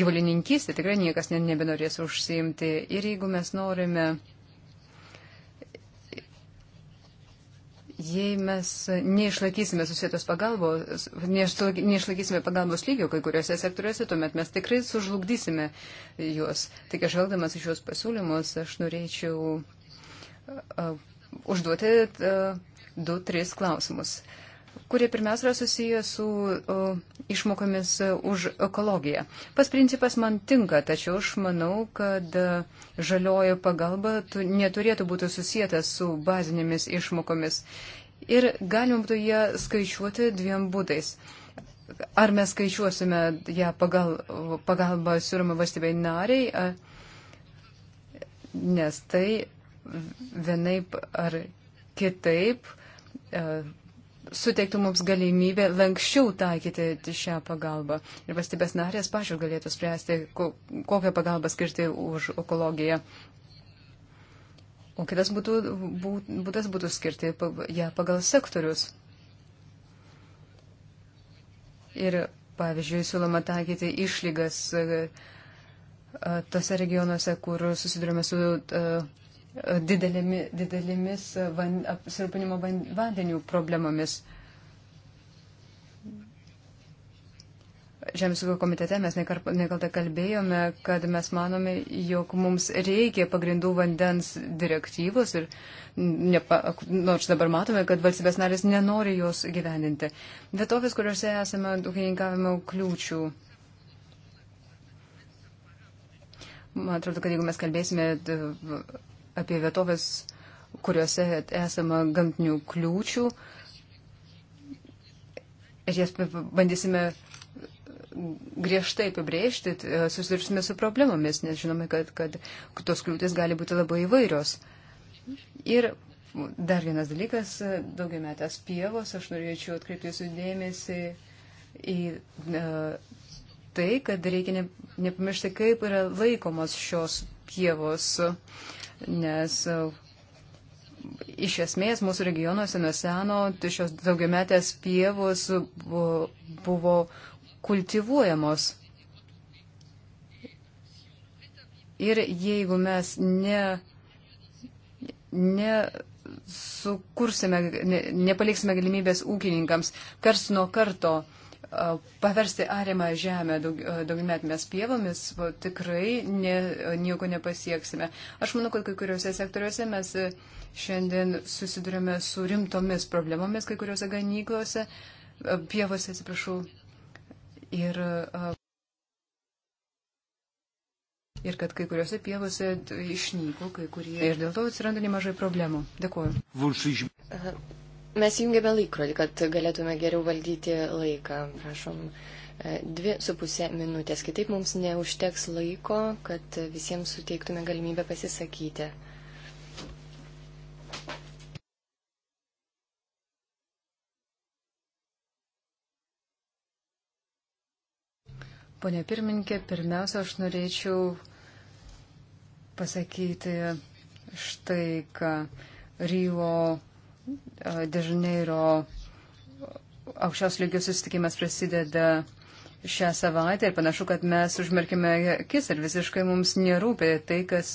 gyvulininkystė tikrai niekas nebenorės užsiimti. Ir jeigu mes norime jei mes neišlaikysime susietos pagalbos, neišlaikysime pagalbos lygio kai kuriuose sektoriuose, tuomet mes tikrai sužlugdysime juos. Tik aš žvelgdamas į šios pasiūlymus, aš norėčiau uh, užduoti uh, du, tris klausimus. Uh, kurie pirmiausia yra susiję su uh, išmokomis uh, už ekologiją. Pas principas man tinka, tačiau aš manau, kad uh, žalioji pagalba neturėtų būti susijęta su bazinėmis išmokomis. Ir galima būtų ją skaičiuoti dviem būdais. Ar mes skaičiuosime ją pagal, pagalbą siūlymą valstybei nariai, nes tai vienaip ar kitaip. Uh, suteiktų mums galimybę lankščiau taikyti šią pagalbą. Ir valstybės narės pačios galėtų spręsti, kokią pagalbą skirti už ekologiją. O kitas būtų, būdas būtų skirti ją ja, pagal sektorius. Ir, pavyzdžiui, siūloma taikyti išlygas e, e, tose regionuose, kur susidurime su uh, didelėmi, didelėmis van, apsirūpinimo van, vandenių problemomis. Žemės ūkio komitete mes nekaltą kalbėjome, kad mes manome, jog mums reikia pagrindų vandens direktyvos ir nepa, nors dabar matome, kad valstybės narės nenori jos gyveninti. Vietovės, kuriuose esame ūkininkavimo kliūčių. Man atrodo, kad jeigu mes kalbėsime apie vietovės, kuriuose esama gamtinių kliūčių. Ir jas bandysime griežtai apibrėžti, susidursime su problemomis, nes žinome, kad, kad tos kliūtis gali būti labai įvairios. Ir dar vienas dalykas, daugiametės pievos, aš norėčiau atkreipti jūsų dėmesį į e, tai, kad reikia nepamiršti, kaip yra laikomos šios pievos nes e, iš esmės mūsų regionuose nuo seno šios daugiametės pievos buvo, buvo kultivuojamos. Ir jeigu mes ne, ne sukursime, ne, nepaliksime galimybės ūkininkams kars nuo karto uh, paversti ariamą žemę daugmetmės pievomis, tikrai ne, nieko nepasieksime. Aš manau, kad kai kuriuose sektoriuose mes šiandien susidurime su rimtomis problemomis, kai kuriuose ganyklose, pievose, atsiprašau. Ir, ir kad kai kuriuose pievose išnyko kai kurie. Ir dėl to atsiranda nemažai problemų. Dėkuoju. Vulšyžim. Mes jungiame laikrodį, kad galėtume geriau valdyti laiką. Prašom, e, dvi su pusė minutės. Kitaip mums neužteks laiko, kad visiems suteiktume galimybę pasisakyti. Pone pirmininkė, pirmiausia, aš norėčiau pasakyti štai, ką Rio Dežaneiro aukščios lygio susitikimas prasideda šią savaitę ir panašu, kad mes užmerkime akis ir visiškai mums nerūpė tai, kas,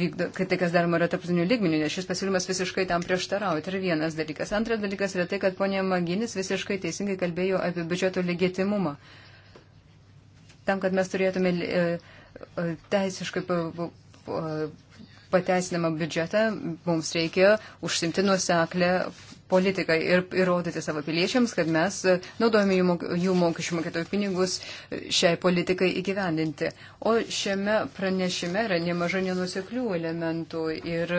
vykdo, tai, kas daroma yra tarptautinių lygmenių, nes šis pasiūlymas visiškai tam prieštarauja. Tai yra vienas dalykas. Antras dalykas yra tai, kad ponė Maginis visiškai teisingai kalbėjo apie biudžeto legitimumą. Tam, kad mes turėtume teisiškai pateisinamą biudžetą, mums reikia užsimti nuseklę politiką ir įrodyti savo piliečiams, kad mes naudojame jų, mok jų mokesčių mokėtojų pinigus šiai politikai įgyvendinti. O šiame pranešime yra nemažai nenuseklių elementų ir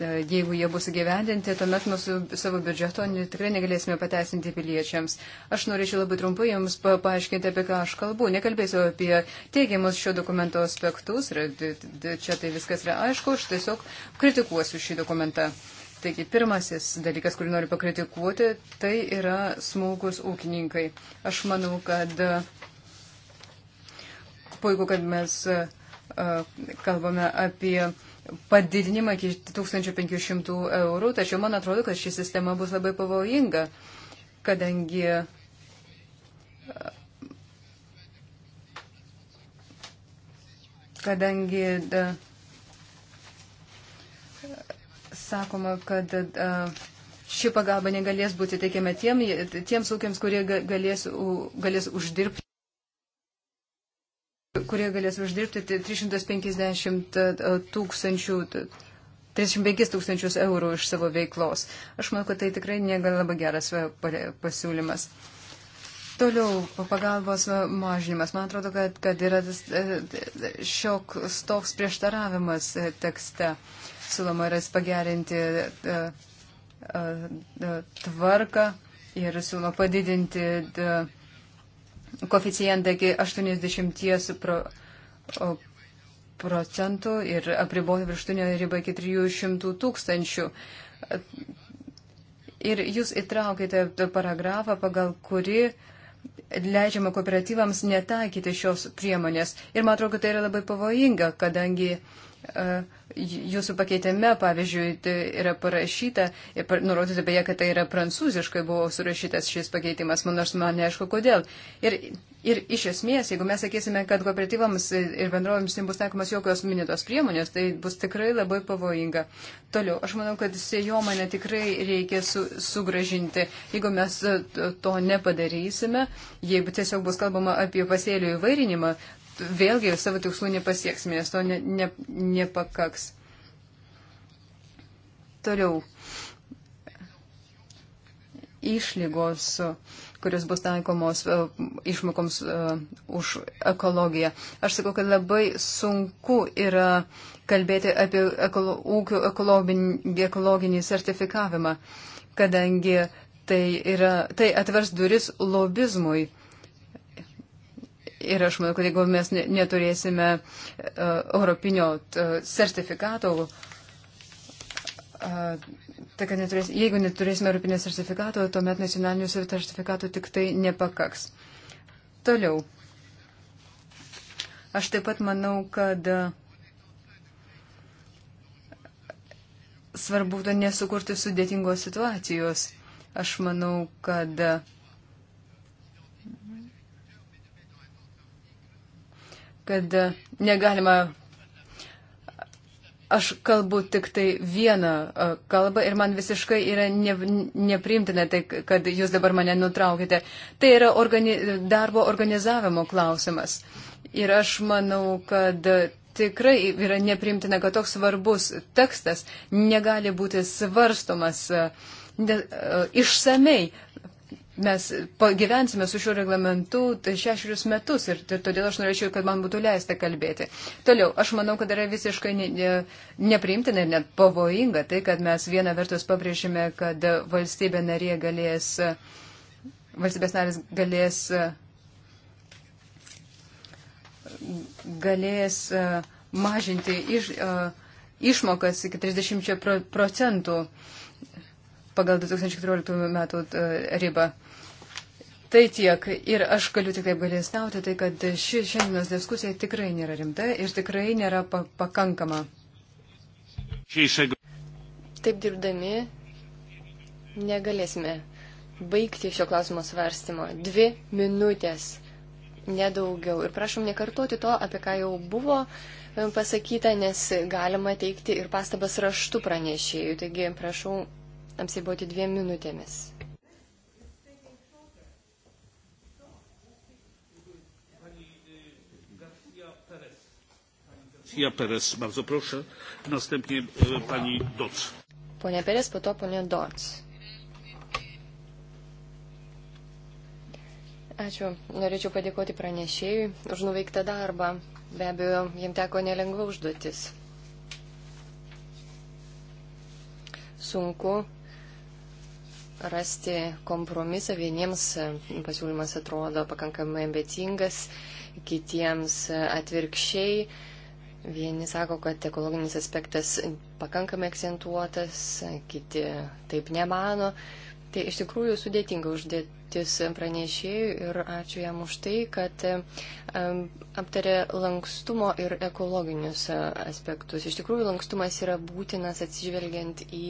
E, jeigu jie bus įgyvendinti, tuomet mūsų savo biudžeto tikrai negalėsime pateisinti piliečiams. Aš norėčiau labai trumpai Jums pa paaiškinti, apie ką aš kalbu. Nekalbėsiu apie teigiamus šio dokumento aspektus, čia tai viskas yra aišku, aš tiesiog kritikuosiu šį dokumentą. Taigi, pirmasis dalykas, kurį noriu pakritikuoti, tai yra smulkus ūkininkai. Aš manau, kad e, puiku, kad mes e, kalbame apie padidinimą iki 1500 eurų, tačiau man atrodo, kad ši sistema bus labai pavojinga, kadangi kadangi da, sakoma, kad da, ši pagalba negalės būti teikiama tiem, tiems ūkiams, kurie galės, galės uždirbti kurie galės uždirbti 350 tai e, e, tūkstančių. 35 tūkstančius eurų iš savo veiklos. Aš manau, kad tai tikrai negana labai geras e, pasiūlymas. Toliau pagalbos mažinimas. Man atrodo, kad, kad yra šioks toks prieštaravimas tekste. Siūloma yra pagerinti tvarką ir siūloma padidinti. Da, koficijantą iki 80 pro, procentų ir apriboti viršutinę ribą iki 300 tūkstančių. Ir jūs įtraukite paragrafą, pagal kuri uh, leidžiama kooperatyvams netaikyti šios priemonės. Ir man atrodo, kad tai yra labai pavojinga, kadangi uh, jūsų pakeitėme, pavyzdžiui, tai yra parašyta, ir par, nurodyta beje, kad tai yra prancūziškai buvo surašytas šis pakeitimas, man nors man neaišku kodėl. Ir Ir iš esmės, jeigu mes sakysime, kad kooperatyvams ir bendrovėms nebus taikomas jokios minėtos priemonės, tai bus tikrai labai pavojinga. Toliau, aš manau, kad sėjomanę tikrai reikia su, sugražinti. Jeigu mes to nepadarysime, jeigu tiesiog bus kalbama apie pasėlių įvairinimą, vėlgi savo tikslų nepasieksime, nes to ne, ne, nepakaks. Toliau, išlygos, kurios bus taikomos e, išmokoms e, už ekologiją. Aš sakau, kad labai sunku yra kalbėti apie ekolo, ūkių ekologinį, ekologinį sertifikavimą, kadangi tai, yra, tai atvers duris lobizmui. Ir aš manau, kad jeigu mes neturėsime uh, europinio uh, sertifikato, uh, kad neturės, jeigu neturėsime europinio sertifikato, tuomet nacionalinių sertifikatų tik tai nepakaks. Toliau. Aš taip pat manau, kad e, svarbu to nesukurti sudėtingos situacijos. Aš manau, kad e, kad e, negalima aš kalbu tik tai vieną e, kalbą ir man visiškai yra ne, nepriimtina tai, kad jūs dabar mane nutraukite. Tai yra organi darbo organizavimo klausimas. Ir aš manau, kad tikrai yra nepriimtina, kad toks svarbus tekstas negali būti svarstomas e, ne, e, išsamei mes pagyvensime su šiuo reglamentu tai šešerius metus ir, ir todėl aš norėčiau, kad man būtų leista kalbėti. Toliau, aš manau, kad yra visiškai ne, ne, nepriimtina ir net pavojinga tai, kad mes vieną vertus pabrėžime, kad valstybė narė galės, valstybės narės galės, galės mažinti iš, išmokas iki 30 procentų pagal 2014 metų e, ribą. Tai tiek. Ir aš galiu tik taip galėsnauti, tai kad ši šiandienos diskusija tikrai nėra rimta ir tikrai nėra pa pakankama. Taip dirbdami negalėsime baigti šio klausimo svarstymo. Dvi minutės, nedaugiau. Ir prašom nekartoti to, apie ką jau buvo pasakyta, nes galima teikti ir pastabas raštu pranešėjų. Taigi prašau apsiboti dviem minutėmis. Ja Perez, bardzo proszę. Następnie e, pani Doc. Ponia Perez, po to ponia Doc. Ačiū. Norėčiau padėkoti pranešėjui už nuveiktą darbą. Be abejo, jiem teko nelengva užduotis. Sunku rasti kompromisą. Vieniems pasiūlymas atrodo pakankamai ambicingas, kitiems atvirkščiai Vieni sako, kad ekologinis aspektas pakankamai akcentuotas, kiti taip nemano. Tai iš tikrųjų sudėtinga uždėtis pranešėjų ir ačiū jam už tai, kad aptarė lankstumo ir ekologinius aspektus. Iš tikrųjų, lankstumas yra būtinas atsižvelgiant į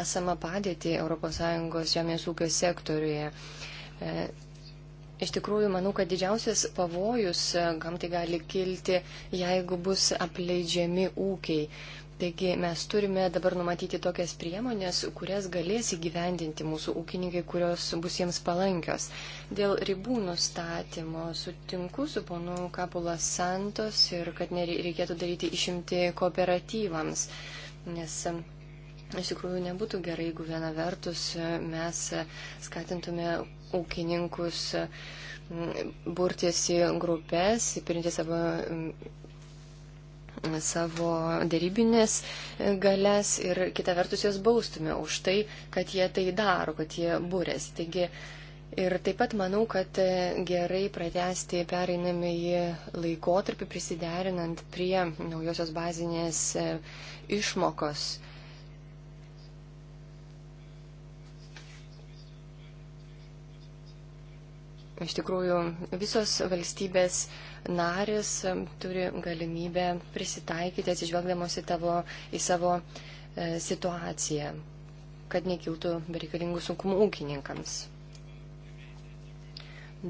esamą padėtį ES žemės ūkio sektoriuje. E, Iš tikrųjų, manau, kad didžiausias pavojus e, gamtai gali kilti, jeigu bus apleidžiami ūkiai. Taigi mes turime dabar numatyti tokias priemonės, kurias galės įgyvendinti mūsų ūkininkai, kurios bus jiems palankios. Dėl ribų nustatymo sutinku su ponu Kapulas Santos ir kad reikėtų daryti išimti kooperatyvams, nes e, iš tikrųjų nebūtų gerai, jeigu viena vertus e, mes skatintume ūkininkus mm, burtis į grupės, įpirinti savo, mm, savo darybinės galės ir kitą vertus juos baustume už tai, kad jie tai daro, kad jie būrės. Taigi, Ir taip pat manau, kad e, gerai pratesti pereinamą į laikotarpį prisiderinant prie naujosios bazinės e, išmokos Iš tikrųjų, visos valstybės narės turi galimybę prisitaikyti, atsižvelgdamos į, tavo, į savo e, situaciją, kad nekiltų bereikalingų sunkumų ūkininkams.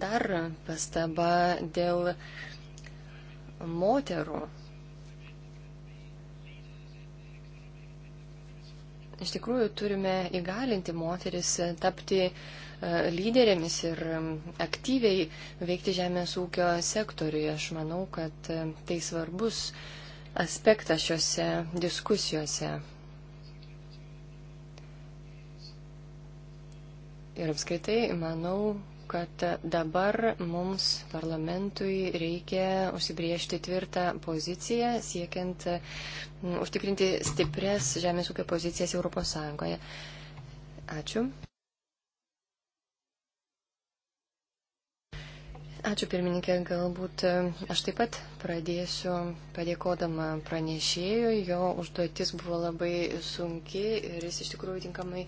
Dar pastaba dėl moterų iš tikrųjų turime įgalinti moteris e, tapti E, lyderėmis ir aktyviai veikti žemės ūkio sektoriuje. Aš manau, kad e, tai svarbus aspektas šiuose diskusijose. Ir apskaitai, manau, kad dabar mums parlamentui reikia užsibriežti tvirtą poziciją, siekiant užtikrinti stipres žemės ūkio pozicijas ES. Ačiū. Ačiū pirmininkė, galbūt e, aš taip pat pradėsiu padėkodama pranešėjui. Jo užduotis buvo labai sunki ir jis iš tikrųjų tinkamai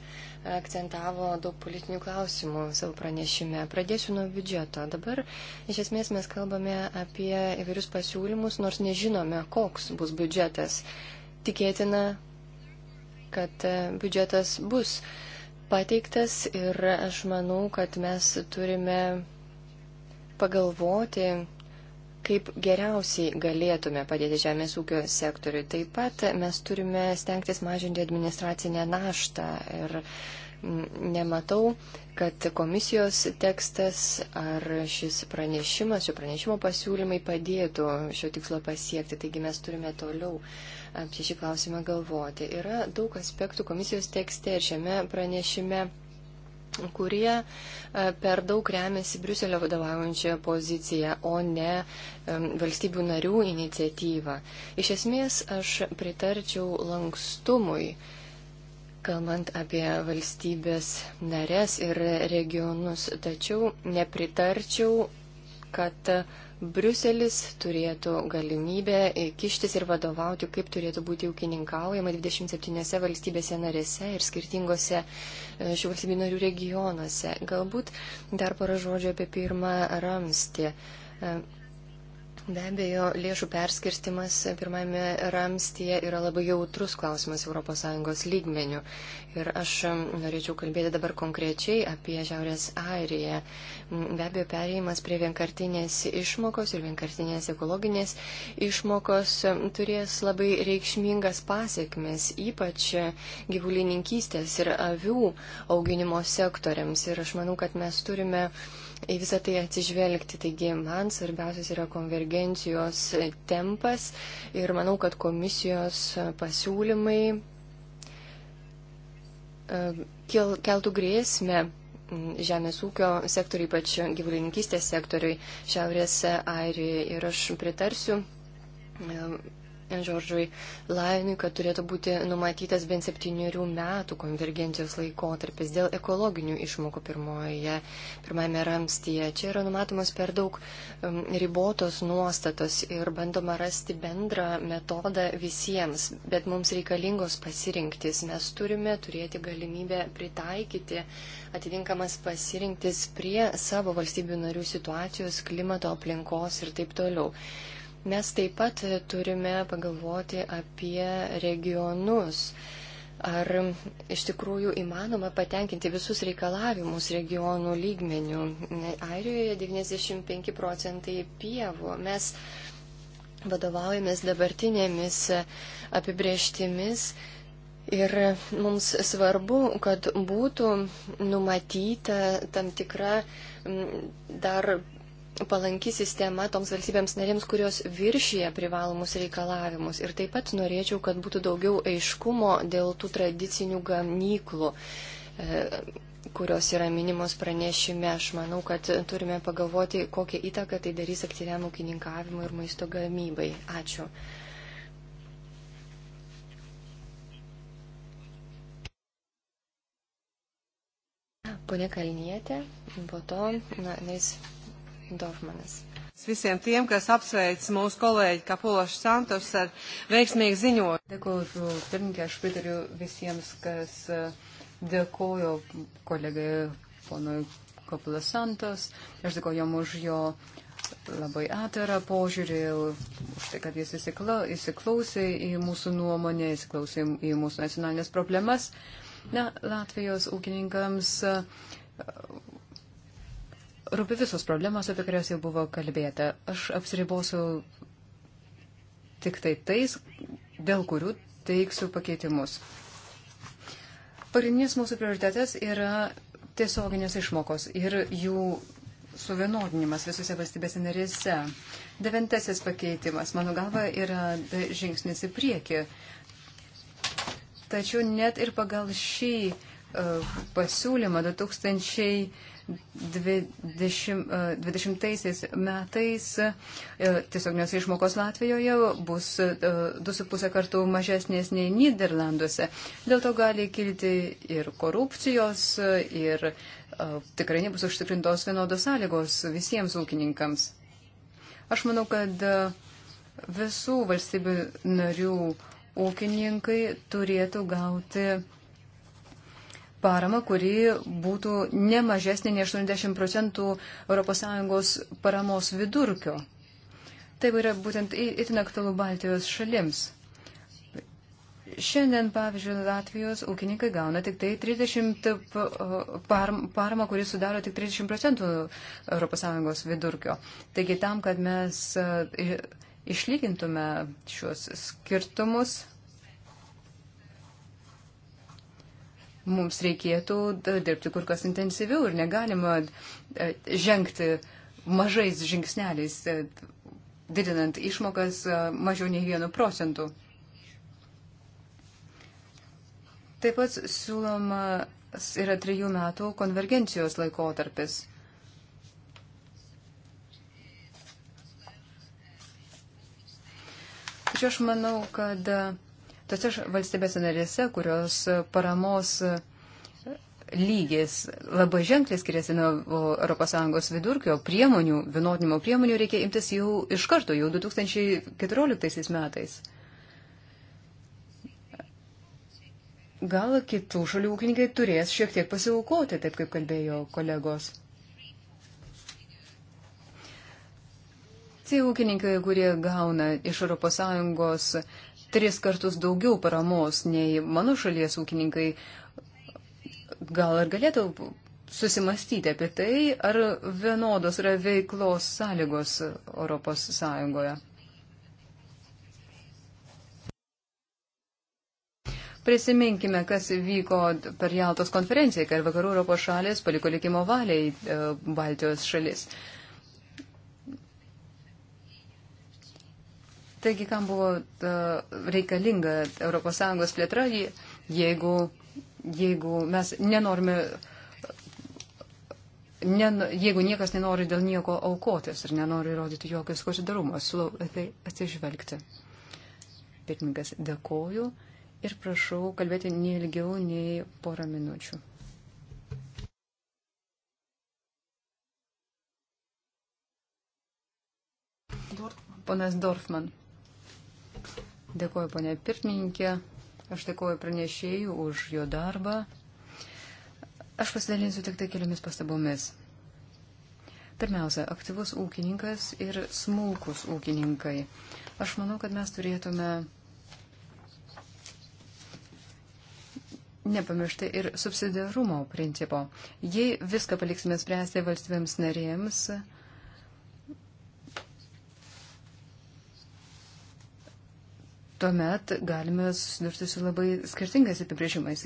akcentavo daug politinių klausimų savo pranešime. Pradėsiu nuo biudžeto. Dabar iš esmės mes kalbame apie įvairius pasiūlymus, nors nežinome, koks bus biudžetas. Tikėtina, kad e, biudžetas bus pateiktas ir aš manau, kad mes turime pagalvoti, kaip geriausiai galėtume padėti žemės ūkio sektoriui. Taip pat mes turime stengtis mažinti administracinę naštą ir nematau, kad komisijos tekstas ar šis pranešimas, šio pranešimo pasiūlymai padėtų šio tikslo pasiekti. Taigi mes turime toliau apie šį klausimą galvoti. Yra daug aspektų komisijos tekste ir šiame pranešime kurie e, per daug remiasi Briuselio vadovaujančią poziciją, o ne e, valstybių narių iniciatyvą. Iš esmės aš pritarčiau lankstumui, kalbant apie valstybės narės ir regionus, tačiau nepritarčiau, kad Briuselis turėtų galimybę e, kištis ir vadovauti, kaip turėtų būti ūkininkaujama 27 valstybėse narėse ir skirtingose e, šių valstybių narių regionuose. Galbūt dar porą žodžių apie pirmą ramstį. E, Be abejo, lėšų perskirstimas pirmame ramstyje yra labai jautrus klausimas ES lygmenių. Ir aš norėčiau kalbėti dabar konkrečiai apie Šiaurės Airiją. Be abejo, perėjimas prie vienkartinės išmokos ir vienkartinės ekologinės išmokos turės labai reikšmingas pasiekmes, ypač gyvulininkystės ir avių auginimo sektoriams. Ir aš manau, kad mes turime. Uh, į visą tai atsižvelgti. Taigi man svarbiausias yra konvergencijos tempas ir manau, kad komisijos pasiūlymai e, keltų grėsmę žemės ūkio sektoriui, ypač gyvulininkystės sektoriui Šiaurės Airijoje. Ir aš pritarsiu e, Žoržui Lainui, kad turėtų būti numatytas bent septyniarių metų konvergencijos laikotarpis dėl ekologinių išmokų pirmoje, pirmame ramstyje. Čia yra numatomas per daug um, ribotos nuostatos ir bandoma rasti bendrą metodą visiems, bet mums reikalingos pasirinktis. Mes turime turėti galimybę pritaikyti atitinkamas pasirinktis prie savo valstybių narių situacijos, klimato, aplinkos ir taip toliau. Mes taip pat turime pagalvoti apie regionus. Ar iš tikrųjų įmanoma patenkinti visus reikalavimus regionų lygmenių? Airijoje 95 procentai pievų. Mes vadovaujamės dabartinėmis apibrieštimis ir mums svarbu, kad būtų numatyta tam tikra dar palanki sistema toms valstybėms narėms, kurios viršyje privalomus reikalavimus. Ir taip pat norėčiau, kad būtų daugiau aiškumo dėl tų tradicinių gamyklų e, kurios yra minimos pranešime. Aš manau, kad turime pagalvoti, kokią įtaką tai darys aktyviam ūkininkavimui ir maisto gamybai. Ačiū. Pone Kalnietė, po to, na, nes Dorfmanis. Visiem tiem, kas apsveic mūsu kolēģi Kapulašu Santos ar veiksmīgu ziņojumu. Dėkuoju, pirmininkė, aš pritariu visiems, kas e, dėkojo kolegai ponui Kapulas Santos. Aš dėkoju jam už jo labai atvirą požiūrį, už tai, kad jis įsikla, įsiklausė į mūsų nuomonę, įsiklausė į mūsų nacionalinės problemas. Na, Latvijos ūkininkams e, rūpi visos problemos, apie kurias jau buvo kalbėta. Aš apsiribosiu tik tai tais, dėl kurių teiksiu pakeitimus. Pagrindinis mūsų prioritetas yra tiesioginės išmokos ir jų suvienodinimas visose valstybėse narėse. Devintasis pakeitimas, mano galva, yra žingsnis į priekį. Tačiau net ir pagal šį uh, pasiūlymą 2000. 20, 20 e, metais e, tiesioginės išmokos Latvijoje bus 2,5 e, kartų mažesnės nei Niderlanduose. Dėl to gali kilti ir korupcijos, ir tikrai nebus užtikrintos vienodos sąlygos visiems ūkininkams. Aš manau, kad visų valstybių narių ūkininkai turėtų gauti paramą, kuri būtų ne mažesnė nei 80 procentų ES paramos vidurkio. Tai yra būtent itin aktualu Baltijos šalims. Šiandien, pavyzdžiui, Latvijos ūkininkai gauna tik tai 30 paramą, kuris sudaro tik 30 procentų ES vidurkio. Taigi tam, kad mes e, išlygintume šios skirtumus, mums reikėtų dirbti kur kas intensyviau ir negalima e, žengti mažais žingsneliais, e, didinant išmokas e, mažiau nei vienu procentu. Taip pat siūlomas yra trijų metų konvergencijos laikotarpis. Tačiau aš manau, kad Tose valstybėse narėse, kurios e, paramos e, lygis labai ženkliai skiriasi nuo ES vidurkio priemonių, vienodinimo priemonių reikia imtis jau iš karto, jau 2014 metais. Gal kitų šalių ūkininkai turės šiek tiek pasiaukoti, taip kaip kalbėjo kolegos. Tie ūkininkai, kurie gauna iš ES tris kartus daugiau paramos nei mano šalies ūkininkai, gal ir galėtų susimastyti apie tai, ar vienodos yra veiklos sąlygos Europos Sąjungoje. Prisiminkime, kas vyko per Jaltos konferenciją, kai vakarų Europos šalis paliko likimo valiai e, Baltijos šalis. Uh, Taigi, kam buvo e, reikalinga ES plėtra, jeigu, jeigu mes nenorime, ne, jeigu niekas nenori dėl nieko aukotis ir nenori rodyti jokio skosidarumo, siūlau tai atsižvelgti. Pirmininkas, dėkoju ir prašau kalbėti neilgiau nei porą minučių. Ponas Dorfman. Dėkuoju, ponė pirmininkė. Aš dėkuoju pranešėjų už jo darbą. Aš pasidalinsiu tik tai keliomis pastabomis. Pirmiausia, aktyvus ūkininkas ir smulkus ūkininkai. Aš manau, kad mes turėtume nepamiršti ir subsidiarumo principo. Jei viską paliksime spręsti valstybėms narėms, tuomet galime susidurti su labai skirtingais apibrėžimais.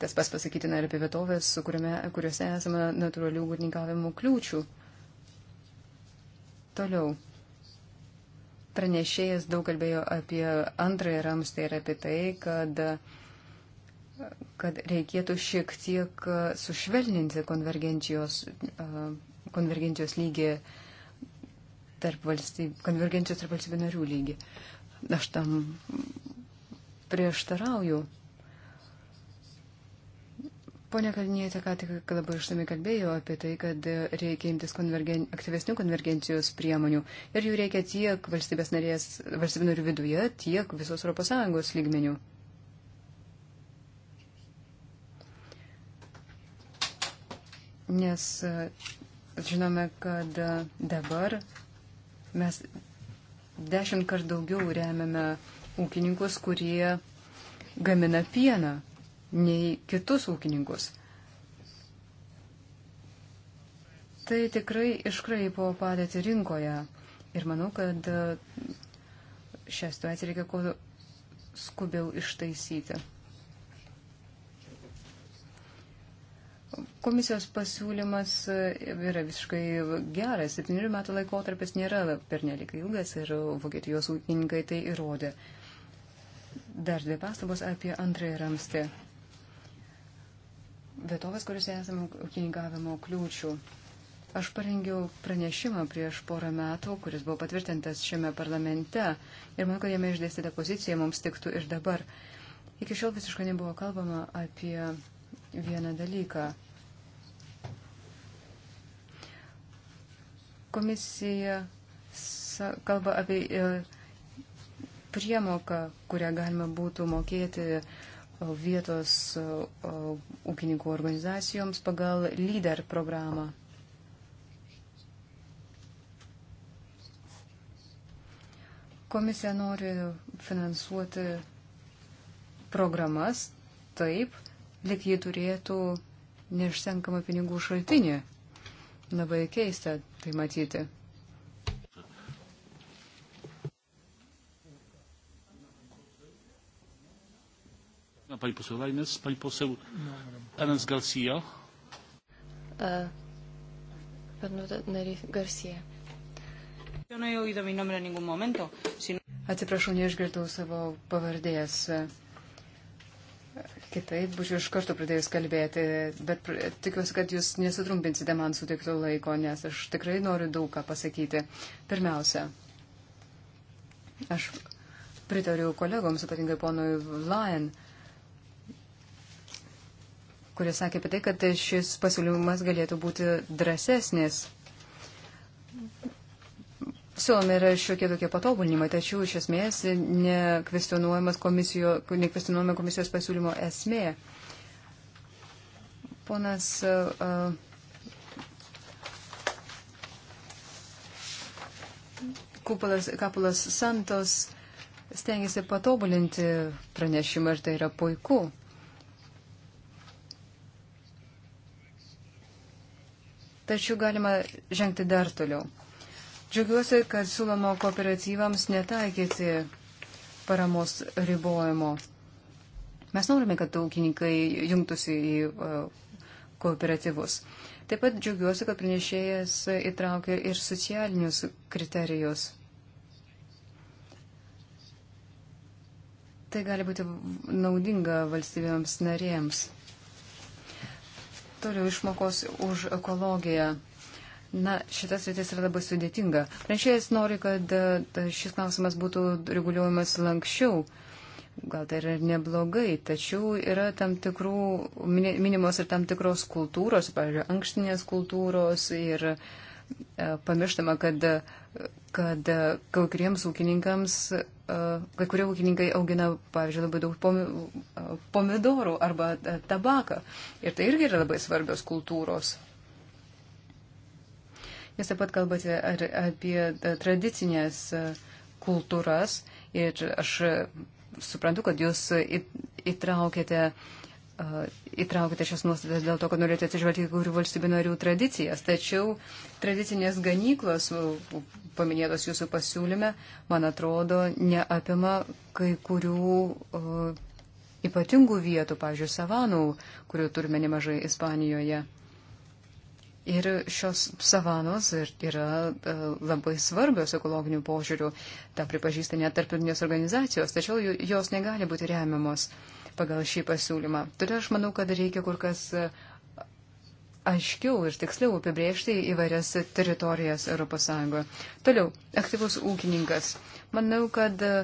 Tas pas pasakytina ir apie vietovės, kuriame, kuriuose esame natūralių ūkininkavimo kliūčių. Toliau. Pranešėjas daug kalbėjo apie antrąją ramstį ir apie tai, kad, kad reikėtų šiek tiek sušvelninti konvergencijos, konvergencijos lygį tarp valstybių, konvergencijos tarp valstybių narių lygį. Aš tam prieštarauju. Pone Kalnietė ką tik labai ištami kalbėjo apie tai, kad reikia imtis konvergen... aktyvesnių konvergencijos priemonių ir jų reikia tiek valstybės narės, valstybės narių viduje, tiek visos ES lygmenių. Nes e, žinome, kad e, dabar mes dešimt kart daugiau remiame ūkininkus, kurie gamina pieną, nei kitus ūkininkus. Tai tikrai iškraipo padėti rinkoje. Ir manau, kad šią situaciją reikia kuo skubiau ištaisyti. Komisijos pasiūlymas e, yra visiškai geras. Septynerių metų laikotarpis nėra pernelik ilgas ir Vokietijos ūkininkai tai įrodė. Dar dvi pastabos apie antrąjį ramstį. Vietovės, kuriuose esame ūkininkavimo kliūčių. Aš parengiau pranešimą prieš porą metų, kuris buvo patvirtintas šiame parlamente ir manau, kad jame išdėstyta pozicija mums tiktų ir dabar. Iki šiol visiškai nebuvo kalbama apie vieną dalyką. Komisija kalba apie e, priemoką, kurią galima būtų mokėti e, vietos e, ūkininkų organizacijoms pagal lyder programą. Komisija nori finansuoti programas taip, lik jį turėtų neišsenkamą pinigų šaltinį. Labai keista tai matyti. Pani poseł Lajnes, pani poseł Enes Garcia. Atsiprašau, neišgirdau savo pavardės. Uh, Kitaip būčiau iš karto pradėjus kalbėti, bet tikiuosi, kad jūs nesutrumpinsite man sutikto laiko, nes aš tikrai noriu daug ką pasakyti. Pirmiausia, aš pritariu kolegoms, ypatingai ponui Lion, kuris sakė apie tai, kad šis pasiūlymas galėtų būti drąsesnis. Siūlomi yra šiokie tokie patobulinimai, tačiau iš esmės nekvestionuojama komisijo, ne komisijos pasiūlymo esmė. Ponas. Uh, Kupulas, Kapulas Santos stengiasi patobulinti pranešimą ir tai yra puiku. Tačiau galima žengti dar toliau. Džiaugiuosi, kad siūloma kooperatyvams netaikyti paramos ribojimo. Mes norime, kad ūkininkai jungtųsi į e, kooperatyvus. Taip pat džiaugiuosi, kad pranešėjas įtraukė ir socialinius kriterijus. Tai gali būti naudinga valstybėms narėms. Toliau išmokos už ekologiją. Na, šitas rytis yra labai sudėtinga. Pranešėjas nori, kad e, šis klausimas būtų reguliuojamas lankščiau. Gal tai yra neblogai, tačiau yra tam tikrų, minimos ir tam tikros kultūros, pavyzdžiui, ankštinės kultūros ir e, pamirštama, kad, kad kai kuriems ūkininkams, e, kai kurie ūkininkai augina, pavyzdžiui, labai daug e, pomidorų arba e, tabaką. Ir tai irgi yra labai svarbios kultūros. Jūs taip pat kalbate ar, apie e, tradicinės e, kultūras ir aš e, suprantu, kad jūs įtraukėte, įtraukėte šias nuostatas dėl to, kad norite atsižvelgti kai kurių valstybių narių tradicijas. Tačiau tradicinės ganyklos, paminėtos jūsų pasiūlyme, man atrodo, neapima kai kurių ypatingų vietų, pavyzdžiui, savanų, kurių turime nemažai Ispanijoje. Ir šios savanos yra e, labai svarbios ekologinių požiūrių, tą pripažįsta net tarptautinės organizacijos, tačiau jos negali būti remiamos pagal šį pasiūlymą. Todėl aš manau, kad reikia kur kas e, aiškiau ir tiksliau apibriežti įvairias teritorijas ES. Toliau, aktyvus ūkininkas. Manau, kad e,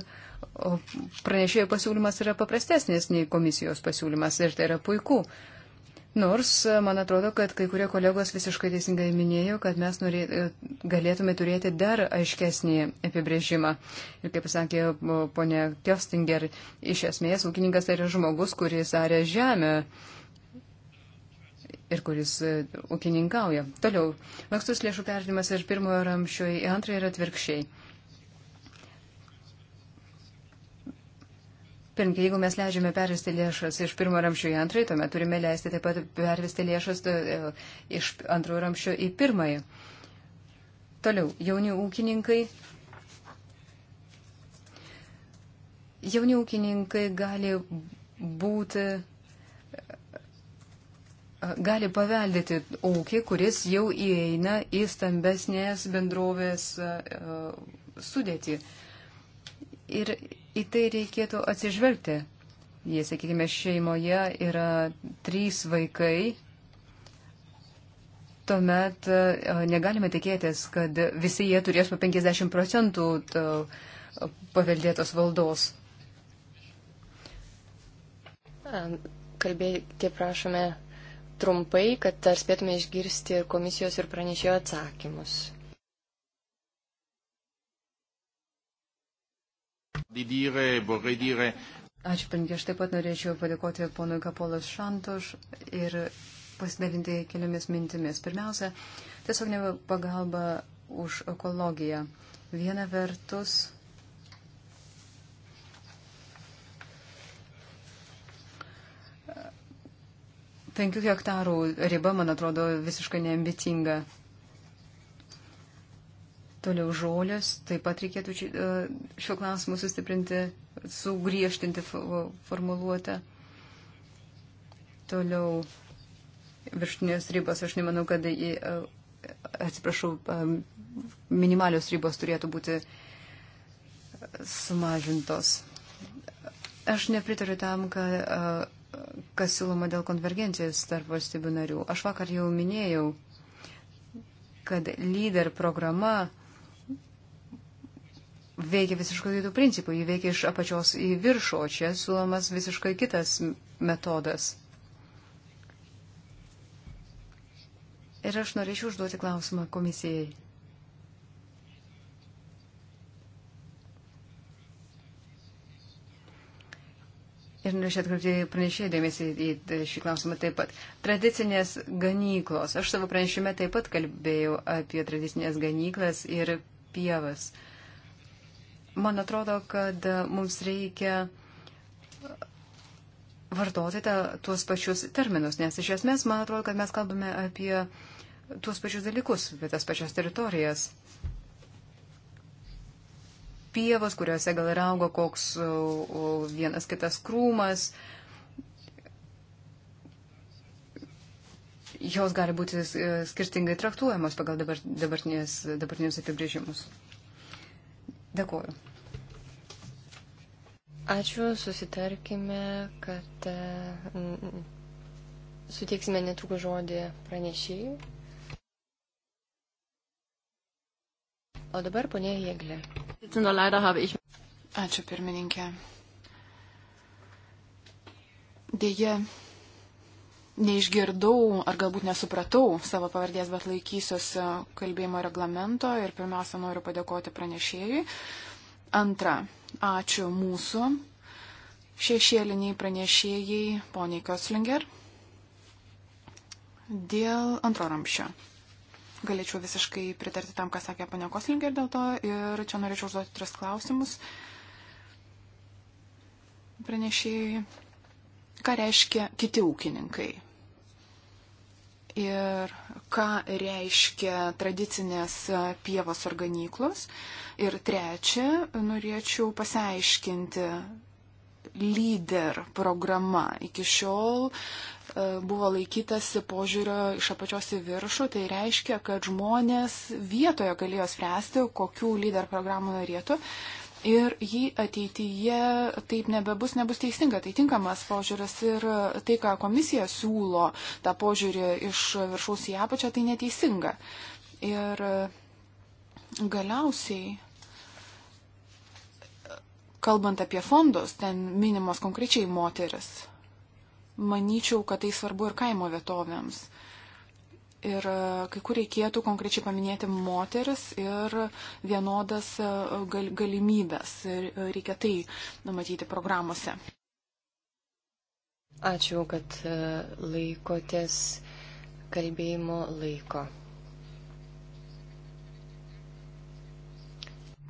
pranešėjo pasiūlymas yra paprastesnis nei komisijos pasiūlymas ir tai yra puiku. Nors, man atrodo, kad kai kurie kolegos visiškai teisingai minėjo, kad mes norė, e, galėtume turėti dar aiškesnį apibrėžimą. Ir kaip sakė ponė Kjostinger, iš esmės ūkininkas tai yra žmogus, kuris arė žemę ir kuris e, ūkininkauja. Toliau, lankstus lėšų perdimas ir pirmojo ramščio į antrąjį ir atvirkščiai. Pirmkia, jeigu mes leidžiame pervesti lėšas iš pirmo ramščio į antrąjį, tuomet turime leisti taip pat pervesti lėšas e, iš antrojo ramščio į pirmąjį. Toliau, jauni ūkininkai. Jauni ūkininkai gali būti, e, gali paveldėti ūkį, kuris jau įeina į stambesnės bendrovės e, sudėtį. Ir į tai reikėtų atsižvelgti. Jei, sakykime, šeimoje yra trys vaikai, tuomet e, negalime tikėtis, kad visi jie turės po 50 procentų paveldėtos valdos. Kalbėti prašome trumpai, kad ar spėtume išgirsti ir komisijos ir pranešėjo atsakymus. Ačiū, paninkė, aš taip pat norėčiau padėkoti ponui Kapolas Šantoš ir pasidalinti keliomis mintimis. Pirmiausia, tiesiog ne pagalba už ekologiją. Viena vertus. Penkių hektarų riba, man atrodo, visiškai neambicinga. Toliau žolės, taip pat reikėtų e, šiuo klausimu sustiprinti, sugriežtinti formuluotę. Toliau virštinės ribos, aš nemanau, kad, į, e, atsiprašau, e, minimalios ribos turėtų būti sumažintos. Aš nepritariu tam, kad, kas siūloma dėl konvergencijos tarp valstybių narių. Aš vakar jau minėjau, kad lyder programa veikia visiškai kitų principų, jį veikia iš apačios į viršų, o čia siūlomas visiškai kitas metodas. Ir aš norėčiau užduoti klausimą komisijai. Ir norėčiau atkreipti pranešėjai dėmesį į šį klausimą taip pat. Tradicinės ganyklos. Aš savo pranešime taip pat kalbėjau apie tradicinės ganyklas ir pievas. Uh, Man atrodo, kad mums reikia vartoti tą, tuos pačius terminus, nes iš esmės man atrodo, kad mes kalbame apie tuos pačius dalykus, apie tas pačias teritorijas. Pievos, kuriuose gal ir augo koks vienas kitas krūmas, jos gali būti e, skirtingai traktuojamos pagal dabar, dabartinius apibrėžimus. Dėkuoju. Ačiū, susitarkime, kad e, suteiksime netrukus žodį pranešėjai. O dabar ponė Jėglė. Ačiū pirmininkė. Deja, neišgirdau ar galbūt nesupratau savo pavardės, bet laikysiuosi kalbėjimo reglamento ir pirmiausia noriu padėkoti pranešėjui. Antra, ačiū mūsų šešėliniai pranešėjai poniai Koslinger dėl antro ramščio. Galėčiau visiškai pritarti tam, ką sakė ponia Koslinger dėl to ir čia norėčiau užduoti tris klausimus pranešėjai ką reiškia kiti ūkininkai ir ką reiškia tradicinės pievos ar ganyklos. Ir trečia, norėčiau pasiaiškinti lyder programa. Iki šiol e, buvo laikytasi požiūrio iš apačios į viršų, tai reiškia, kad žmonės vietoje galėjo spręsti, kokių lyder programų norėtų ir jį ateityje taip nebebus, nebus teisinga, tai tinkamas požiūris ir tai, ką komisija siūlo, tą požiūrį iš viršaus į apačią, tai neteisinga. Ir galiausiai, kalbant apie fondus, ten minimos konkrečiai moteris. Manyčiau, kad tai svarbu ir kaimo vietovėms. Ir e, kai kur reikėtų konkrečiai paminėti moteris ir vienodas e, gal, galimybės. Ir e, reikia tai numatyti programuose. Ačiū, kad laikotės kalbėjimo laiko.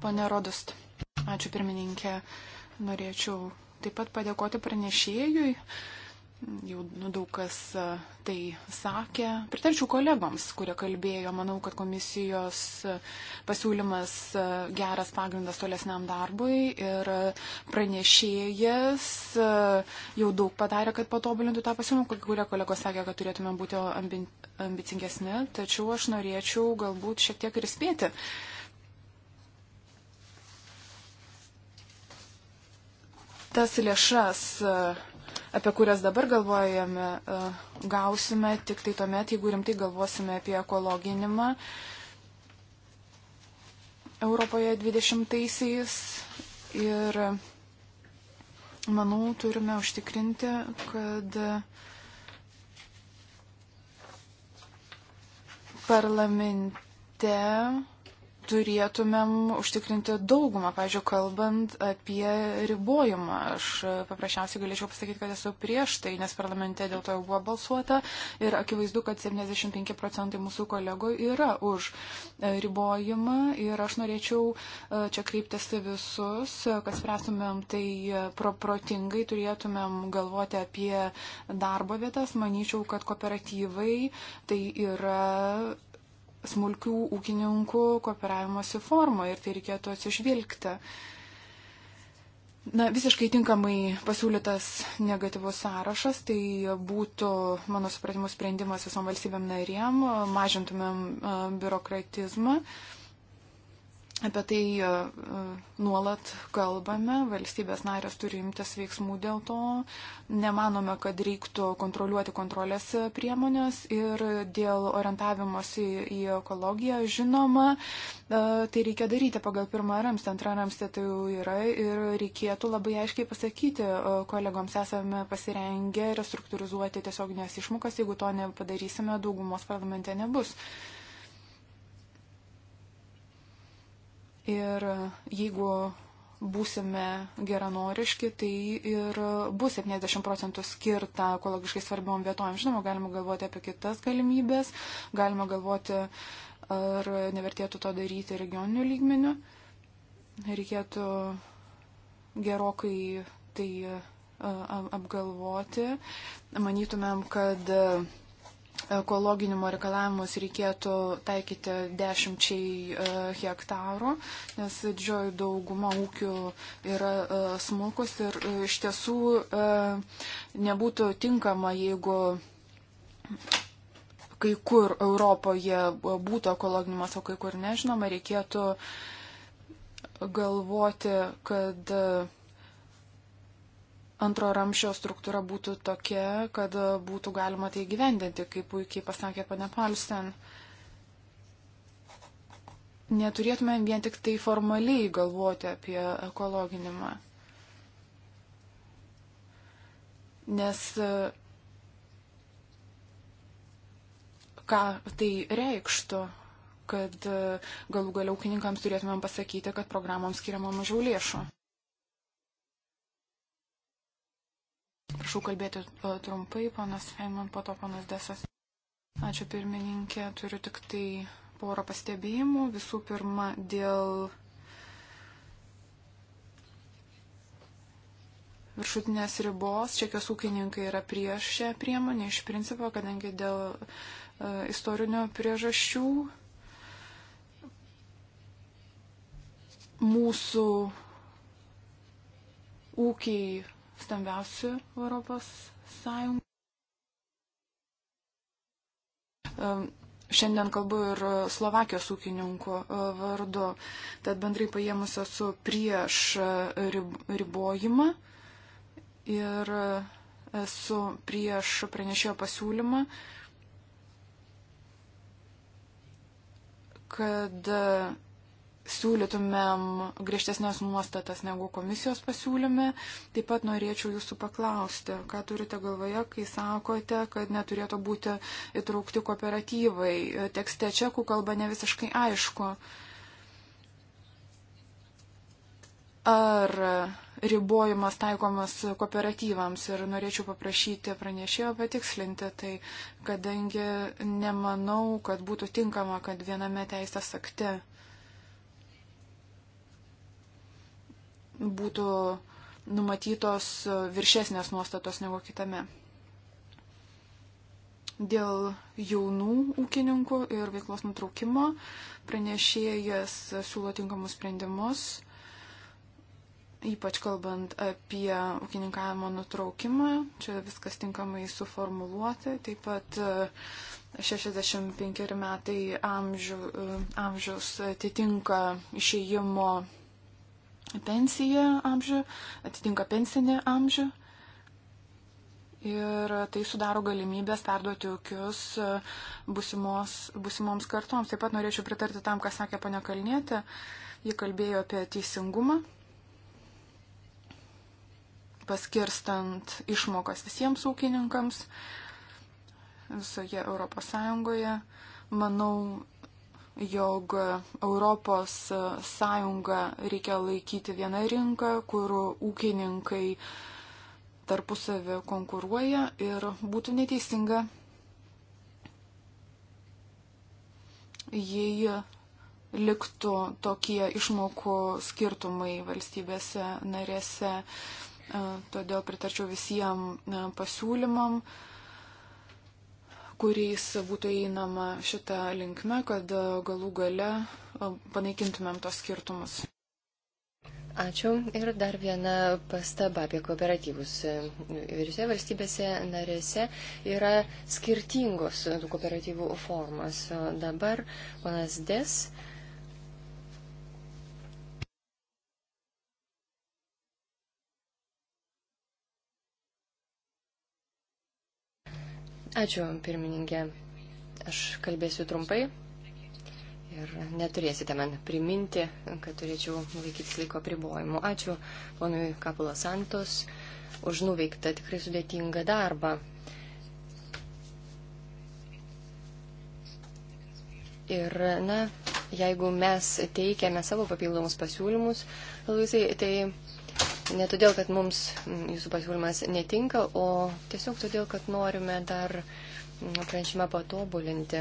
Pane Rodust, ačiū pirmininkė. Norėčiau taip pat padėkoti pranešėjui. Uh, Jau nu, daug kas e, tai sakė. Pritarčiau kolegoms, kurie kalbėjo. Manau, kad komisijos e, pasiūlymas e, geras pagrindas tolesniam darbui ir pranešėjas jau daug padarė, kad patobulintų tą pasiūlymą, kai kurie kolegos sakė, kad turėtume būti ambi ambicingesni. Tačiau aš norėčiau galbūt šiek tiek ir spėti. Tas lėšas apie kurias dabar galvojame, e, gausime tik tai tuomet, jeigu rimtai galvosime apie ekologinimą Europoje 20-aisiais. Ir manau, turime užtikrinti, kad parlamente turėtumėm užtikrinti daugumą, pavyzdžiui, kalbant apie ribojimą. Aš paprasčiausiai galėčiau pasakyti, kad esu prieš tai, nes parlamente dėl to jau buvo balsuota ir akivaizdu, kad 75 procentai mūsų kolegų yra už ribojimą ir aš norėčiau e, čia kreiptis visus, kad spręstumėm tai proprotingai, turėtumėm galvoti apie darbo vietas. Manyčiau, kad kooperatyvai tai yra smulkių ūkininkų kooperavimosi forma ir tai reikėtų atsižvilgti. Na, visiškai tinkamai pasiūlytas negatyvus sąrašas, tai būtų, mano supratimu, sprendimas visom valstybėm narėm, mažintumėm e, biurokratizmą. Uh, Apie tai e, e, nuolat kalbame, valstybės narės turi imtis veiksmų dėl to, nemanome, kad reiktų kontroliuoti kontrolės priemonės ir dėl orientavimosi į ekologiją, žinoma, e, tai reikia daryti pagal pirmą ramstį, antrą ramstį tai jau yra ir reikėtų labai aiškiai pasakyti kolegoms, esame pasirengę restruktūrizuoti tiesioginės išmokas, jeigu to nepadarysime, daugumos parlamente nebus. Ir jeigu būsime geranoriški, tai ir bus 70 procentų skirta ekologiškai svarbiom vietom. Žinoma, galima galvoti apie kitas galimybės, galima galvoti, ar nevertėtų to daryti regioniniu lygmeniu. Reikėtų gerokai tai apgalvoti. Manytumėm, kad ekologinimo reikalavimus reikėtų taikyti dešimčiai e, hektarų, nes didžioji dauguma ūkių yra e, smulkus ir e, iš tiesų nebūtų tinkama, jeigu kai kur Europoje būtų ekologinimas, o kai kur nežinoma, reikėtų galvoti, kad uh, antro ramšio struktūra būtų tokia, kad būtų galima tai gyvendinti, kaip puikiai pasakė pane Palsen. Neturėtume vien tik tai formaliai galvoti apie ekologinimą. Nes ką tai reikštų, kad galų galiau ūkininkams turėtumėm pasakyti, kad programoms skiriama mažiau lėšų. Prašau kalbėti e, trumpai, panas Feynman, po to panas Desas. Ačiū pirmininkė, turiu tik tai porą pastebėjimų. Visų pirma, dėl viršutinės ribos. Čekijos ūkininkai yra prieš šią priemonę iš principo, kadangi dėl e, istorinių priežasčių mūsų ūkiai stambiausių Europos Sąjungų. Šiandien kalbu ir Slovakijos ūkininkų e, vardu. Tad bendrai paėmus esu prieš e, ribojimą ir e, esu prieš pranešėjo pasiūlymą, kad siūlytumėm griežtesnės nuostatas negu komisijos pasiūlyme. Taip pat norėčiau jūsų paklausti, ką turite galvoje, kai sakote, kad neturėtų būti įtraukti kooperatyvai. Tekste čekų kalba ne visiškai aišku. Ar ribojimas taikomas kooperatyvams ir norėčiau paprašyti pranešėjo patikslinti tai, kadangi nemanau, kad būtų tinkama, kad viename teisės akte būtų numatytos viršesnės nuostatos negu kitame. Dėl jaunų ūkininkų ir veiklos nutraukimo pranešėjas siūlo tinkamus sprendimus, ypač kalbant apie ūkininkavimo nutraukimą. Čia viskas tinkamai suformuluoti. Taip pat 65 e, metai amžių, e, amžius atitinka išėjimo pensiją amžių, atitinka pensinį amžių. Ir tai sudaro galimybės perduoti ūkius e, busimos, busimoms kartoms. Taip pat norėčiau pritarti tam, ką sakė ponia Kalnėtė. Ji kalbėjo apie teisingumą, paskirstant išmokas visiems ūkininkams visoje Europos Sąjungoje. Manau, jog Europos Sąjungą reikia laikyti vieną rinką, kur ūkininkai tarpusavį konkuruoja ir būtų neteisinga, jei liktų tokie išmokų skirtumai valstybėse narėse. Todėl pritarčiau visiems e, pasiūlymam, kuriais būtų einama šitą linkmę, kad e, galų gale e, panaikintumėm tos skirtumus. Ačiū. Ir dar viena pastaba apie kooperatyvus. Vyriose valstybėse narėse yra skirtingos kooperatyvų formos. Dabar ponas Des Ačiū, pirmininkė. Aš kalbėsiu trumpai ir neturėsite man priminti, kad turėčiau laikytis laiko pribojimų. Ačiū ponui Kapula Santos už nuveiktą tikrai sudėtingą darbą. Ir, na, jeigu mes teikiame savo papildomus pasiūlymus, Luisai, tai Ne todėl, kad mums jūsų pasiūlymas netinka, o tiesiog todėl, kad norime dar mm, pranešimą patobulinti.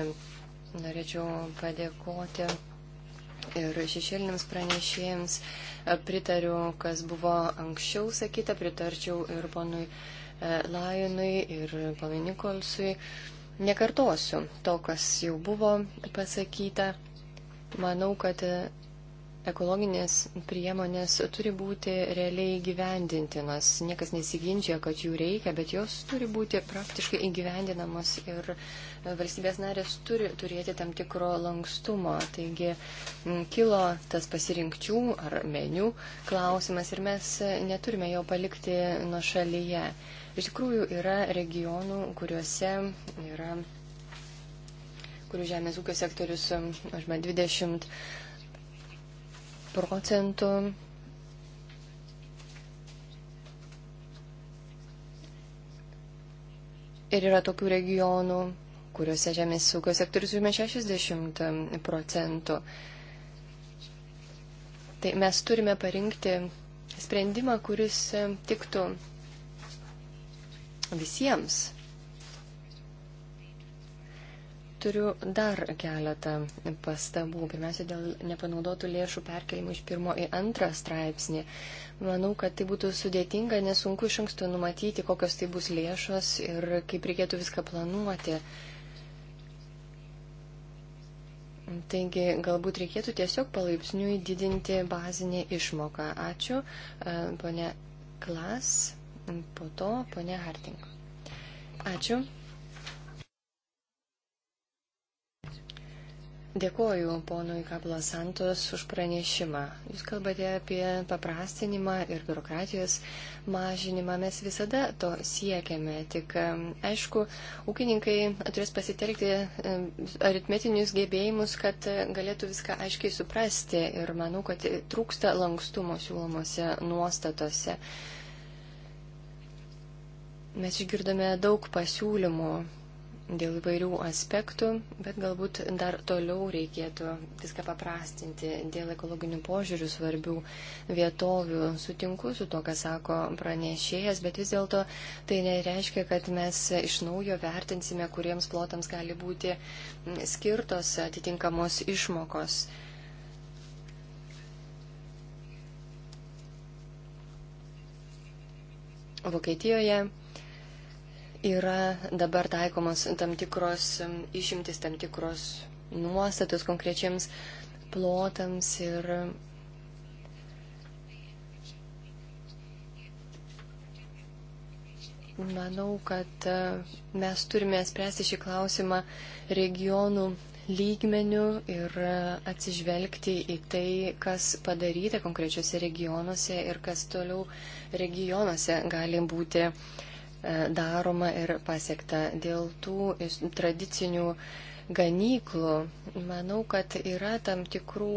Norėčiau padėkoti ir šešėlinėms pranešėjams. Pritariu, kas buvo anksčiau sakyta, pritarčiau ir ponui e, Lajonui, ir ponui Nikolsui. Nekartosiu to, kas jau buvo pasakyta. Manau, kad e, ekologinės priemonės turi būti realiai gyvendintinas. Niekas nesiginčia, kad jų reikia, bet jos turi būti praktiškai įgyvendinamos ir e, valstybės narės turi turėti tam tikro lankstumo. Taigi kilo tas pasirinkčių ar menių klausimas ir mes e, neturime jo palikti nuo šalyje. Iš tikrųjų yra regionų, kuriuose yra kurių žemės ūkio sektorius užma 20 procentų ir yra tokių regionų, kuriuose žemės ūkio sektorius užima 60 procentų. Tai mes turime parinkti sprendimą, kuris tiktų visiems Turiu dar keletą pastabų. Pirmiausia, dėl nepanaudotų lėšų perkelimų iš pirmo į antrą straipsnį. Manau, kad tai būtų sudėtinga, nesunku iš anksto numatyti, kokios tai bus lėšos ir kaip reikėtų viską planuoti. Taigi galbūt reikėtų tiesiog palaipsniui didinti bazinę išmoką. Ačiū, e, ponė Klas, po to ponė Harting. Ačiū. Dėkuoju ponui Kablo Santos už pranešimą. Jūs kalbate apie paprastinimą ir biurokratijos mažinimą. Mes visada to siekiame. Tik, aišku, ūkininkai turės pasitelkti aritmetinius gebėjimus, kad galėtų viską aiškiai suprasti. Ir manau, kad trūksta lankstumo siūlomose nuostatose. Mes išgirdome daug pasiūlymų dėl įvairių aspektų, bet galbūt dar toliau reikėtų viską paprastinti dėl ekologinių požiūrių svarbių vietovių. Sutinku su to, ką sako pranešėjas, bet vis dėlto tai nereiškia, kad mes iš naujo vertinsime, kuriems plotams gali būti skirtos atitinkamos išmokos. Vokietijoje yra dabar taikomos tam tikros išimtis, tam tikros nuostatos konkrečiams plotams ir manau, kad e, mes turime spręsti šį klausimą regionų lygmenių ir e, atsižvelgti į tai, kas padaryta konkrečiose regionuose ir kas toliau regionuose gali būti uh, daroma ir pasiekta. Dėl tų tradicinių ganyklų manau, kad yra tam tikrų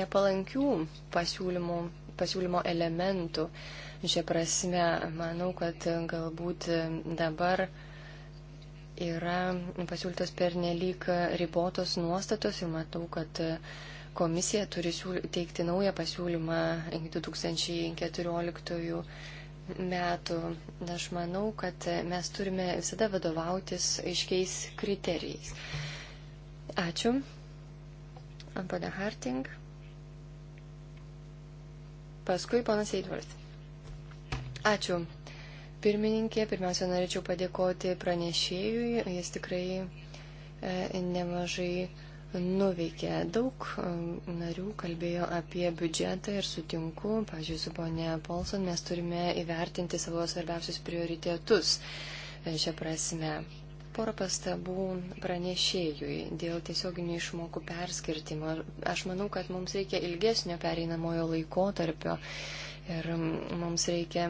nepalankių pasiūlymų, pasiūlymo elementų. Šia prasme, manau, kad galbūt dabar yra pasiūlytos pernelyg ribotos nuostatos ir matau, kad komisija turi teikti naują pasiūlymą 2014 metų. Aš manau, kad mes turime visada vadovautis aiškiais kriterijais. Ačiū. Pana Harting. Paskui panas Eidvart. Ačiū. Pirmininkė, pirmiausia, norėčiau padėkoti pranešėjui. Jis tikrai e, nemažai nuveikė. Daug e, narių kalbėjo apie biudžetą ir sutinku, pažiūrėjau, su ponė Polson, mes turime įvertinti savo svarbiausius prioritetus e, šią prasme. Porą pastabų pranešėjui dėl tiesioginių išmokų perskirtimo. Aš manau, kad mums reikia ilgesnio pereinamojo laiko tarpio ir mums reikia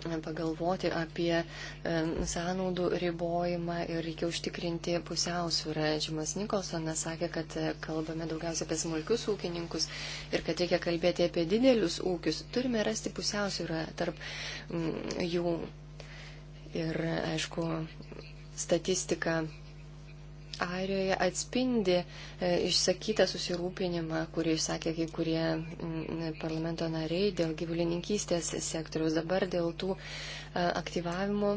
pagalvoti apie e, sąnaudų ribojimą ir reikia užtikrinti pusiausvyrą. Žymas Nikolsonas sakė, kad e, kalbame daugiausia apie smulkius ūkininkus ir kad reikia kalbėti apie didelius ūkius. Turime rasti pusiausvyrą tarp mm, jų. Ir, aišku, statistika Airijoje atspindi e, išsakytą susirūpinimą, kurį išsakė kai kurie parlamento nariai dėl gyvulininkystės sektoriaus. Dabar dėl tų e, aktyvavimo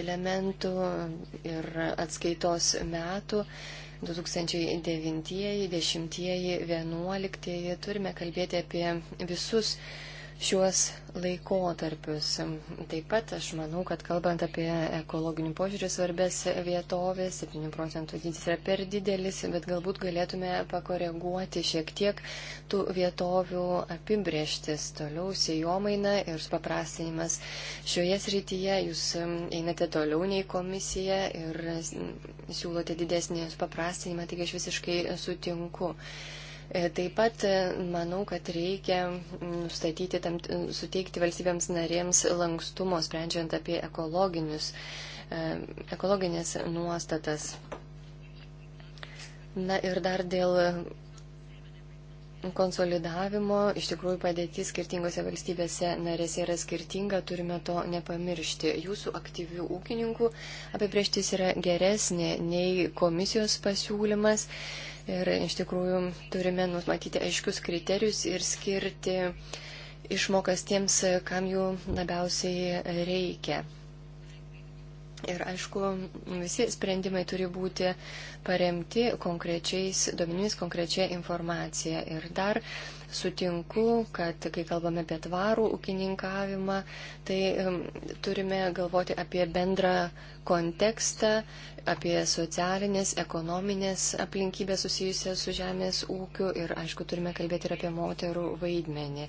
elementų ir atskaitos metų 2009, 10, 11 turime kalbėti apie visus šiuos laikotarpius. Taip pat aš manau, kad kalbant apie ekologinių požiūrį svarbės vietovės, 7 procentų dydis yra per didelis, bet galbūt galėtume pakoreguoti šiek tiek tų vietovių apibrieštis. Toliau sėjomaina ir supaprastinimas šioje srityje jūs einate toliau nei komisija ir siūlote didesnį supaprastinimą, taigi aš visiškai sutinku. E, taip pat e, manau, kad reikia mm, nustatyti, tam, e, suteikti valstybėms narėms lankstumo, sprendžiant apie ekologinius, ekologinės nuostatas. Na ir dar dėl konsolidavimo, iš tikrųjų padėtis skirtingose valstybėse narėse yra skirtinga, turime to nepamiršti. Jūsų aktyvių ūkininkų apibrieštis yra geresnė nei komisijos pasiūlymas. E, Ir iš tikrųjų turime numatyti aiškius kriterijus ir skirti išmokas tiems, kam jų labiausiai reikia. Ir aišku, visi sprendimai turi būti paremti konkrečiais duomenimis, konkrečia informacija. Ir dar sutinku, kad kai kalbame apie tvarų ūkininkavimą, tai um, turime galvoti apie bendrą kontekstą, apie socialinės, ekonominės aplinkybės susijusias su žemės ūkiu ir, aišku, turime kalbėti ir apie moterų vaidmenį.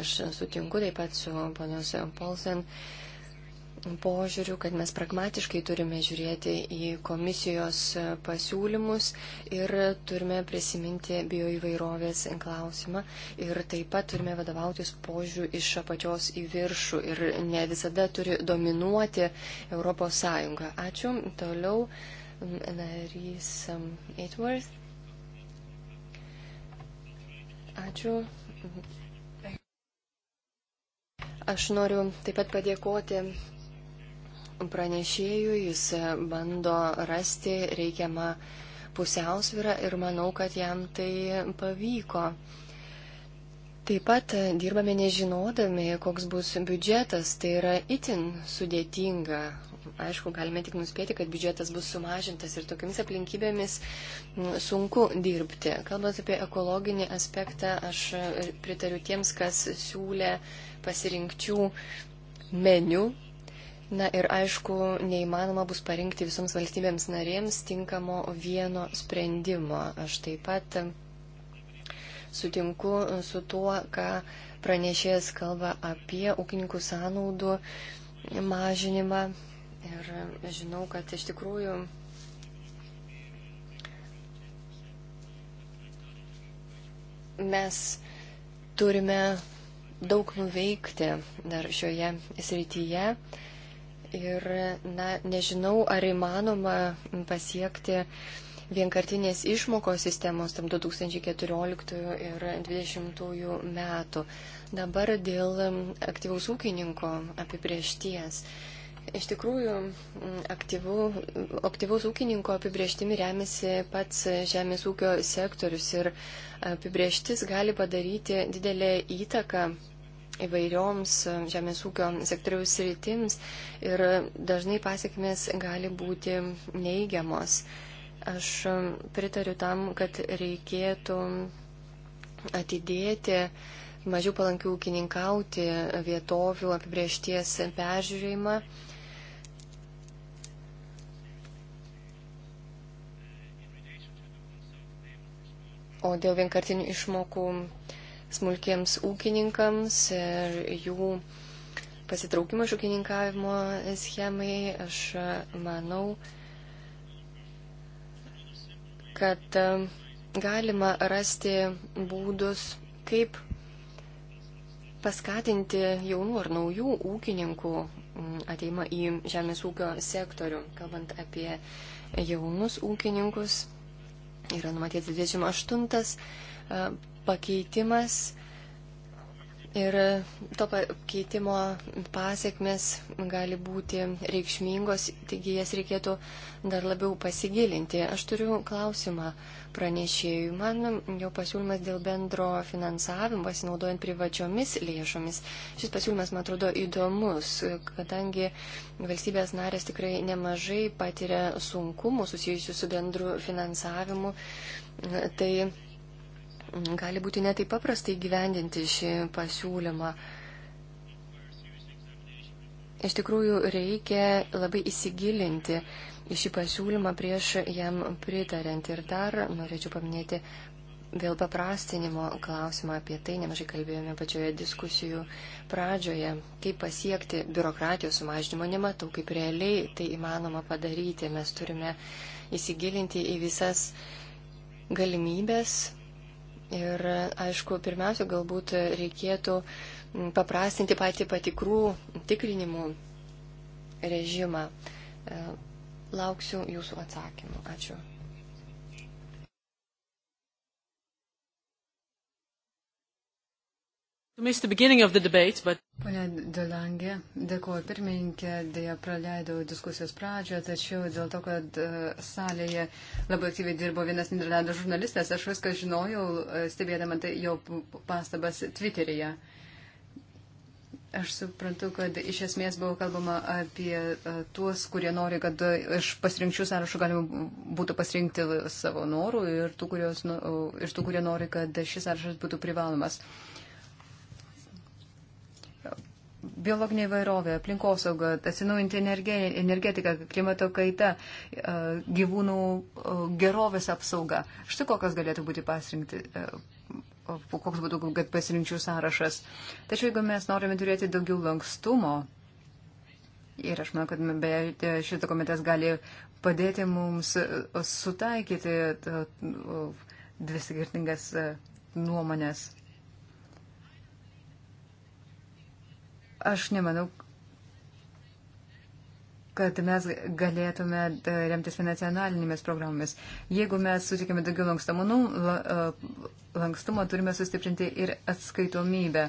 Aš sutinku taip pat su ponios Polsen. Uh, požiūriu, kad mes pragmatiškai turime žiūrėti į komisijos pasiūlymus ir turime prisiminti bioįvairovės klausimą ir taip pat turime vadovautis požiūriu iš apačios į viršų ir ne visada turi dominuoti ES. Ačiū. Toliau narys Aitworth. Ačiū. Aš noriu taip pat padėkoti pranešėjui, jis bando rasti reikiamą pusiausvyrą ir manau, kad jam tai pavyko. Taip pat dirbame nežinodami, koks bus biudžetas, tai yra itin sudėtinga. Aišku, galime tik nuspėti, kad biudžetas bus sumažintas ir tokiamis aplinkybėmis sunku dirbti. Kalbant apie ekologinį aspektą, aš pritariu tiems, kas siūlė pasirinkčių meniu Na ir aišku, neįmanoma bus parinkti visoms valstybėms narėms tinkamo vieno sprendimo. Aš taip pat sutinku su tuo, ką pranešėjas kalba apie ūkininkų sąnaudų mažinimą. Ir žinau, kad iš tikrųjų mes turime daug nuveikti dar šioje srityje. Ir na, nežinau, ar įmanoma pasiekti vienkartinės išmokos sistemos tam 2014 ir 2020 metų. Dabar dėl aktyvaus ūkininko apibriešties. Iš tikrųjų, aktyvų, aktyvaus ūkininko apibrieštimi remiasi pats žemės ūkio sektorius ir apibrieštis gali padaryti didelę įtaką įvairioms e, žemės ūkio sektoriaus sritims ir dažnai pasiekmes gali būti neigiamos. Aš e, pritariu tam, kad reikėtų atidėti mažiau palankių ūkininkauti vietovių apibriešties peržiūrėjimą. O dėl vienkartinių išmokų smulkiems ūkininkams ir jų pasitraukimo iš ūkininkavimo schemai. Aš manau, kad e, galima rasti būdus, kaip paskatinti jaunų ar naujų ūkininkų ateimą į žemės ūkio sektorių. Kalbant apie jaunus ūkininkus, yra numatyti 28 pakeitimas ir to pakeitimo pasiekmes gali būti reikšmingos, taigi jas reikėtų dar labiau pasigilinti. Aš turiu klausimą pranešėjui. Man jo pasiūlymas dėl bendro finansavimo, pasinaudojant privačiomis lėšomis, šis pasiūlymas man atrodo įdomus, kadangi valstybės narės tikrai nemažai patiria sunkumų susijusių su bendru finansavimu. Tai gali būti netai paprastai gyvendinti šį pasiūlymą. Iš tikrųjų, reikia labai įsigilinti į šį pasiūlymą prieš jam pritarint. Ir dar norėčiau paminėti vėl paprastinimo klausimą apie tai, nemažai kalbėjome pačioje diskusijų pradžioje, kaip pasiekti biurokratijos sumažinimo, nematau, kaip realiai tai įmanoma padaryti. Mes turime įsigilinti į visas galimybės, Ir aišku, pirmiausia, galbūt reikėtų paprastinti patį patikrų tikrinimų režimą. E, lauksiu jūsų atsakymų. Ačiū. Debate, but... Pane Delangė, dėkuoju pirmininkė, dėja praleidau diskusijos pradžią, tačiau dėl to, kad uh, salėje labai aktyviai dirbo vienas Niderlandų žurnalistas, aš viską žinojau, e, stebėdama tai jo pastabas Twitteryje. Aš suprantu, kad iš esmės buvo kalbama apie uh, tuos, kurie nori, kad iš pasirinkčių sąrašų galima būtų pasirinkti savo norų ir tų, kurios, uh, ir tų kurie nori, kad šis sąrašas būtų privalomas. Uh, biologinė įvairovė, aplinkosauga, atsinaujinti energetika, klimato kaita, e, gyvūnų e, gerovės apsauga. Štai kokios galėtų būti pasirinkti, e, koks būtų pasirinkčių sąrašas. Tačiau jeigu mes norime turėti daugiau lankstumo, ir aš manau, kad beje šitą komitas gali padėti mums sutaikyti dvi skirtingas nuomonės Aš nemanau, kad mes galėtume e, remtis nacionalinėmis programomis. Jeigu mes sutikime daugiau lankstumo, nu, e, lankstumo turime sustiprinti ir atskaitomybę.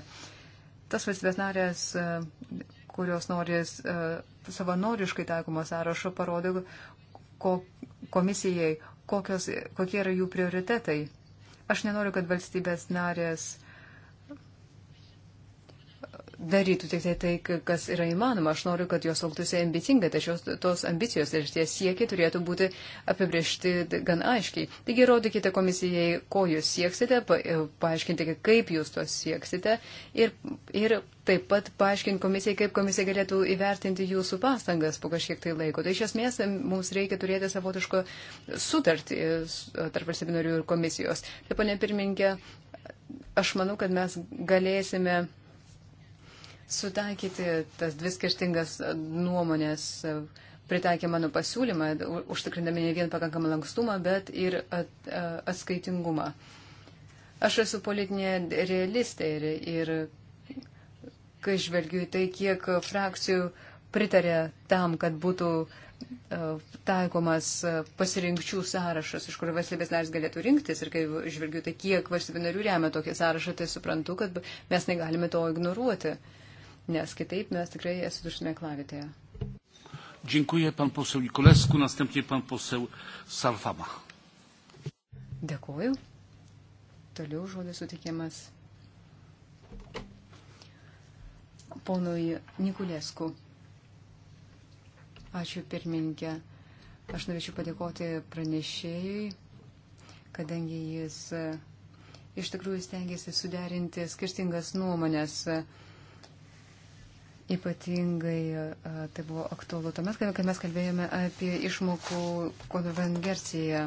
Tas valstybės narės, e, kurios norės savanoriškai taikomo sąrašo, parodo ko, komisijai, kokios, kokie yra jų prioritetai. Aš nenoriu, kad valstybės narės darytų tik tai tai, kas yra įmanoma. Aš noriu, kad jos elgtųsi ambicingai, tačiau tos ambicijos ir tie siekiai turėtų būti apibriešti gan aiškiai. Taigi įrodykite komisijai, ko jūs sieksite, e, paaiškinkite, kaip jūs to sieksite ir, ir taip pat paaiškinti komisijai, kaip komisija galėtų įvertinti jūsų pastangas po kažkiek tai laiko. Tai iš esmės mums reikia turėti savotiško sutartį e, e, tarp valstybinarių ir komisijos. Taip, ponė pirmininkė, aš manau, kad mes galėsime sutaikyti tas dvi skirtingas nuomonės, e, pritaikė mano pasiūlymą, užtikrindami ne vien pakankamą lankstumą, bet ir at, e, atskaitingumą. Aš esu politinė realistė ir, ir kai žvelgiu į tai, kiek frakcijų pritarė tam, kad būtų e, taikomas pasirinkčių sąrašas, iš kurio valstybės narys galėtų rinktis. Ir kai žvelgiu, tai kiek valstybių narių remia tokį sąrašą, tai suprantu, kad mes negalime to ignoruoti. Uh, nes kitaip mes tikrai atsiduršime klavitėje. Dziękuję pan poseł Nikolescu, następnie pan poseł Salfama. Dėkuoju. Toliau žodis sutikiamas ponui Nikulesku. Ačiū pirmininkė. Aš norėčiau padėkoti pranešėjui, kadangi jis e, iš tikrųjų stengiasi suderinti skirtingas nuomonės. Uh, Ypatingai tai buvo aktualu tuomet, kai mes kalbėjome apie išmokų konvengerciją.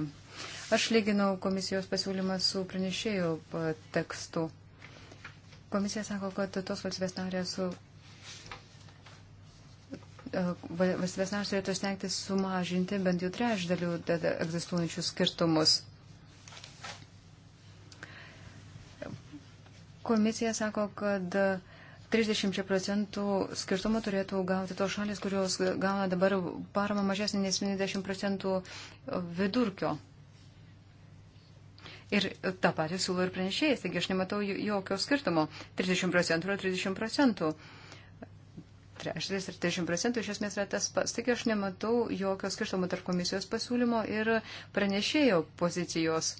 Aš lyginau komisijos pasiūlymą su pranešėjo tekstu. Komisija sako, kad tos valstybės narės valstybės narės turėtų stengtis sumažinti bent jau trečdalių egzistuojančių skirtumus. Komisija sako, kad uh, 30 procentų skirtumą turėtų gauti tos šalis, kurios gauna dabar paramą mažesnį nei 70 procentų vidurkio. Ir tą patį siūlo ir pranešėjas, taigi aš nematau jokio skirtumo. 30 procentų yra 30 procentų. Trečdalis ir 30 procentų iš esmės yra tas pats. Taigi aš nematau jokio skirtumo tarp komisijos pasiūlymo ir pranešėjo pozicijos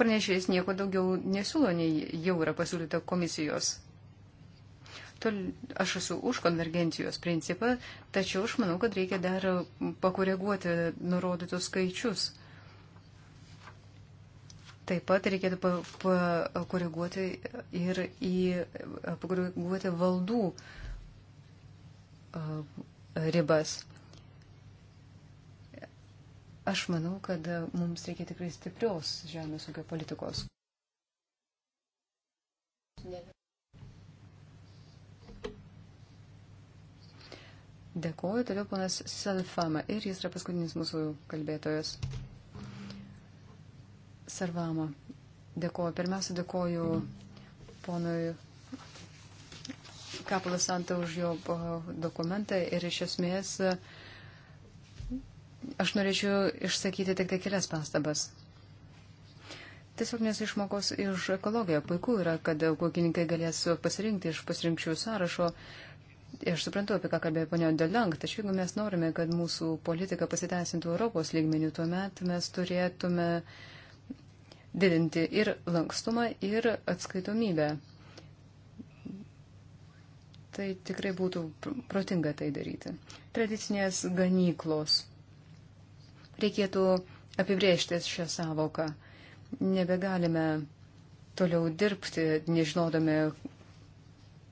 pranešėjas nieko daugiau nesiūlo, nei jau yra pasiūlyta komisijos. Tol, aš esu už konvergencijos principą, tačiau aš manau, kad reikia dar pakoreguoti nurodytus skaičius. Taip pat reikėtų pakoreguoti ir į pakoreguoti valdų ribas. Aš manau, kad e, mums reikia tikrai stiprios žemės ūkio politikos. Dėkuoju, toliau ponas Salfama ir jis yra paskutinis mūsų kalbėtojas. Sarvama. Dėkuoju. Pirmiausia, dėkuoju ponui Kapalas Santa už jo dokumentą ir iš esmės uh, Aš norėčiau išsakyti tik tai kelias pastabas. Tiesiog nes išmokos iš ekologiją. Puiku yra, kad ūkininkai galės pasirinkti iš pasirinkčių sąrašo. Aš suprantu, apie ką kalbėjo ponia Delang, tačiau jeigu mes norime, kad mūsų politika pasiteisintų Europos lygmenių, tuomet mes turėtume didinti ir lankstumą, ir atskaitomybę. Tai tikrai būtų protinga tai daryti. Tradicinės ganyklos reikėtų apibriežti šią savoką. Nebegalime toliau dirbti, nežinodami,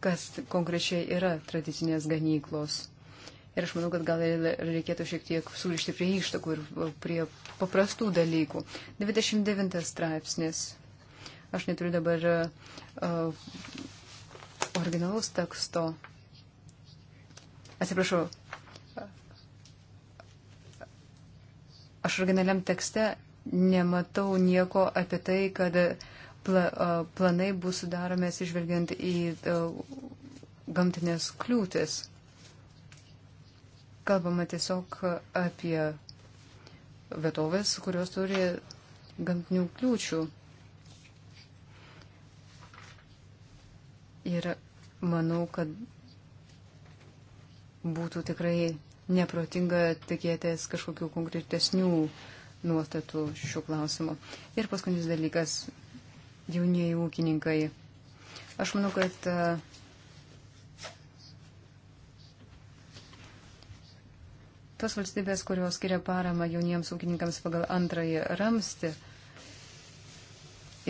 kas konkrečiai yra tradicinės ganyklos. Ir aš manau, kad gal reikėtų šiek tiek surišti prie ištakų ir prie paprastų dalykų. 29 straipsnis. Aš neturiu dabar uh, originalaus teksto. Atsiprašau, aš originaliam tekste nematau nieko apie tai, kad pla, planai bus sudaromi atsižvelgiant į gamtinės kliūtis. Kalbama tiesiog apie vietovės, kurios turi gamtinių kliūčių. Ir manau, kad būtų tikrai neprotinga tikėtis kažkokių konkretesnių nuostatų šiuo klausimu. Ir paskutinis dalykas - jaunieji ūkininkai. Aš manau, kad e, tos valstybės, kurios skiria paramą jauniems ūkininkams pagal antrąjį ramstį,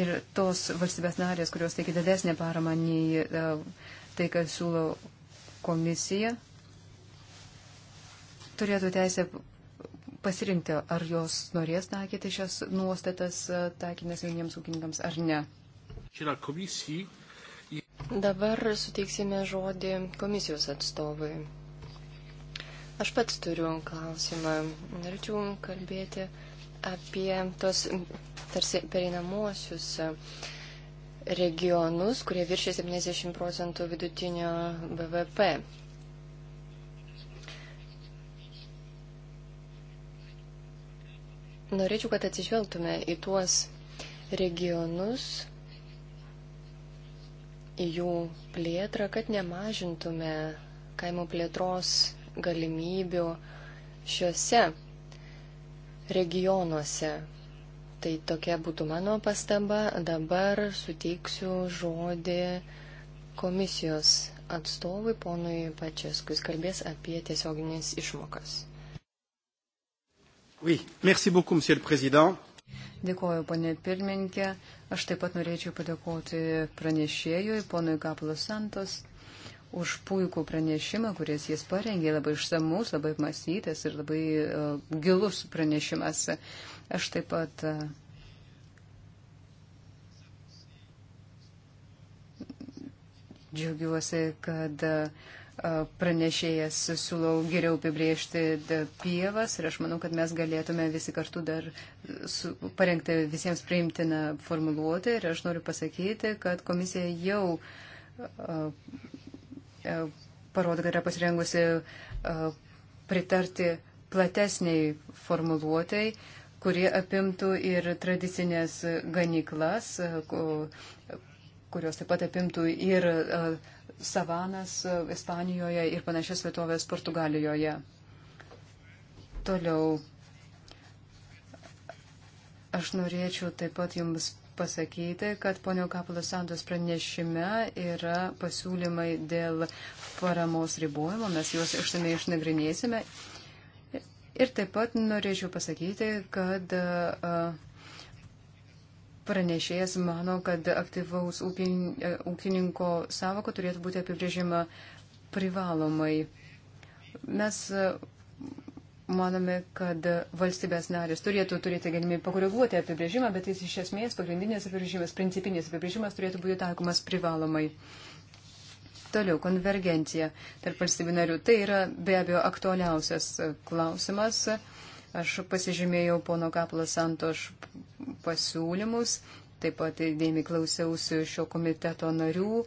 ir tos valstybės narės, kurios teikia didesnę paramą nei e, tai, ką siūlo komisija, turėtų teisę pasirinkti, ar jos norės taikyti šias nuostatas e, taikinės vieniems ūkininkams ar ne. Dabar suteiksime žodį komisijos atstovui. Aš pats turiu klausimą. Norėčiau kalbėti apie tos tarsi pereinamuosius regionus, kurie viršė 70 procentų vidutinio BVP. Norėčiau, kad atsižvelgtume į tuos regionus, į jų plėtrą, kad nemažintume kaimo plėtros galimybių šiuose regionuose. Tai tokia būtų mano pastaba. Dabar suteiksiu žodį komisijos atstovui, ponui Pačias, kuris kalbės apie tiesioginės išmokas. Oui, merci beaucoup, monsieur le président. Dėkuoju, ponė pirmininkė. Aš taip pat norėčiau padėkoti pranešėjui, ponui Kapulas Santos, už puikų pranešimą, kuris jis parengė, labai išsamus, labai mąstytas ir labai uh, gilus pranešimas. Aš taip pat. Uh, Džiaugiuosi, kad uh, pranešėjas siūlau geriau apibriežti pievas ir aš manau, kad mes galėtume visi kartu dar su, parengti visiems priimtiną formuluotę ir aš noriu pasakyti, kad komisija jau parodo, kad yra pasirengusi pritarti platesniai formuluotėjai, kurie apimtų ir tradicinės ganiklas, kurios taip pat apimtų ir uh, savanas e, Ispanijoje ir panašias vietovės Portugalijoje. Toliau aš norėčiau taip pat jums pasakyti, kad ponio Kapalas Santos pranešime yra pasiūlymai dėl paramos ribojimo, mes juos išsamei išnagrinėsime. Ir taip pat norėčiau pasakyti, kad uh, Pranešėjas mano, kad aktyvaus e, ūkininko savoko turėtų būti apibrėžima privalomai. Mes e, manome, kad valstybės narės turėtų turėti galimybę pakoreguoti apibrėžimą, bet jis iš esmės pagrindinės apibrėžimas, principinės apibrėžimas turėtų būti taikomas privalomai. Toliau, konvergencija tarp valstybių narių. Tai yra be abejo aktualiausias e, klausimas. Aš pasižymėjau pono Kaplo Santoš pasiūlymus, taip pat įdėmiai klausiausi šio komiteto narių e,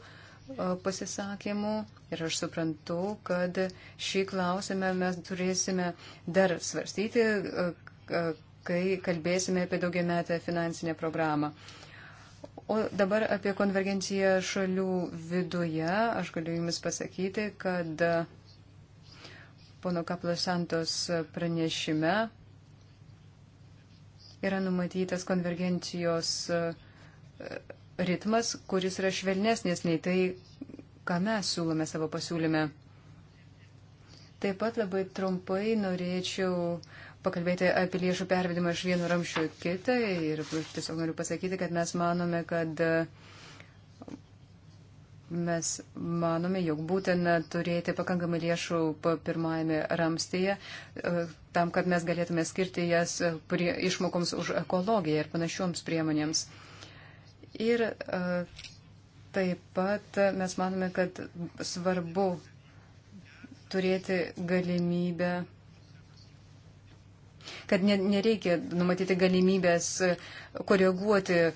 pasisakymų ir aš suprantu, kad šį klausimą mes turėsime dar svarstyti, e, e, kai kalbėsime apie daugiametę finansinę programą. O dabar apie konvergenciją šalių viduje aš galiu Jums pasakyti, kad pono Kaplasantos pranešime yra numatytas konvergencijos e, ritmas, kuris yra švelnesnis nei tai, ką mes siūlome savo pasiūlyme. Taip pat labai trumpai norėčiau pakalbėti apie lėšų pervedimą iš vieno ramščio į kitą ir tiesiog noriu pasakyti, kad mes manome, kad uh, Mes manome, jog būtina turėti pakankamai lėšų pirmajame ramstyje, e, tam, kad mes galėtume skirti jas prie, išmokoms už ekologiją ir panašioms priemonėms. Ir e, taip pat mes manome, kad svarbu turėti galimybę kad nereikia numatyti galimybės koreguoti uh,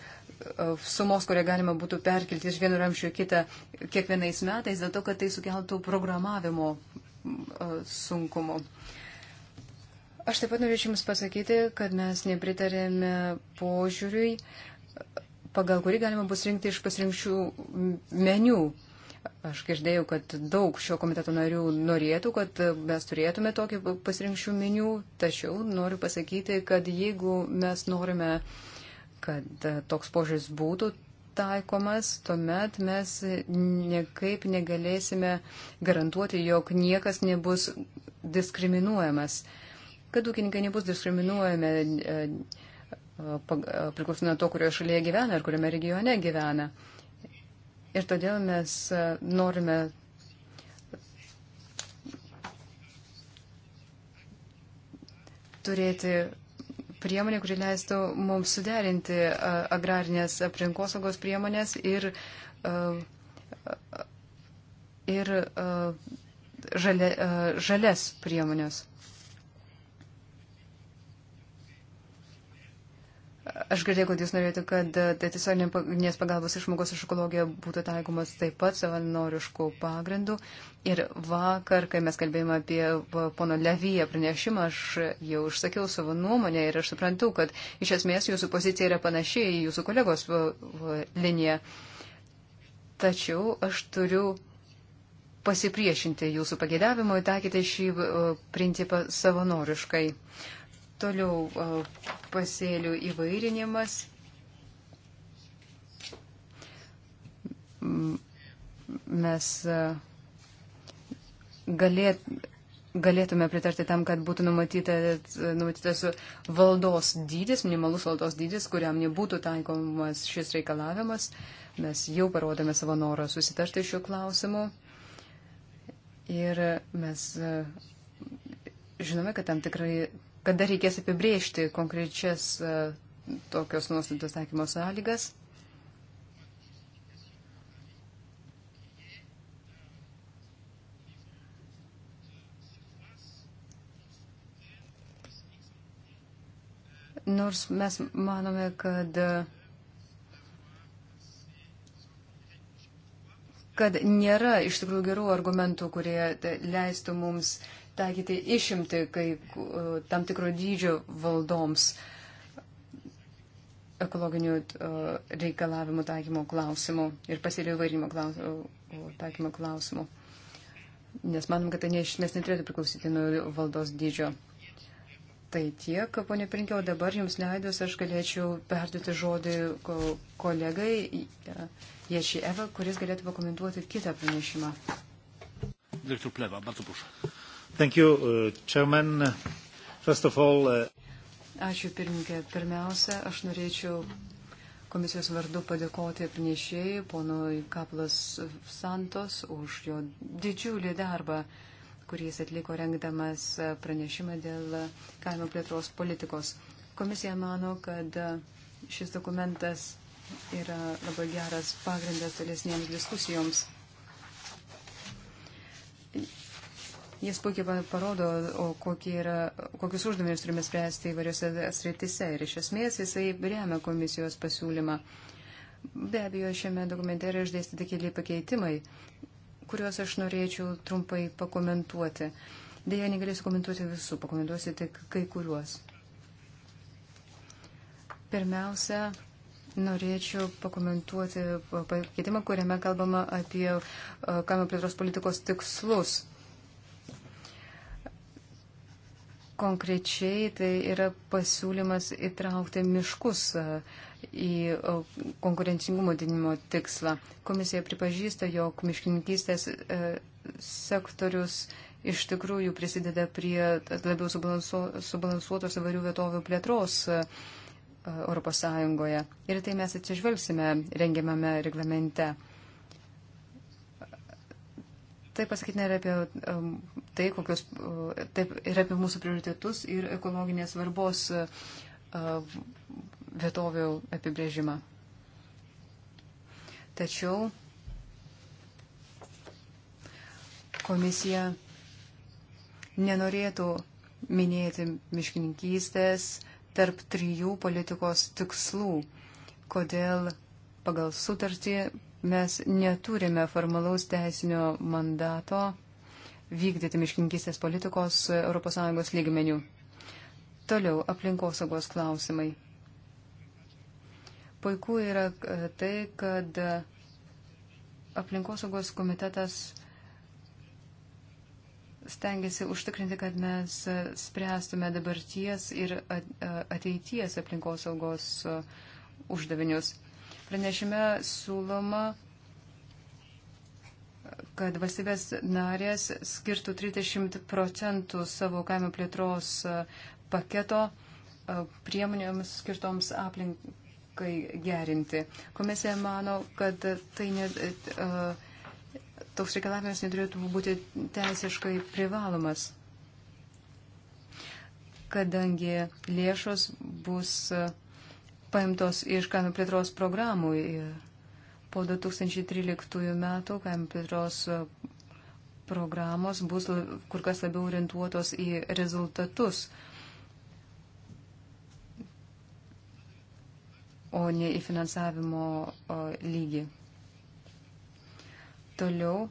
sumos, kurią galima būtų perkelti iš vieno ramščio į kitą kiekvienais metais, dėl to, kad tai sukeltų programavimo e, sunkumu. Aš taip pat norėčiau Jums pasakyti, kad mes nepritarėme požiūriui, pagal kurį galima bus rinkti iš pasirinkčių menių. Aš girdėjau, kad daug šio komiteto narių norėtų, kad mes turėtume tokį pasirinkčių menių, tačiau noriu pasakyti, kad jeigu mes norime uh, kad e, toks požiūris būtų taikomas, tuomet mes niekaip negalėsime garantuoti, jog niekas nebus diskriminuojamas, kad ūkininkai nebus diskriminuojami e, e, priklausomai nuo to, kurioje šalyje gyvena ir kuriame regione gyvena. Ir todėl mes norime turėti priemonė, kuri leistų mums suderinti agrarinės aplinkosaugos priemonės ir, ir žalia, žalias priemonės. Aš girdėjau, kad jūs norėjote, kad e, tai tiesioginės pagalbos išmokos iš ekologiją būtų taikomas taip pat savanoriškų pagrindų. Ir vakar, kai mes kalbėjome apie pono Levyje pranešimą, aš jau išsakiau savo nuomonę ir aš suprantu, kad iš esmės jūsų pozicija yra panašiai į jūsų kolegos liniją. Tačiau aš turiu pasipriešinti jūsų pagėdavimui, taikyti šį principą savanoriškai. Toliau pasėlių įvairinimas. Mes galėt, galėtume pritarti tam, kad būtų numatytas, numatytas valdos dydis, minimalus valdos dydis, kuriam nebūtų taikomas šis reikalavimas. Mes jau parodėme savo norą susitarti šiuo klausimu. Ir mes žinome, kad tam tikrai kada reikės apibriežti konkrečias e, tokios nuostatos taikymo sąlygas. Nors mes manome, kad, kad nėra iš tikrųjų gerų argumentų, kurie leistų mums uh, taikyti išimti kai, e, tam tikro dydžio valdoms ekologinių e, reikalavimų taikymo klausimų ir pasėlių varimo e, taikymo klausimų. Nes manom, kad tai neiš, nes neturėtų priklausyti nuo valdos dydžio. Tai tiek, ponė Prinkiau, dabar jums leidus aš galėčiau perduoti žodį kolegai Ješi Eva, kuris galėtų pakomentuoti kitą pranešimą. Direktor Pleva, bardzo proszę. Thank you, uh, Chairman. First of all. Uh... Ačiū pirmininkė. Pirmiausia, aš norėčiau komisijos vardu padėkoti pranešėjai, ponui Kaplas Santos, už jo didžiulį darbą, kurį jis atliko rengdamas pranešimą dėl kaimo plėtros politikos. Komisija mano, kad šis dokumentas yra labai geras pagrindas tolesniems diskusijoms. Jis puikiai parodo, yra, kokius uždavinius turime spręsti įvairiose sritise ir iš esmės jisai remia komisijos pasiūlymą. Be abejo, šiame dokumente yra išdėstyti keli pakeitimai, kuriuos aš norėčiau trumpai pakomentuoti. Deja, negalėsiu komentuoti visų, pakomentuosiu tik kai kuriuos. Pirmiausia, Norėčiau pakomentuoti pakeitimą, kuriame kalbama apie kaimo plėtros politikos tikslus. Konkrečiai tai yra pasiūlymas įtraukti miškus e, į e, konkurencingumo didinimo tikslą. Komisija pripažįsta, jog miškininkystės e, sektorius iš tikrųjų prisideda prie labiau subalansuotos įvairių vietovių plėtros Europos Sąjungoje. Ir tai mes atsižvelgsime rengiamame reglamente. Tai pasakyti nėra apie um, tai, kokios, uh, taip, ir apie mūsų prioritetus ir ekologinės svarbos uh, vietovių apibrėžimą. Tačiau komisija nenorėtų minėti miškininkystės tarp trijų politikos tikslų. Kodėl pagal sutartį Mes neturime formalaus teisinio mandato vykdyti miškinkistės politikos ES lygmenių. Toliau aplinkosaugos klausimai. Puiku yra e, tai, kad aplinkosaugos komitetas stengiasi užtikrinti, kad mes spręstume dabarties ir e, ateities aplinkosaugos e, uždavinius. Pranešime siūloma, kad valstybės narės skirtų 30 procentų savo kaimo plėtros e, paketo e, priemonėms skirtoms aplinkai gerinti. Komisija mano, kad tai net. Uh, e, toks reikalavimas neturėtų būti teisiškai privalomas, kadangi lėšos bus paimtos iš kaimo plėtros programų. Po 2013 metų kaimo plėtros e, programos bus kur kas labiau orientuotos į rezultatus, o ne į finansavimo lygį. Toliau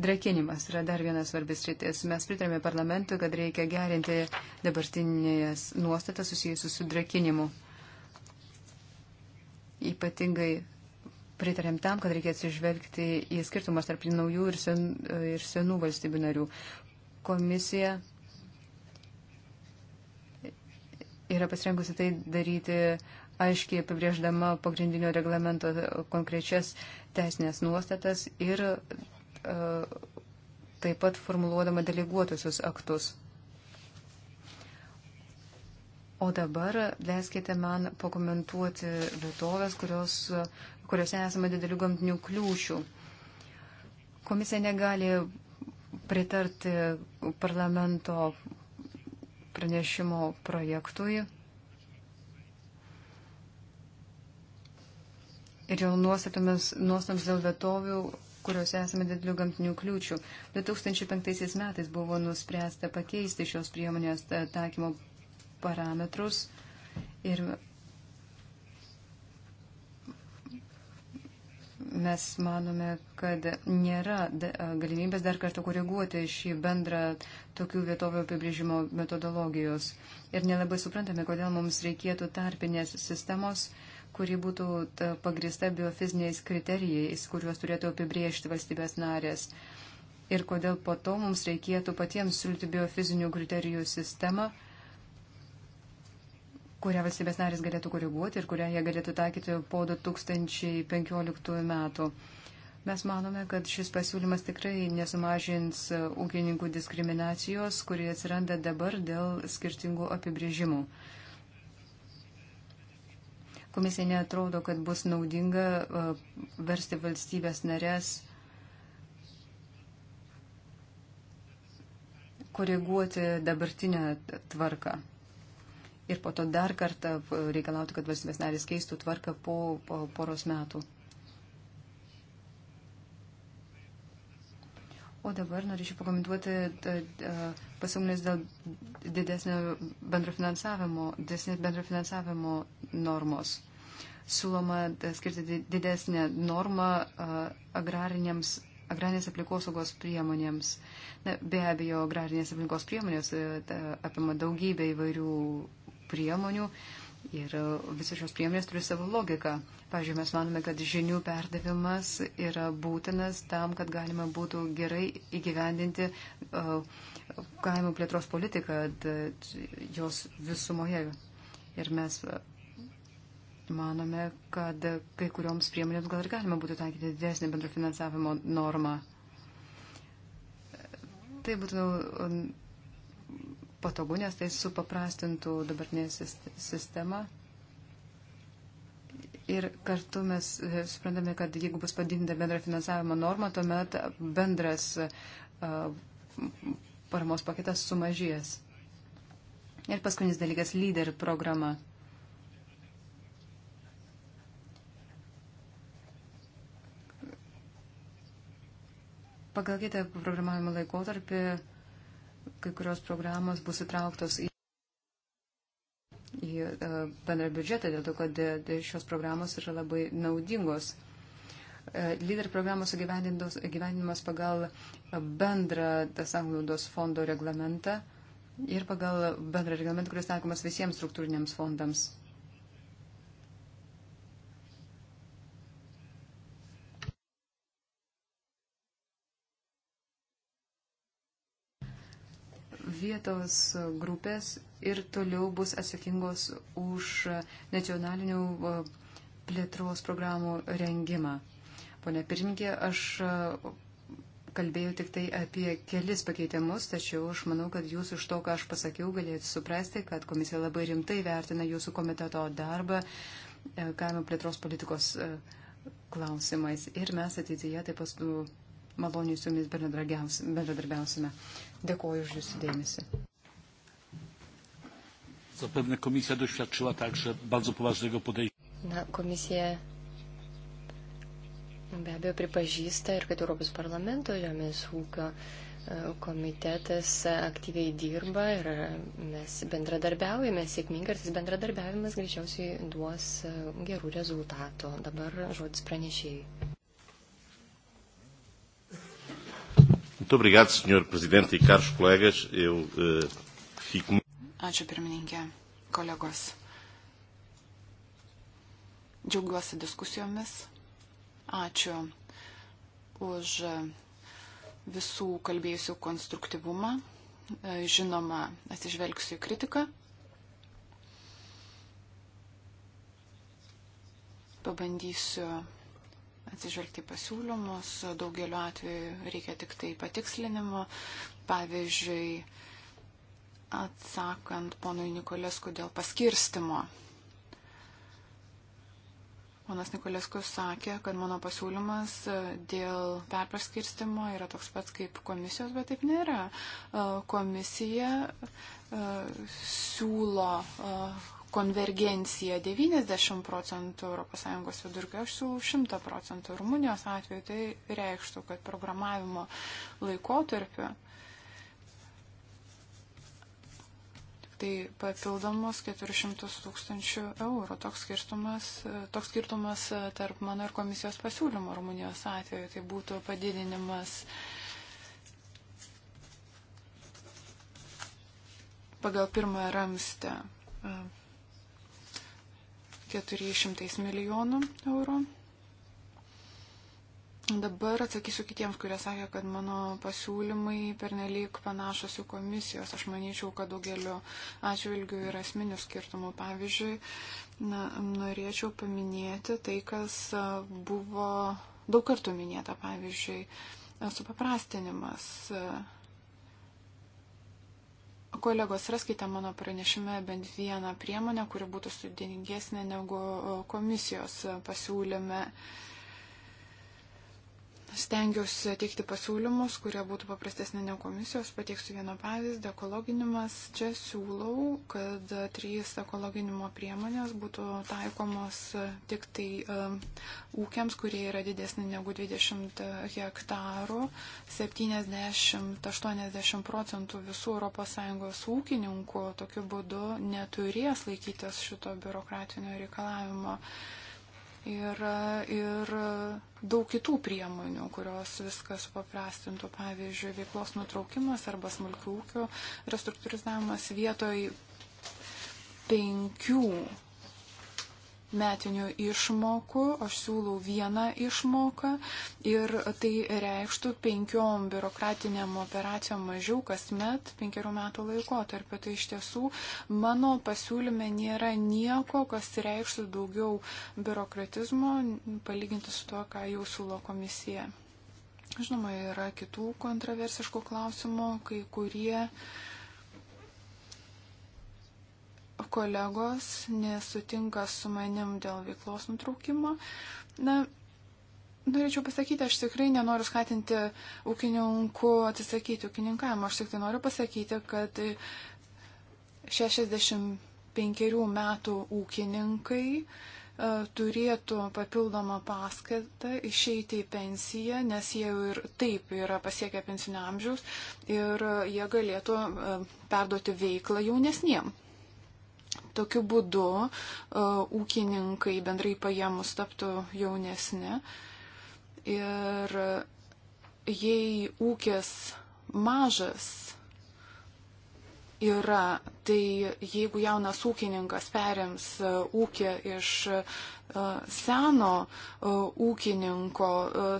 Drakinimas yra dar vienas svarbis rytis. Mes pritarėme parlamentui, kad reikia gerinti dabartinės nuostatas susijusius su drakinimu. Ypatingai pritarėm tam, kad reikia atsižvelgti į skirtumas tarp naujų ir, sen, ir senų valstybių narių. Komisija yra pasirengusi tai daryti aiškiai apibrėždama pagrindinio reglamento konkrečias teisinės nuostatas ir E, taip pat formuluodama deleguotusius aktus. O dabar leiskite man pakomentuoti vietovės, kurios, kuriuose esame didelių gamtinių kliūčių. Komisija negali pritarti parlamento pranešimo projektui. Ir jau nuostatomis, nuostams dėl vietovių kuriuose esame didelių gamtinių kliūčių. 2005 metais buvo nuspręsta pakeisti šios priemonės taikymo parametrus ir mes manome, kad nėra galimybės dar kartą koreguoti šį bendrą tokių vietovių apibrėžimo metodologijos. Ir nelabai suprantame, kodėl mums reikėtų tarpinės sistemos, uh, kuri būtų pagrista biofiziniais kriterijais, kuriuos turėtų apibriežti valstybės narės. Ir kodėl po to mums reikėtų patiems siūlyti biofizinių kriterijų sistemą, kurią valstybės narės galėtų koreguoti ir kurią jie galėtų taikyti po 2015 metų. Mes manome, kad šis pasiūlymas tikrai nesumažins e, ūkininkų diskriminacijos, kurie atsiranda dabar dėl skirtingų apibrėžimų. Komisija netrodo, kad bus naudinga uh, versti valstybės narės koreguoti dabartinę tvarką. Ir po to dar kartą uh, reikalauti, kad valstybės narės keistų tvarką po, po poros metų. O dabar norėčiau pakomentuoti. Tad, uh, uh pasiūlymas dėl didesnio bendrofinansavimo, didesnės bendrofinansavimo normos. Siūloma skirti didesnę normą agrarinėms agrarinės aplinkosaugos priemonėms. Na, be abejo, agrarinės aplinkos priemonės e, apima daugybę įvairių priemonių, uh, Ir visos šios priemonės turi savo logiką. Pavyzdžiui, mes manome, kad žinių perdavimas yra būtinas tam, kad galima būtų gerai įgyvendinti uh, kaimo plėtros politiką jos visumoje. Ir mes uh, manome, kad kai kurioms priemonėms gal ir galima būtų taikyti didesnį bendrofinansavimo normą. Tai būtų um, patogu, nes tai supaprastintų dabartinę sistemą. Ir kartu mes e, suprantame, kad jeigu bus padidinta bendra finansavimo norma, tuomet bendras e, paramos paketas sumažės. Ir paskutinis dalykas - lyder programa. Pagal kitą programavimo laikotarpį kai kurios programos bus įtrauktos į, į e, bendrą biudžetą, dėl to, kad e, šios programos yra labai naudingos. E, lyder programos gyvenimas pagal bendrą sanglaudos fondo reglamentą ir pagal bendrą reglamentą, kuris taikomas visiems struktūriniams fondams. vietos grupės ir toliau bus atsakingos už nacionalinių e, plėtros programų rengimą. Pone pirmininkė, aš e, kalbėjau tik tai apie kelis pakeitimus, tačiau aš manau, kad jūs iš to, ką aš pasakiau, galėjote suprasti, kad komisija labai rimtai vertina jūsų komiteto darbą e, kaimo plėtros politikos klausimais. Ir mes ateityje taip pat nu, maloniai su jumis bendradarbiausime. Dėkuoju už jūsų dėmesį. Zapewne komisja doświadczyła także bardzo poważnego podejścia. Na komisję be abejo pripažįsta ir kad Europos parlamento žemės ūkio e, komitetas aktyviai dirba ir mes bendradarbiaujame sėkmingai ir tas bendradarbiavimas greičiausiai duos e, gerų rezultatų. Dabar žodis pranešėjai. Muito obrigado, Sr. Presidente e caros colegas. Eu uh, fico muito. Ačiū pirmininkė, kolegos. Džiaugiuosi diskusijomis. Ačiū už visų kalbėjusių konstruktyvumą. E, žinoma, atsižvelgsiu į kritiką. Pabandysiu atsižvelgti pasiūlymus, daugeliu atveju reikia tik tai patikslinimo. Pavyzdžiui, atsakant ponui Nikolesku dėl paskirstimo. Ponas Nikolesku sakė, kad mano pasiūlymas dėl perpaskirstimo yra toks pats kaip komisijos, bet taip nėra. Komisija e, siūlo e, konvergencija 90 procentų ES vidurkio, aš siūlau 100 procentų. Rumunijos atveju tai reikštų, kad programavimo laikotarpiu tai papildomos 400 tūkstančių eurų. Toks skirtumas, toks skirtumas tarp mano ir komisijos pasiūlymo Rumunijos atveju, tai būtų padidinimas pagal pirmą ramstę 400 milijonų eurų. Dabar atsakysiu kitiems, kurie sakė, kad mano pasiūlymai pernelyg panašus į komisijos. Aš manyčiau, kad daugeliu atžvilgių yra esminių skirtumų. Pavyzdžiui, na, norėčiau paminėti tai, kas buvo daug kartų minėta. Pavyzdžiui, supaprastinimas. paprastinimas Kolegos, raskite mano pranešime bent vieną priemonę, kuri būtų sudėningesnė negu komisijos e, pasiūlyme. Uh, stengiuosi teikti pasiūlymus, kurie būtų paprastesnė ne komisijos. Pateiksiu vieną pavyzdį. Ekologinimas. Čia siūlau, kad trys ekologinimo priemonės būtų taikomos tik tai um, ūkiams, kurie yra didesni negu 20 hektarų. 70-80 procentų visų ES ūkininkų tokiu būdu neturės laikytis šito biurokratinio reikalavimo. Uh, Yra ir daug kitų priemonių, kurios viskas paprastintų, pavyzdžiui, veiklos nutraukimas arba smulkių ūkių restruktūrizavimas vietoj penkių metinių išmokų, aš siūlau vieną išmoką ir tai reikštų penkiom biurokratiniam operacijom mažiau kasmet penkerių metų laikotarpio. Tai iš tiesų mano pasiūlyme nėra nieko, kas reikštų daugiau biurokratizmo palyginti su to, ką jau siūlo komisija. Žinoma, yra kitų kontroversiškų klausimų, kai kurie uh, kolegos nesutinka su manim dėl veiklos nutraukimo. Na, Norėčiau pasakyti, aš tikrai nenoriu skatinti ūkininkų atsisakyti ūkininkavimo. Aš tik tai noriu pasakyti, kad 65 metų ūkininkai e, turėtų papildomą paskatą išeiti į pensiją, nes jie ir taip yra pasiekę pensinio amžiaus ir e, jie galėtų e, perduoti veiklą jaunesniem. Tokiu būdu e, ūkininkai bendrai paėmus taptų jaunesni. Ir jei ūkis mažas yra, tai jeigu jaunas ūkininkas perims e, ūkį iš e, seno ūkininko,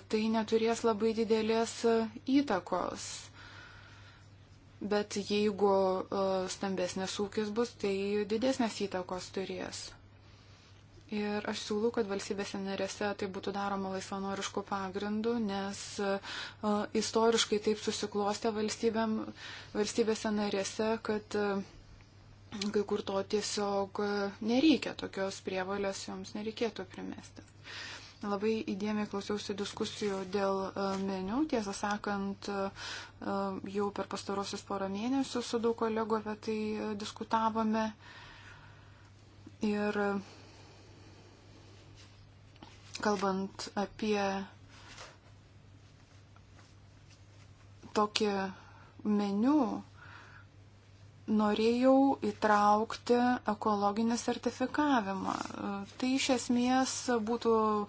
tai neturės labai didelės įtakos bet jeigu e, stambesnis ūkis bus, tai didesnės įtakos turės. Ir aš siūlau, kad valstybėse narėse tai būtų daroma laisvanoriškų pagrindų, nes uh, istoriškai taip susiklostė valstybėse narėse, kad uh, kai kur to tiesiog nereikia, tokios prievalės joms nereikėtų primesti. Labai įdėmiai klausiausi diskusijų dėl e, meniu. Tiesą sakant, e, e, jau per pastarosius porą mėnesių su daug kolegų apie tai diskutavome. Ir kalbant apie tokį meniu, norėjau įtraukti ekologinį sertifikavimą. Tai iš esmės būtų e,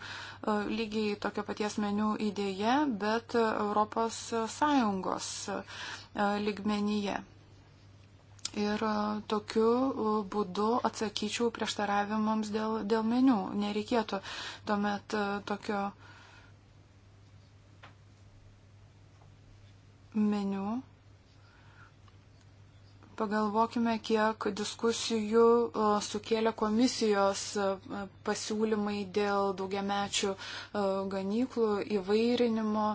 lygiai tokio paties meniu idėja, bet ES e, ligmenyje. Ir e, tokiu būdu atsakyčiau prieštaravimams dėl, dėl meniu. Nereikėtų tuomet tokio meniu Pagalvokime, kiek diskusijų e, sukėlė komisijos e, pasiūlymai dėl daugiamečių e, ganyklų įvairinimo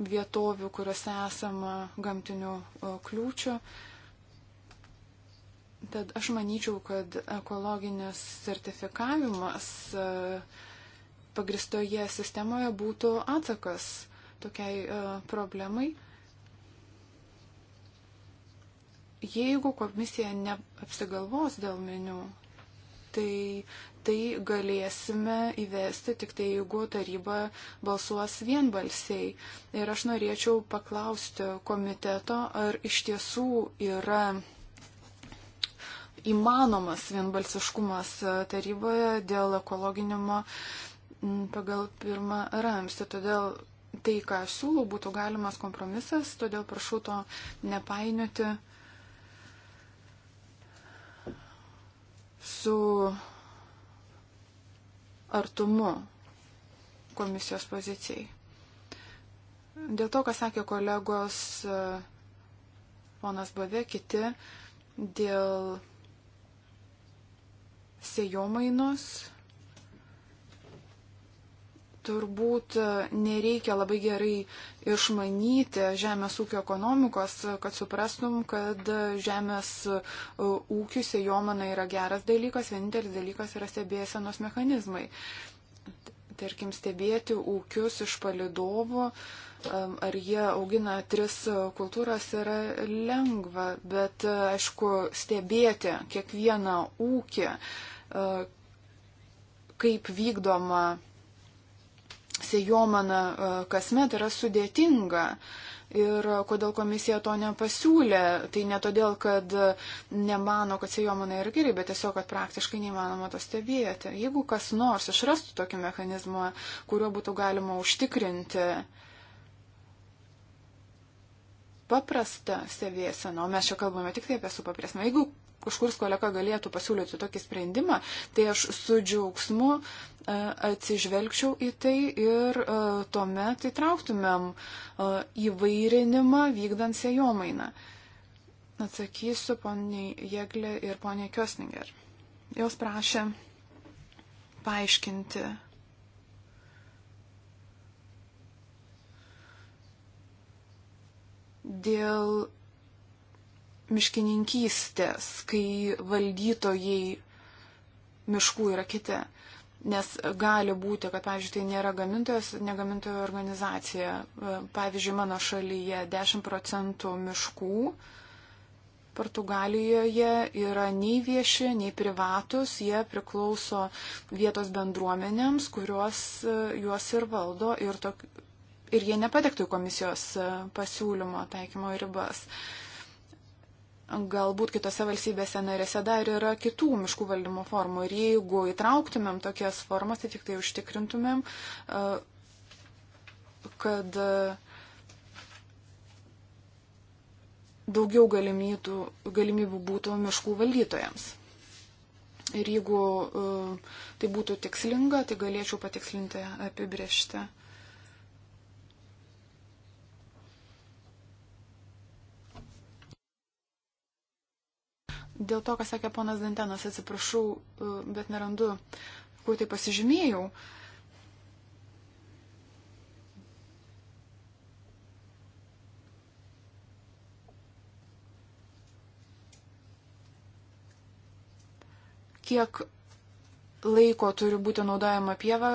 vietovių, kuriuose esama gamtinių kliūčių. Tad aš manyčiau, kad ekologinis sertifikavimas pagristoje sistemoje būtų atsakas tokiai problemai. jeigu komisija neapsigalvos dėl meniu, tai tai galėsime įvesti tik tai, jeigu taryba balsuos vienbalsiai. Ir aš norėčiau paklausti komiteto, ar iš tiesų yra įmanomas vienbalsiškumas taryboje dėl ekologinimo pagal pirmą ramstį. Todėl tai, ką aš siūlau, būtų galimas kompromisas, todėl prašau to nepainioti su artumu komisijos pozicijai. Dėl to, ką sakė kolegos e, ponas Bove, kiti, dėl sėjomainos turbūt nereikia labai gerai išmanyti žemės ūkio ekonomikos, kad suprastum, kad žemės e, ūkių sejomana yra geras dalykas, vienintelis dalykas yra stebėsenos mechanizmai. Tarkim, stebėti ūkius iš palidovų, e, ar jie augina tris kultūras yra lengva, bet e, aišku, stebėti kiekvieną ūkį, kaip vykdoma sejomana e, kasmet yra sudėtinga. Ir e, kodėl komisija to nepasiūlė, tai ne todėl, kad e, nemano, kad sejomana yra gerai, bet tiesiog, kad praktiškai neįmanoma to stebėti. Jeigu kas nors išrastų tokį mechanizmą, kuriuo būtų galima užtikrinti paprastą stebėseną, o mes čia kalbame tik tai apie supaprėsmą, jeigu kažkurs kolega galėtų pasiūlyti tokį sprendimą, tai aš su džiaugsmu e, atsižvelgčiau į tai ir e, tuomet įtrauktumėm e, įvairinimą vykdant sejomainą. Atsakysiu poniai Jėglė ir poniai Kjosninger. Jos prašė paaiškinti dėl miškininkystės, kai valdytojai miškų yra kiti. Nes gali būti, kad, pavyzdžiui, tai nėra gamintojas, ne gamintojo organizacija. Pavyzdžiui, mano šalyje 10 procentų miškų Portugalijoje yra nei vieši, nei privatus, jie priklauso vietos bendruomenėms, kurios e, juos ir valdo ir, tok, ir jie nepatektų į komisijos e, pasiūlymo taikymo ribas. Uh, galbūt kitose valstybėse narėse dar yra kitų miškų valdymo formų. Ir jeigu įtrauktumėm tokias formas, tai tik tai užtikrintumėm, e, kad e, daugiau galimybių, galimybių būtų miškų valdytojams. Ir jeigu e, tai būtų tikslinga, tai galėčiau patikslinti apibriežtę Dėl to, ką sakė ponas Dantenas, atsiprašau, e, bet nerandu, kur tai pasižymėjau. Kiek laiko turi būti naudojama pieva,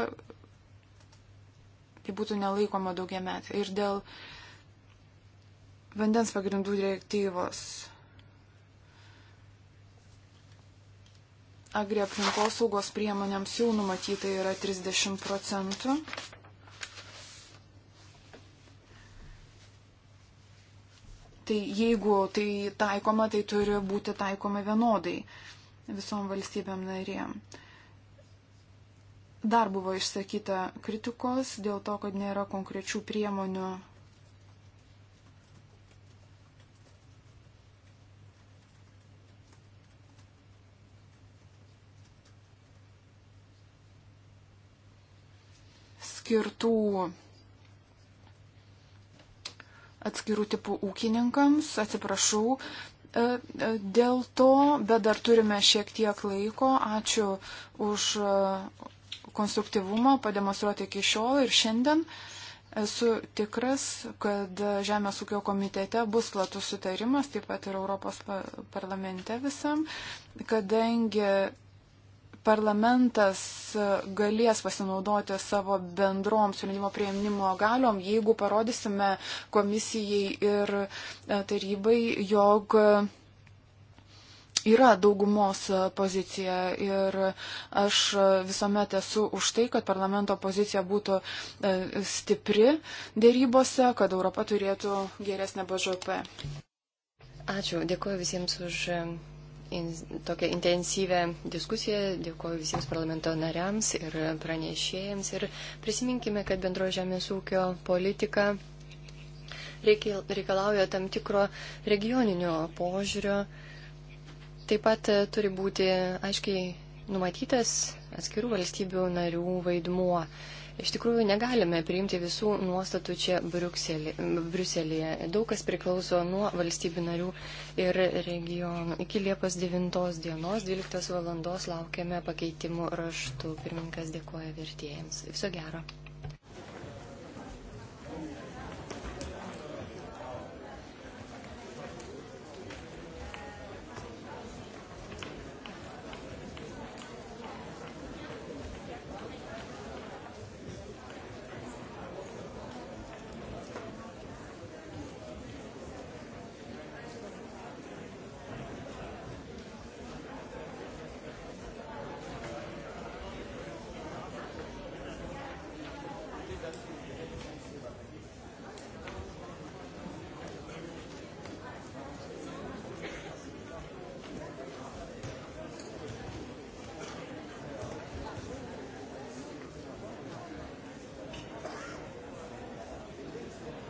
tai būtų nelaikoma daugia metai. Ir dėl vandens pagrindų direktyvos agri aplinkos saugos priemonėms jau numatyta yra 30 procentų. Tai jeigu tai taikoma, tai turi būti taikoma vienodai visom valstybėm narėm. Dar buvo išsakyta kritikos dėl to, kad nėra konkrečių priemonių skirtų atskirų tipų ūkininkams, atsiprašau e, e, dėl to, bet dar turime šiek tiek laiko. Ačiū už e, konstruktyvumą pademonstruoti iki šiol ir šiandien. Esu tikras, kad Žemės ūkio komitete bus platus sutarimas, taip pat ir Europos parlamente visam, kadangi parlamentas galės pasinaudoti savo bendrom sprendimo prieimimo galiom, jeigu parodysime komisijai ir e, tarybai, jog yra daugumos pozicija ir aš visuomet esu už tai, kad parlamento pozicija būtų e, stipri dėrybose, kad Europa turėtų geresnę BŽP. Ačiū, dėkuoju visiems už in, tokią intensyvę diskusiją. Dėkuoju visiems parlamento nariams ir pranešėjams. Ir prisiminkime, kad bendro žemės ūkio politika reikalauja tam tikro regioninio požiūrio. Taip pat e, turi būti aiškiai numatytas atskirų valstybių narių vaidmuo. Iš tikrųjų, negalime priimti visų nuostatų čia Bruselėje. Daug kas priklauso nuo valstybių narių ir regionų. Iki Liepos 9 dienos 12 valandos laukiame pakeitimų raštų. Pirmininkas dėkoja vertėjams. Viso gero.